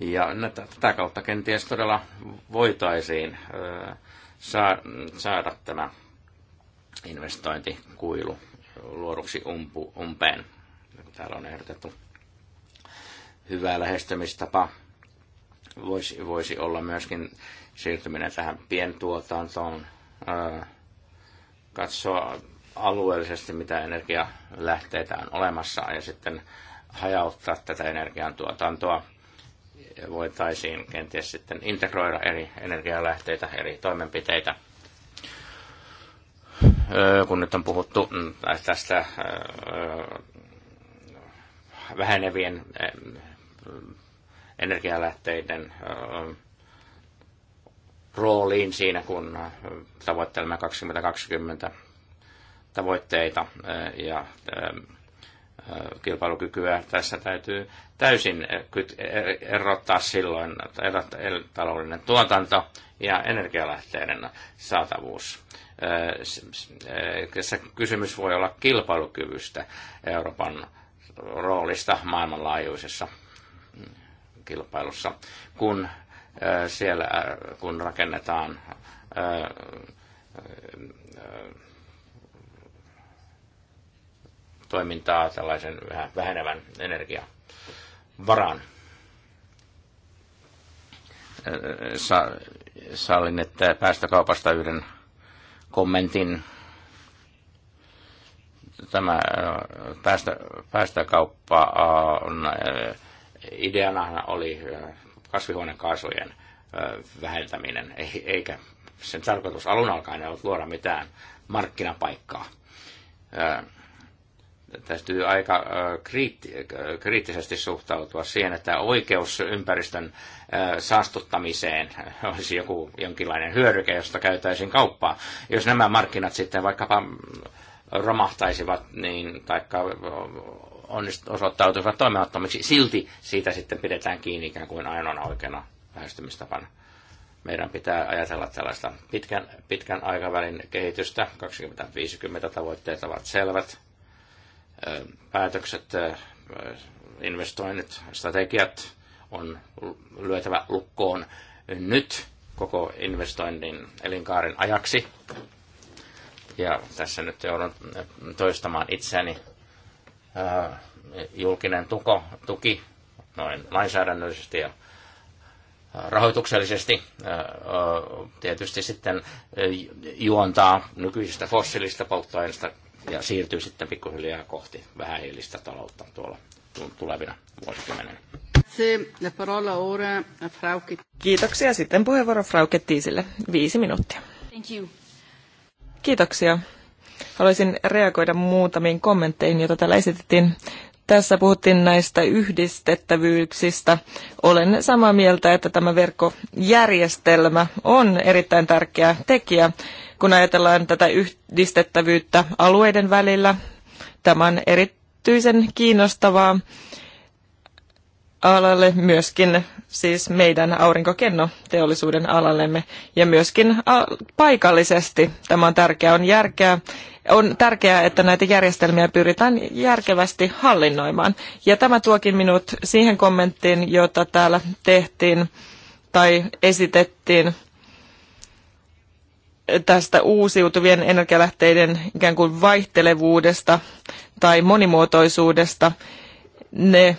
Ja tätä kautta kenties todella voitaisiin saada tämä investointikuilu luoduksi umpeen, niin täällä on ehdotettu. Hyvä lähestymistapa voisi, voisi olla myöskin siirtyminen tähän pientuotantoon, katsoa alueellisesti, mitä energialähteitä on olemassa, ja sitten hajauttaa tätä energiantuotantoa. Voitaisiin kenties sitten integroida eri energialähteitä, eri toimenpiteitä. Kun nyt on puhuttu mm, tästä vähenevien energialähteiden rooliin siinä, kun tavoittelemme 2020 tavoitteita ja kilpailukykyä. Tässä täytyy täysin e, erottaa silloin e, taloudellinen tuotanto ja energialähteiden saatavuus. Tässä kysymys voi olla kilpailukyvystä, Euroopan roolista maailmanlaajuisessa mm, kilpailussa, kun siellä kun rakennetaan toimintaa tällaisen vähän vähenevän energian varaan. Sa- sallin, että päästökaupasta yhden kommentin. Tämä päästö, päästökauppa on, ideana oli kasvihuonekaasujen vähentäminen, eikä sen tarkoitus alun alkaen ollut luoda mitään markkinapaikkaa täytyy aika kriittisesti suhtautua siihen, että oikeus ympäristön saastuttamiseen olisi joku jonkinlainen hyödyke, josta käytäisiin kauppaa. Jos nämä markkinat sitten vaikkapa romahtaisivat, niin taikka osoittautuisivat toimimattomiksi, silti siitä sitten pidetään kiinni ikään kuin ainoana oikeana lähestymistapana. Meidän pitää ajatella tällaista pitkän, pitkän aikavälin kehitystä, 2050 tavoitteet ovat selvät, päätökset, investoinnit, strategiat on lyötävä lukkoon nyt koko investoinnin elinkaaren ajaksi. Ja tässä nyt joudun toistamaan itseäni. Julkinen tuko, tuki noin lainsäädännöllisesti ja rahoituksellisesti tietysti sitten juontaa nykyisistä fossiilista polttoaineista ja siirtyy sitten pikkuhiljaa kohti vähähiilistä taloutta tuolla tulevina vuosikymmeninä. Kiitoksia. Sitten puheenvuoro Frauke Tiisille. Viisi minuuttia. Thank you. Kiitoksia. Haluaisin reagoida muutamiin kommentteihin, joita täällä esitettiin. Tässä puhuttiin näistä yhdistettävyyksistä. Olen samaa mieltä, että tämä verkkojärjestelmä on erittäin tärkeä tekijä kun ajatellaan tätä yhdistettävyyttä alueiden välillä. Tämä on erityisen kiinnostavaa alalle myöskin siis meidän aurinkokennoteollisuuden alallemme ja myöskin paikallisesti. Tämä on tärkeää, on järkeä. On tärkeää, että näitä järjestelmiä pyritään järkevästi hallinnoimaan. Ja tämä tuokin minut siihen kommenttiin, jota täällä tehtiin tai esitettiin tästä uusiutuvien energialähteiden ikään kuin vaihtelevuudesta tai monimuotoisuudesta. Ne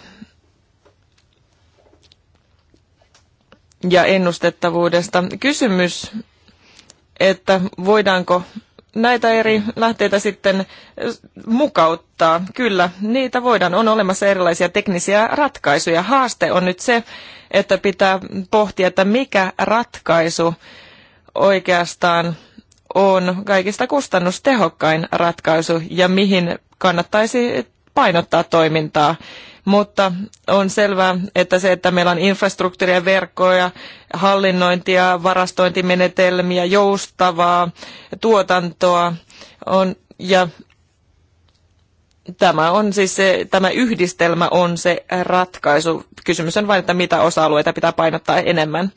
ja ennustettavuudesta. Kysymys, että voidaanko näitä eri lähteitä sitten mukauttaa. Kyllä, niitä voidaan. On olemassa erilaisia teknisiä ratkaisuja. Haaste on nyt se, että pitää pohtia, että mikä ratkaisu oikeastaan on kaikista kustannustehokkain ratkaisu ja mihin kannattaisi painottaa toimintaa. Mutta on selvää, että se, että meillä on infrastruktuuria, verkkoja, hallinnointia, varastointimenetelmiä, joustavaa tuotantoa on, ja tämä on siis se, tämä yhdistelmä on se ratkaisu. Kysymys on vain, että mitä osa-alueita pitää painottaa enemmän.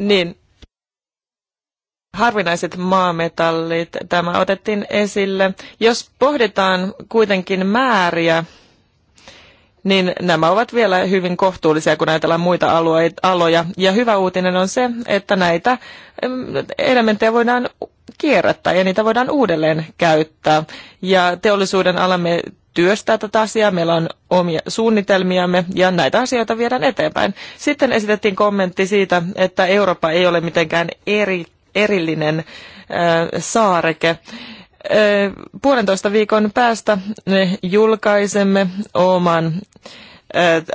Niin, harvinaiset maametallit, tämä otettiin esille. Jos pohditaan kuitenkin määriä, niin nämä ovat vielä hyvin kohtuullisia, kun ajatellaan muita aloja. Ja hyvä uutinen on se, että näitä elementtejä voidaan kierrättää ja niitä voidaan uudelleen käyttää. Ja teollisuuden alamme työstää tätä asiaa, meillä on omia suunnitelmiamme ja näitä asioita viedään eteenpäin. Sitten esitettiin kommentti siitä, että Eurooppa ei ole mitenkään eri, erillinen äh, saareke. Äh, puolentoista viikon päästä me julkaisemme oman äh,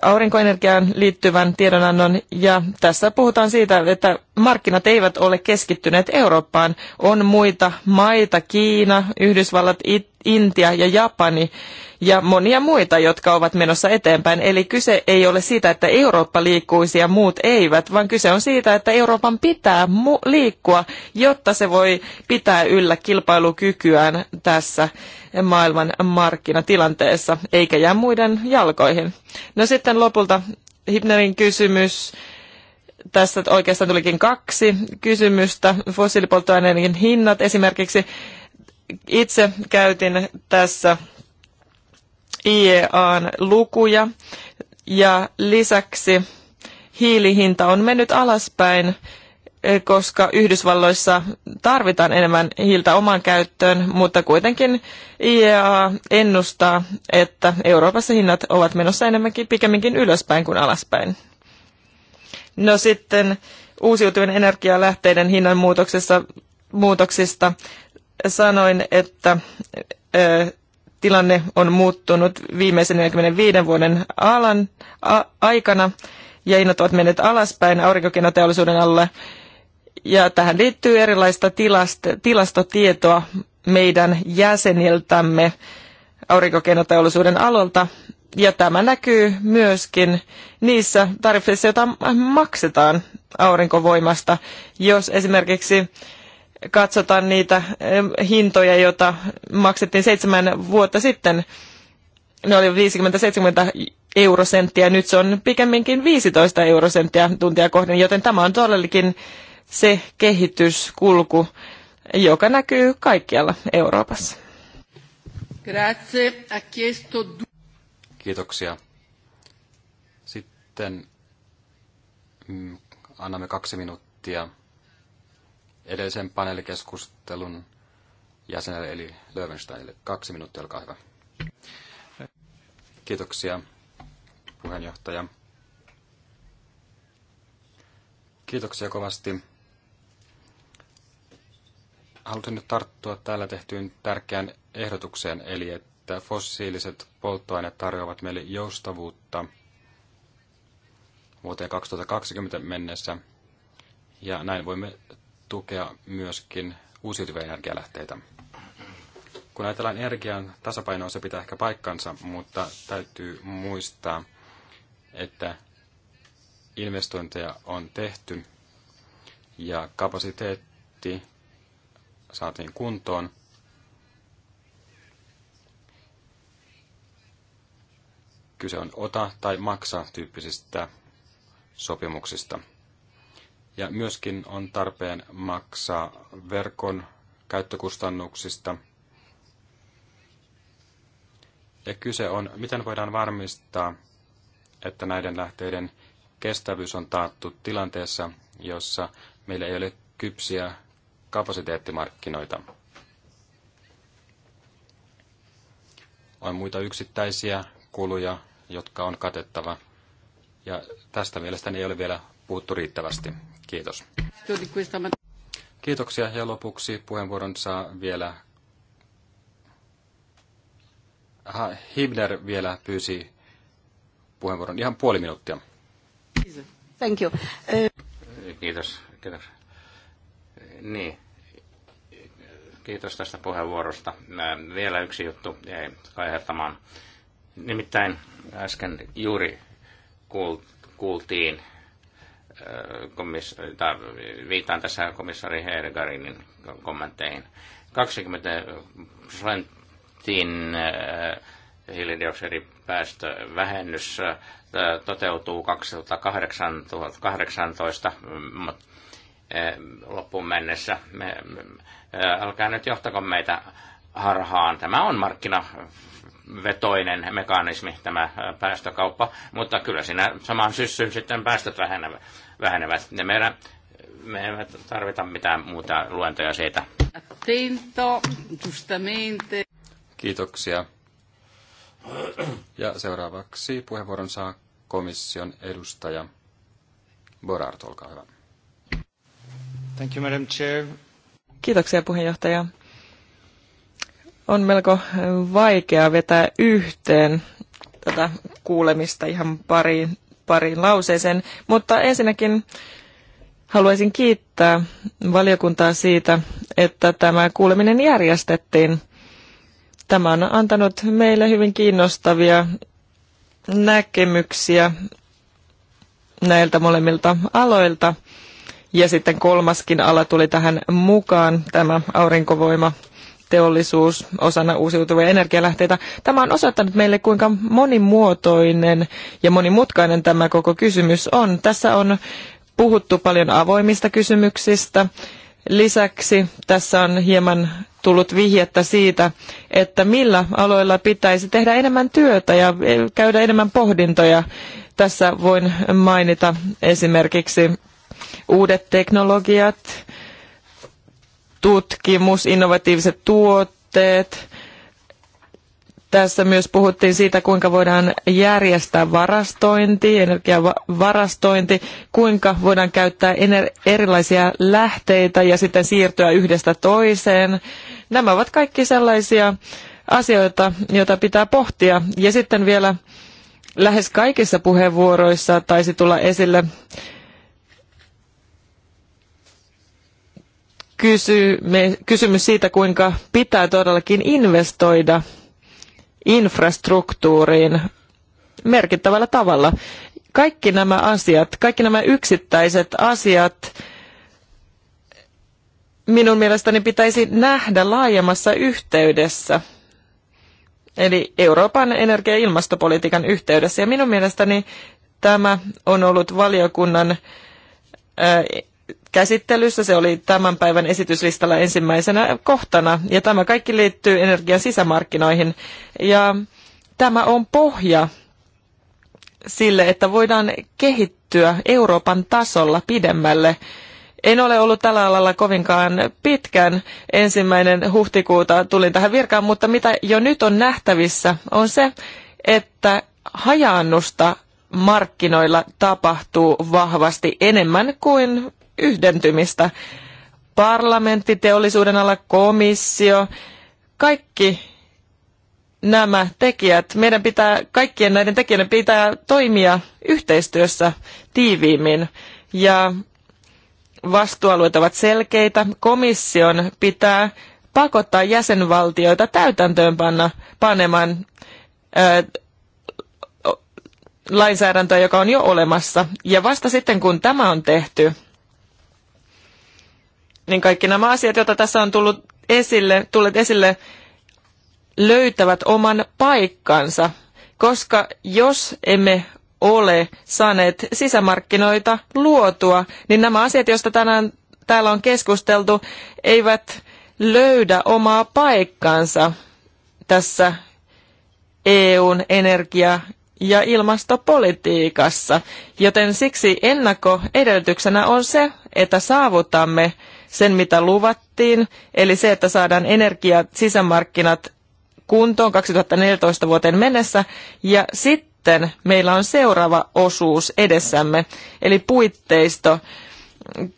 aurinkoenergiaan liittyvän tiedonannon ja tässä puhutaan siitä, että markkinat eivät ole keskittyneet Eurooppaan. On muita maita, Kiina, Yhdysvallat, Intia ja Japani, ja monia muita, jotka ovat menossa eteenpäin. Eli kyse ei ole siitä, että Eurooppa liikkuisi ja muut eivät, vaan kyse on siitä, että Euroopan pitää liikkua, jotta se voi pitää yllä kilpailukykyään tässä maailman markkinatilanteessa, eikä jää muiden jalkoihin. No sitten lopulta Hipnerin kysymys tässä oikeastaan tulikin kaksi kysymystä. Fossiilipolttoaineiden hinnat esimerkiksi. Itse käytin tässä IEAn lukuja ja lisäksi hiilihinta on mennyt alaspäin, e, koska Yhdysvalloissa tarvitaan enemmän hiiltä oman käyttöön, mutta kuitenkin IEA ennustaa, että Euroopassa hinnat ovat menossa enemmänkin pikemminkin ylöspäin kuin alaspäin. No sitten uusiutuvien energialähteiden hinnan muutoksessa, muutoksista sanoin, että e, tilanne on muuttunut viimeisen 45 vuoden alan a, aikana ja hinnat ovat menneet alaspäin aurinkokennoteollisuuden alle. Ja tähän liittyy erilaista tilast, tilastotietoa meidän jäseniltämme aurinkokennoteollisuuden alalta. Ja tämä näkyy myöskin niissä tarifeissa, joita maksetaan aurinkovoimasta. Jos esimerkiksi katsota niitä hintoja, joita maksettiin seitsemän vuotta sitten. Ne oli 50-70 eurosenttiä, nyt se on pikemminkin 15 eurosenttiä tuntia kohden, joten tämä on todellakin se kehityskulku, joka näkyy kaikkialla Euroopassa. Kiitoksia. Sitten mm, annamme kaksi minuuttia edellisen paneelikeskustelun jäsenelle eli Löwensteinille. Kaksi minuuttia, olkaa hyvä. Kiitoksia, puheenjohtaja. Kiitoksia kovasti. Haluaisin nyt tarttua täällä tehtyyn tärkeään ehdotukseen, eli että fossiiliset polttoaineet tarjoavat meille joustavuutta vuoteen 2020 mennessä, ja näin voimme tukea myöskin uusiutuvia energialähteitä. Kun ajatellaan energian tasapainoa, se pitää ehkä paikkansa, mutta täytyy muistaa, että investointeja on tehty ja kapasiteetti saatiin kuntoon. Kyse on ota tai maksa tyyppisistä sopimuksista. Ja myöskin on tarpeen maksaa verkon käyttökustannuksista. Ja kyse on, miten voidaan varmistaa, että näiden lähteiden kestävyys on taattu tilanteessa, jossa meillä ei ole kypsiä kapasiteettimarkkinoita. On muita yksittäisiä kuluja, jotka on katettava, ja tästä mielestäni ei ole vielä puhuttu riittävästi. Kiitos. Kiitoksia ja lopuksi puheenvuoron saa vielä Aha, Hibner vielä pyysi puheenvuoron ihan puoli minuuttia. Thank you. Eh, kiitos. Kiitos. Eh, niin. Kiitos tästä puheenvuorosta. Vielä yksi juttu jäi kaihertamaan. Nimittäin äsken juuri kuultiin komiss- viittaan tässä komissaari Hergarinin kommentteihin. 20 prosentin eh, hiilidioksidipäästövähennys eh, toteutuu 2018 eh, loppuun mennessä. älkää nyt johtako meitä harhaan. Tämä on markkina vetoinen mekanismi, tämä päästökauppa, mutta kyllä siinä samaan syssyyn sitten päästöt vähenevät vähenevät. Ne meillä, me emme tarvita mitään muuta luentoja siitä. Attento, justamente. Kiitoksia. Ja seuraavaksi puheenvuoron saa komission edustaja Borart, olkaa hyvä. Thank you, Madam Chair. Kiitoksia puheenjohtaja. On melko vaikea vetää yhteen tätä kuulemista ihan pariin pariin lauseeseen, mutta ensinnäkin haluaisin kiittää valiokuntaa siitä, että tämä kuuleminen järjestettiin. Tämä on antanut meille hyvin kiinnostavia näkemyksiä näiltä molemmilta aloilta. Ja sitten kolmaskin ala tuli tähän mukaan, tämä aurinkovoima teollisuus osana uusiutuvia energialähteitä. Tämä on osoittanut meille, kuinka monimuotoinen ja monimutkainen tämä koko kysymys on. Tässä on puhuttu paljon avoimista kysymyksistä. Lisäksi tässä on hieman tullut vihjettä siitä, että millä aloilla pitäisi tehdä enemmän työtä ja käydä enemmän pohdintoja. Tässä voin mainita esimerkiksi uudet teknologiat, tutkimus, innovatiiviset tuotteet. Tässä myös puhuttiin siitä, kuinka voidaan järjestää varastointi, energiavarastointi, kuinka voidaan käyttää erilaisia lähteitä ja sitten siirtyä yhdestä toiseen. Nämä ovat kaikki sellaisia asioita, joita pitää pohtia. Ja sitten vielä lähes kaikissa puheenvuoroissa taisi tulla esille kysymme, kysymys siitä, kuinka pitää todellakin investoida infrastruktuuriin merkittävällä tavalla. Kaikki nämä asiat, kaikki nämä yksittäiset asiat minun mielestäni pitäisi nähdä laajemmassa yhteydessä. Eli Euroopan energia- ja ilmastopolitiikan yhteydessä. Ja minun mielestäni tämä on ollut valiokunnan käsittelyssä. Se oli tämän päivän esityslistalla ensimmäisenä kohtana. Ja tämä kaikki liittyy energian sisämarkkinoihin. Ja tämä on pohja sille, että voidaan kehittyä Euroopan tasolla pidemmälle. En ole ollut tällä alalla kovinkaan pitkään. Ensimmäinen huhtikuuta tulin tähän virkaan, mutta mitä jo nyt on nähtävissä on se, että hajaannusta markkinoilla tapahtuu vahvasti enemmän kuin yhdentymistä. Parlamentti, teollisuuden ala, komissio, kaikki nämä tekijät, meidän pitää, kaikkien näiden tekijöiden pitää toimia yhteistyössä tiiviimmin. Ja vastuualueet ovat selkeitä. Komission pitää pakottaa jäsenvaltioita täytäntöönpanna panemaan ää, lainsäädäntöä, joka on jo olemassa. Ja vasta sitten, kun tämä on tehty, niin kaikki nämä asiat, joita tässä on tullut esille, tullut esille, löytävät oman paikkansa, koska jos emme ole saaneet sisämarkkinoita luotua, niin nämä asiat, joista tänään täällä on keskusteltu, eivät löydä omaa paikkansa tässä EUn energia- ja ilmastopolitiikassa. Joten siksi ennakkoedellytyksenä on se, että saavutamme sen, mitä luvattiin, eli se, että saadaan energia sisämarkkinat kuntoon 2014 vuoteen mennessä, ja sitten meillä on seuraava osuus edessämme, eli puitteisto.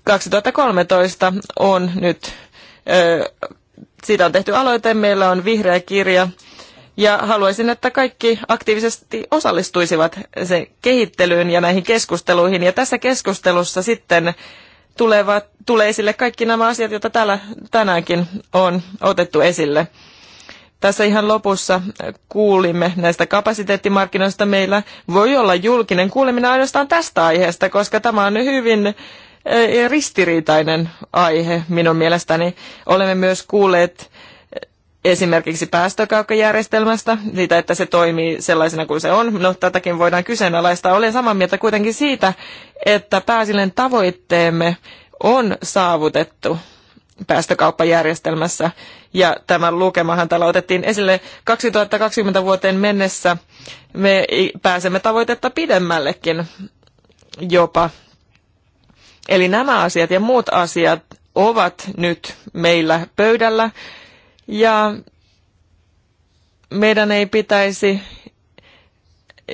2013 on nyt, ö, siitä on tehty aloite, meillä on vihreä kirja, ja haluaisin, että kaikki aktiivisesti osallistuisivat sen kehittelyyn ja näihin keskusteluihin. Ja tässä keskustelussa sitten tuleva tulee esille kaikki nämä asiat, joita täällä tänäänkin on otettu esille. Tässä ihan lopussa kuulimme näistä kapasiteettimarkkinoista. Meillä voi olla julkinen kuuleminen ainoastaan tästä aiheesta, koska tämä on hyvin eh, ristiriitainen aihe minun mielestäni. Olemme myös kuulleet esimerkiksi päästökaukkajärjestelmästä, siitä, että se toimii sellaisena kuin se on. No, tätäkin voidaan kyseenalaistaa. Olen samaa mieltä kuitenkin siitä, että pääsilen tavoitteemme on saavutettu päästökauppajärjestelmässä. Ja tämän lukemahan täällä otettiin esille 2020 vuoteen mennessä. Me pääsemme tavoitetta pidemmällekin jopa. Eli nämä asiat ja muut asiat ovat nyt meillä pöydällä ja meidän ei pitäisi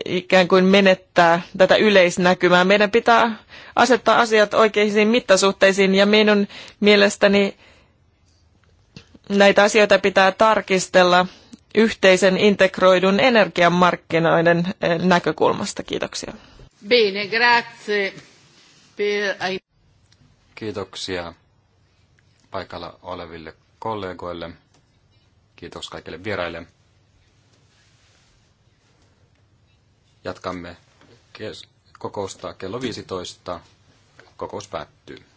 ikään kuin menettää tätä yleisnäkymää. Meidän pitää asettaa asiat oikeisiin mittasuhteisiin ja minun mielestäni näitä asioita pitää tarkistella yhteisen integroidun energiamarkkinoiden eh, näkökulmasta. Kiitoksia. Bene, grazie. Per... Kiitoksia paikalla oleville kollegoille. Kiitos kaikille vieraille. Jatkamme kokousta kello 15. Kokous päättyy.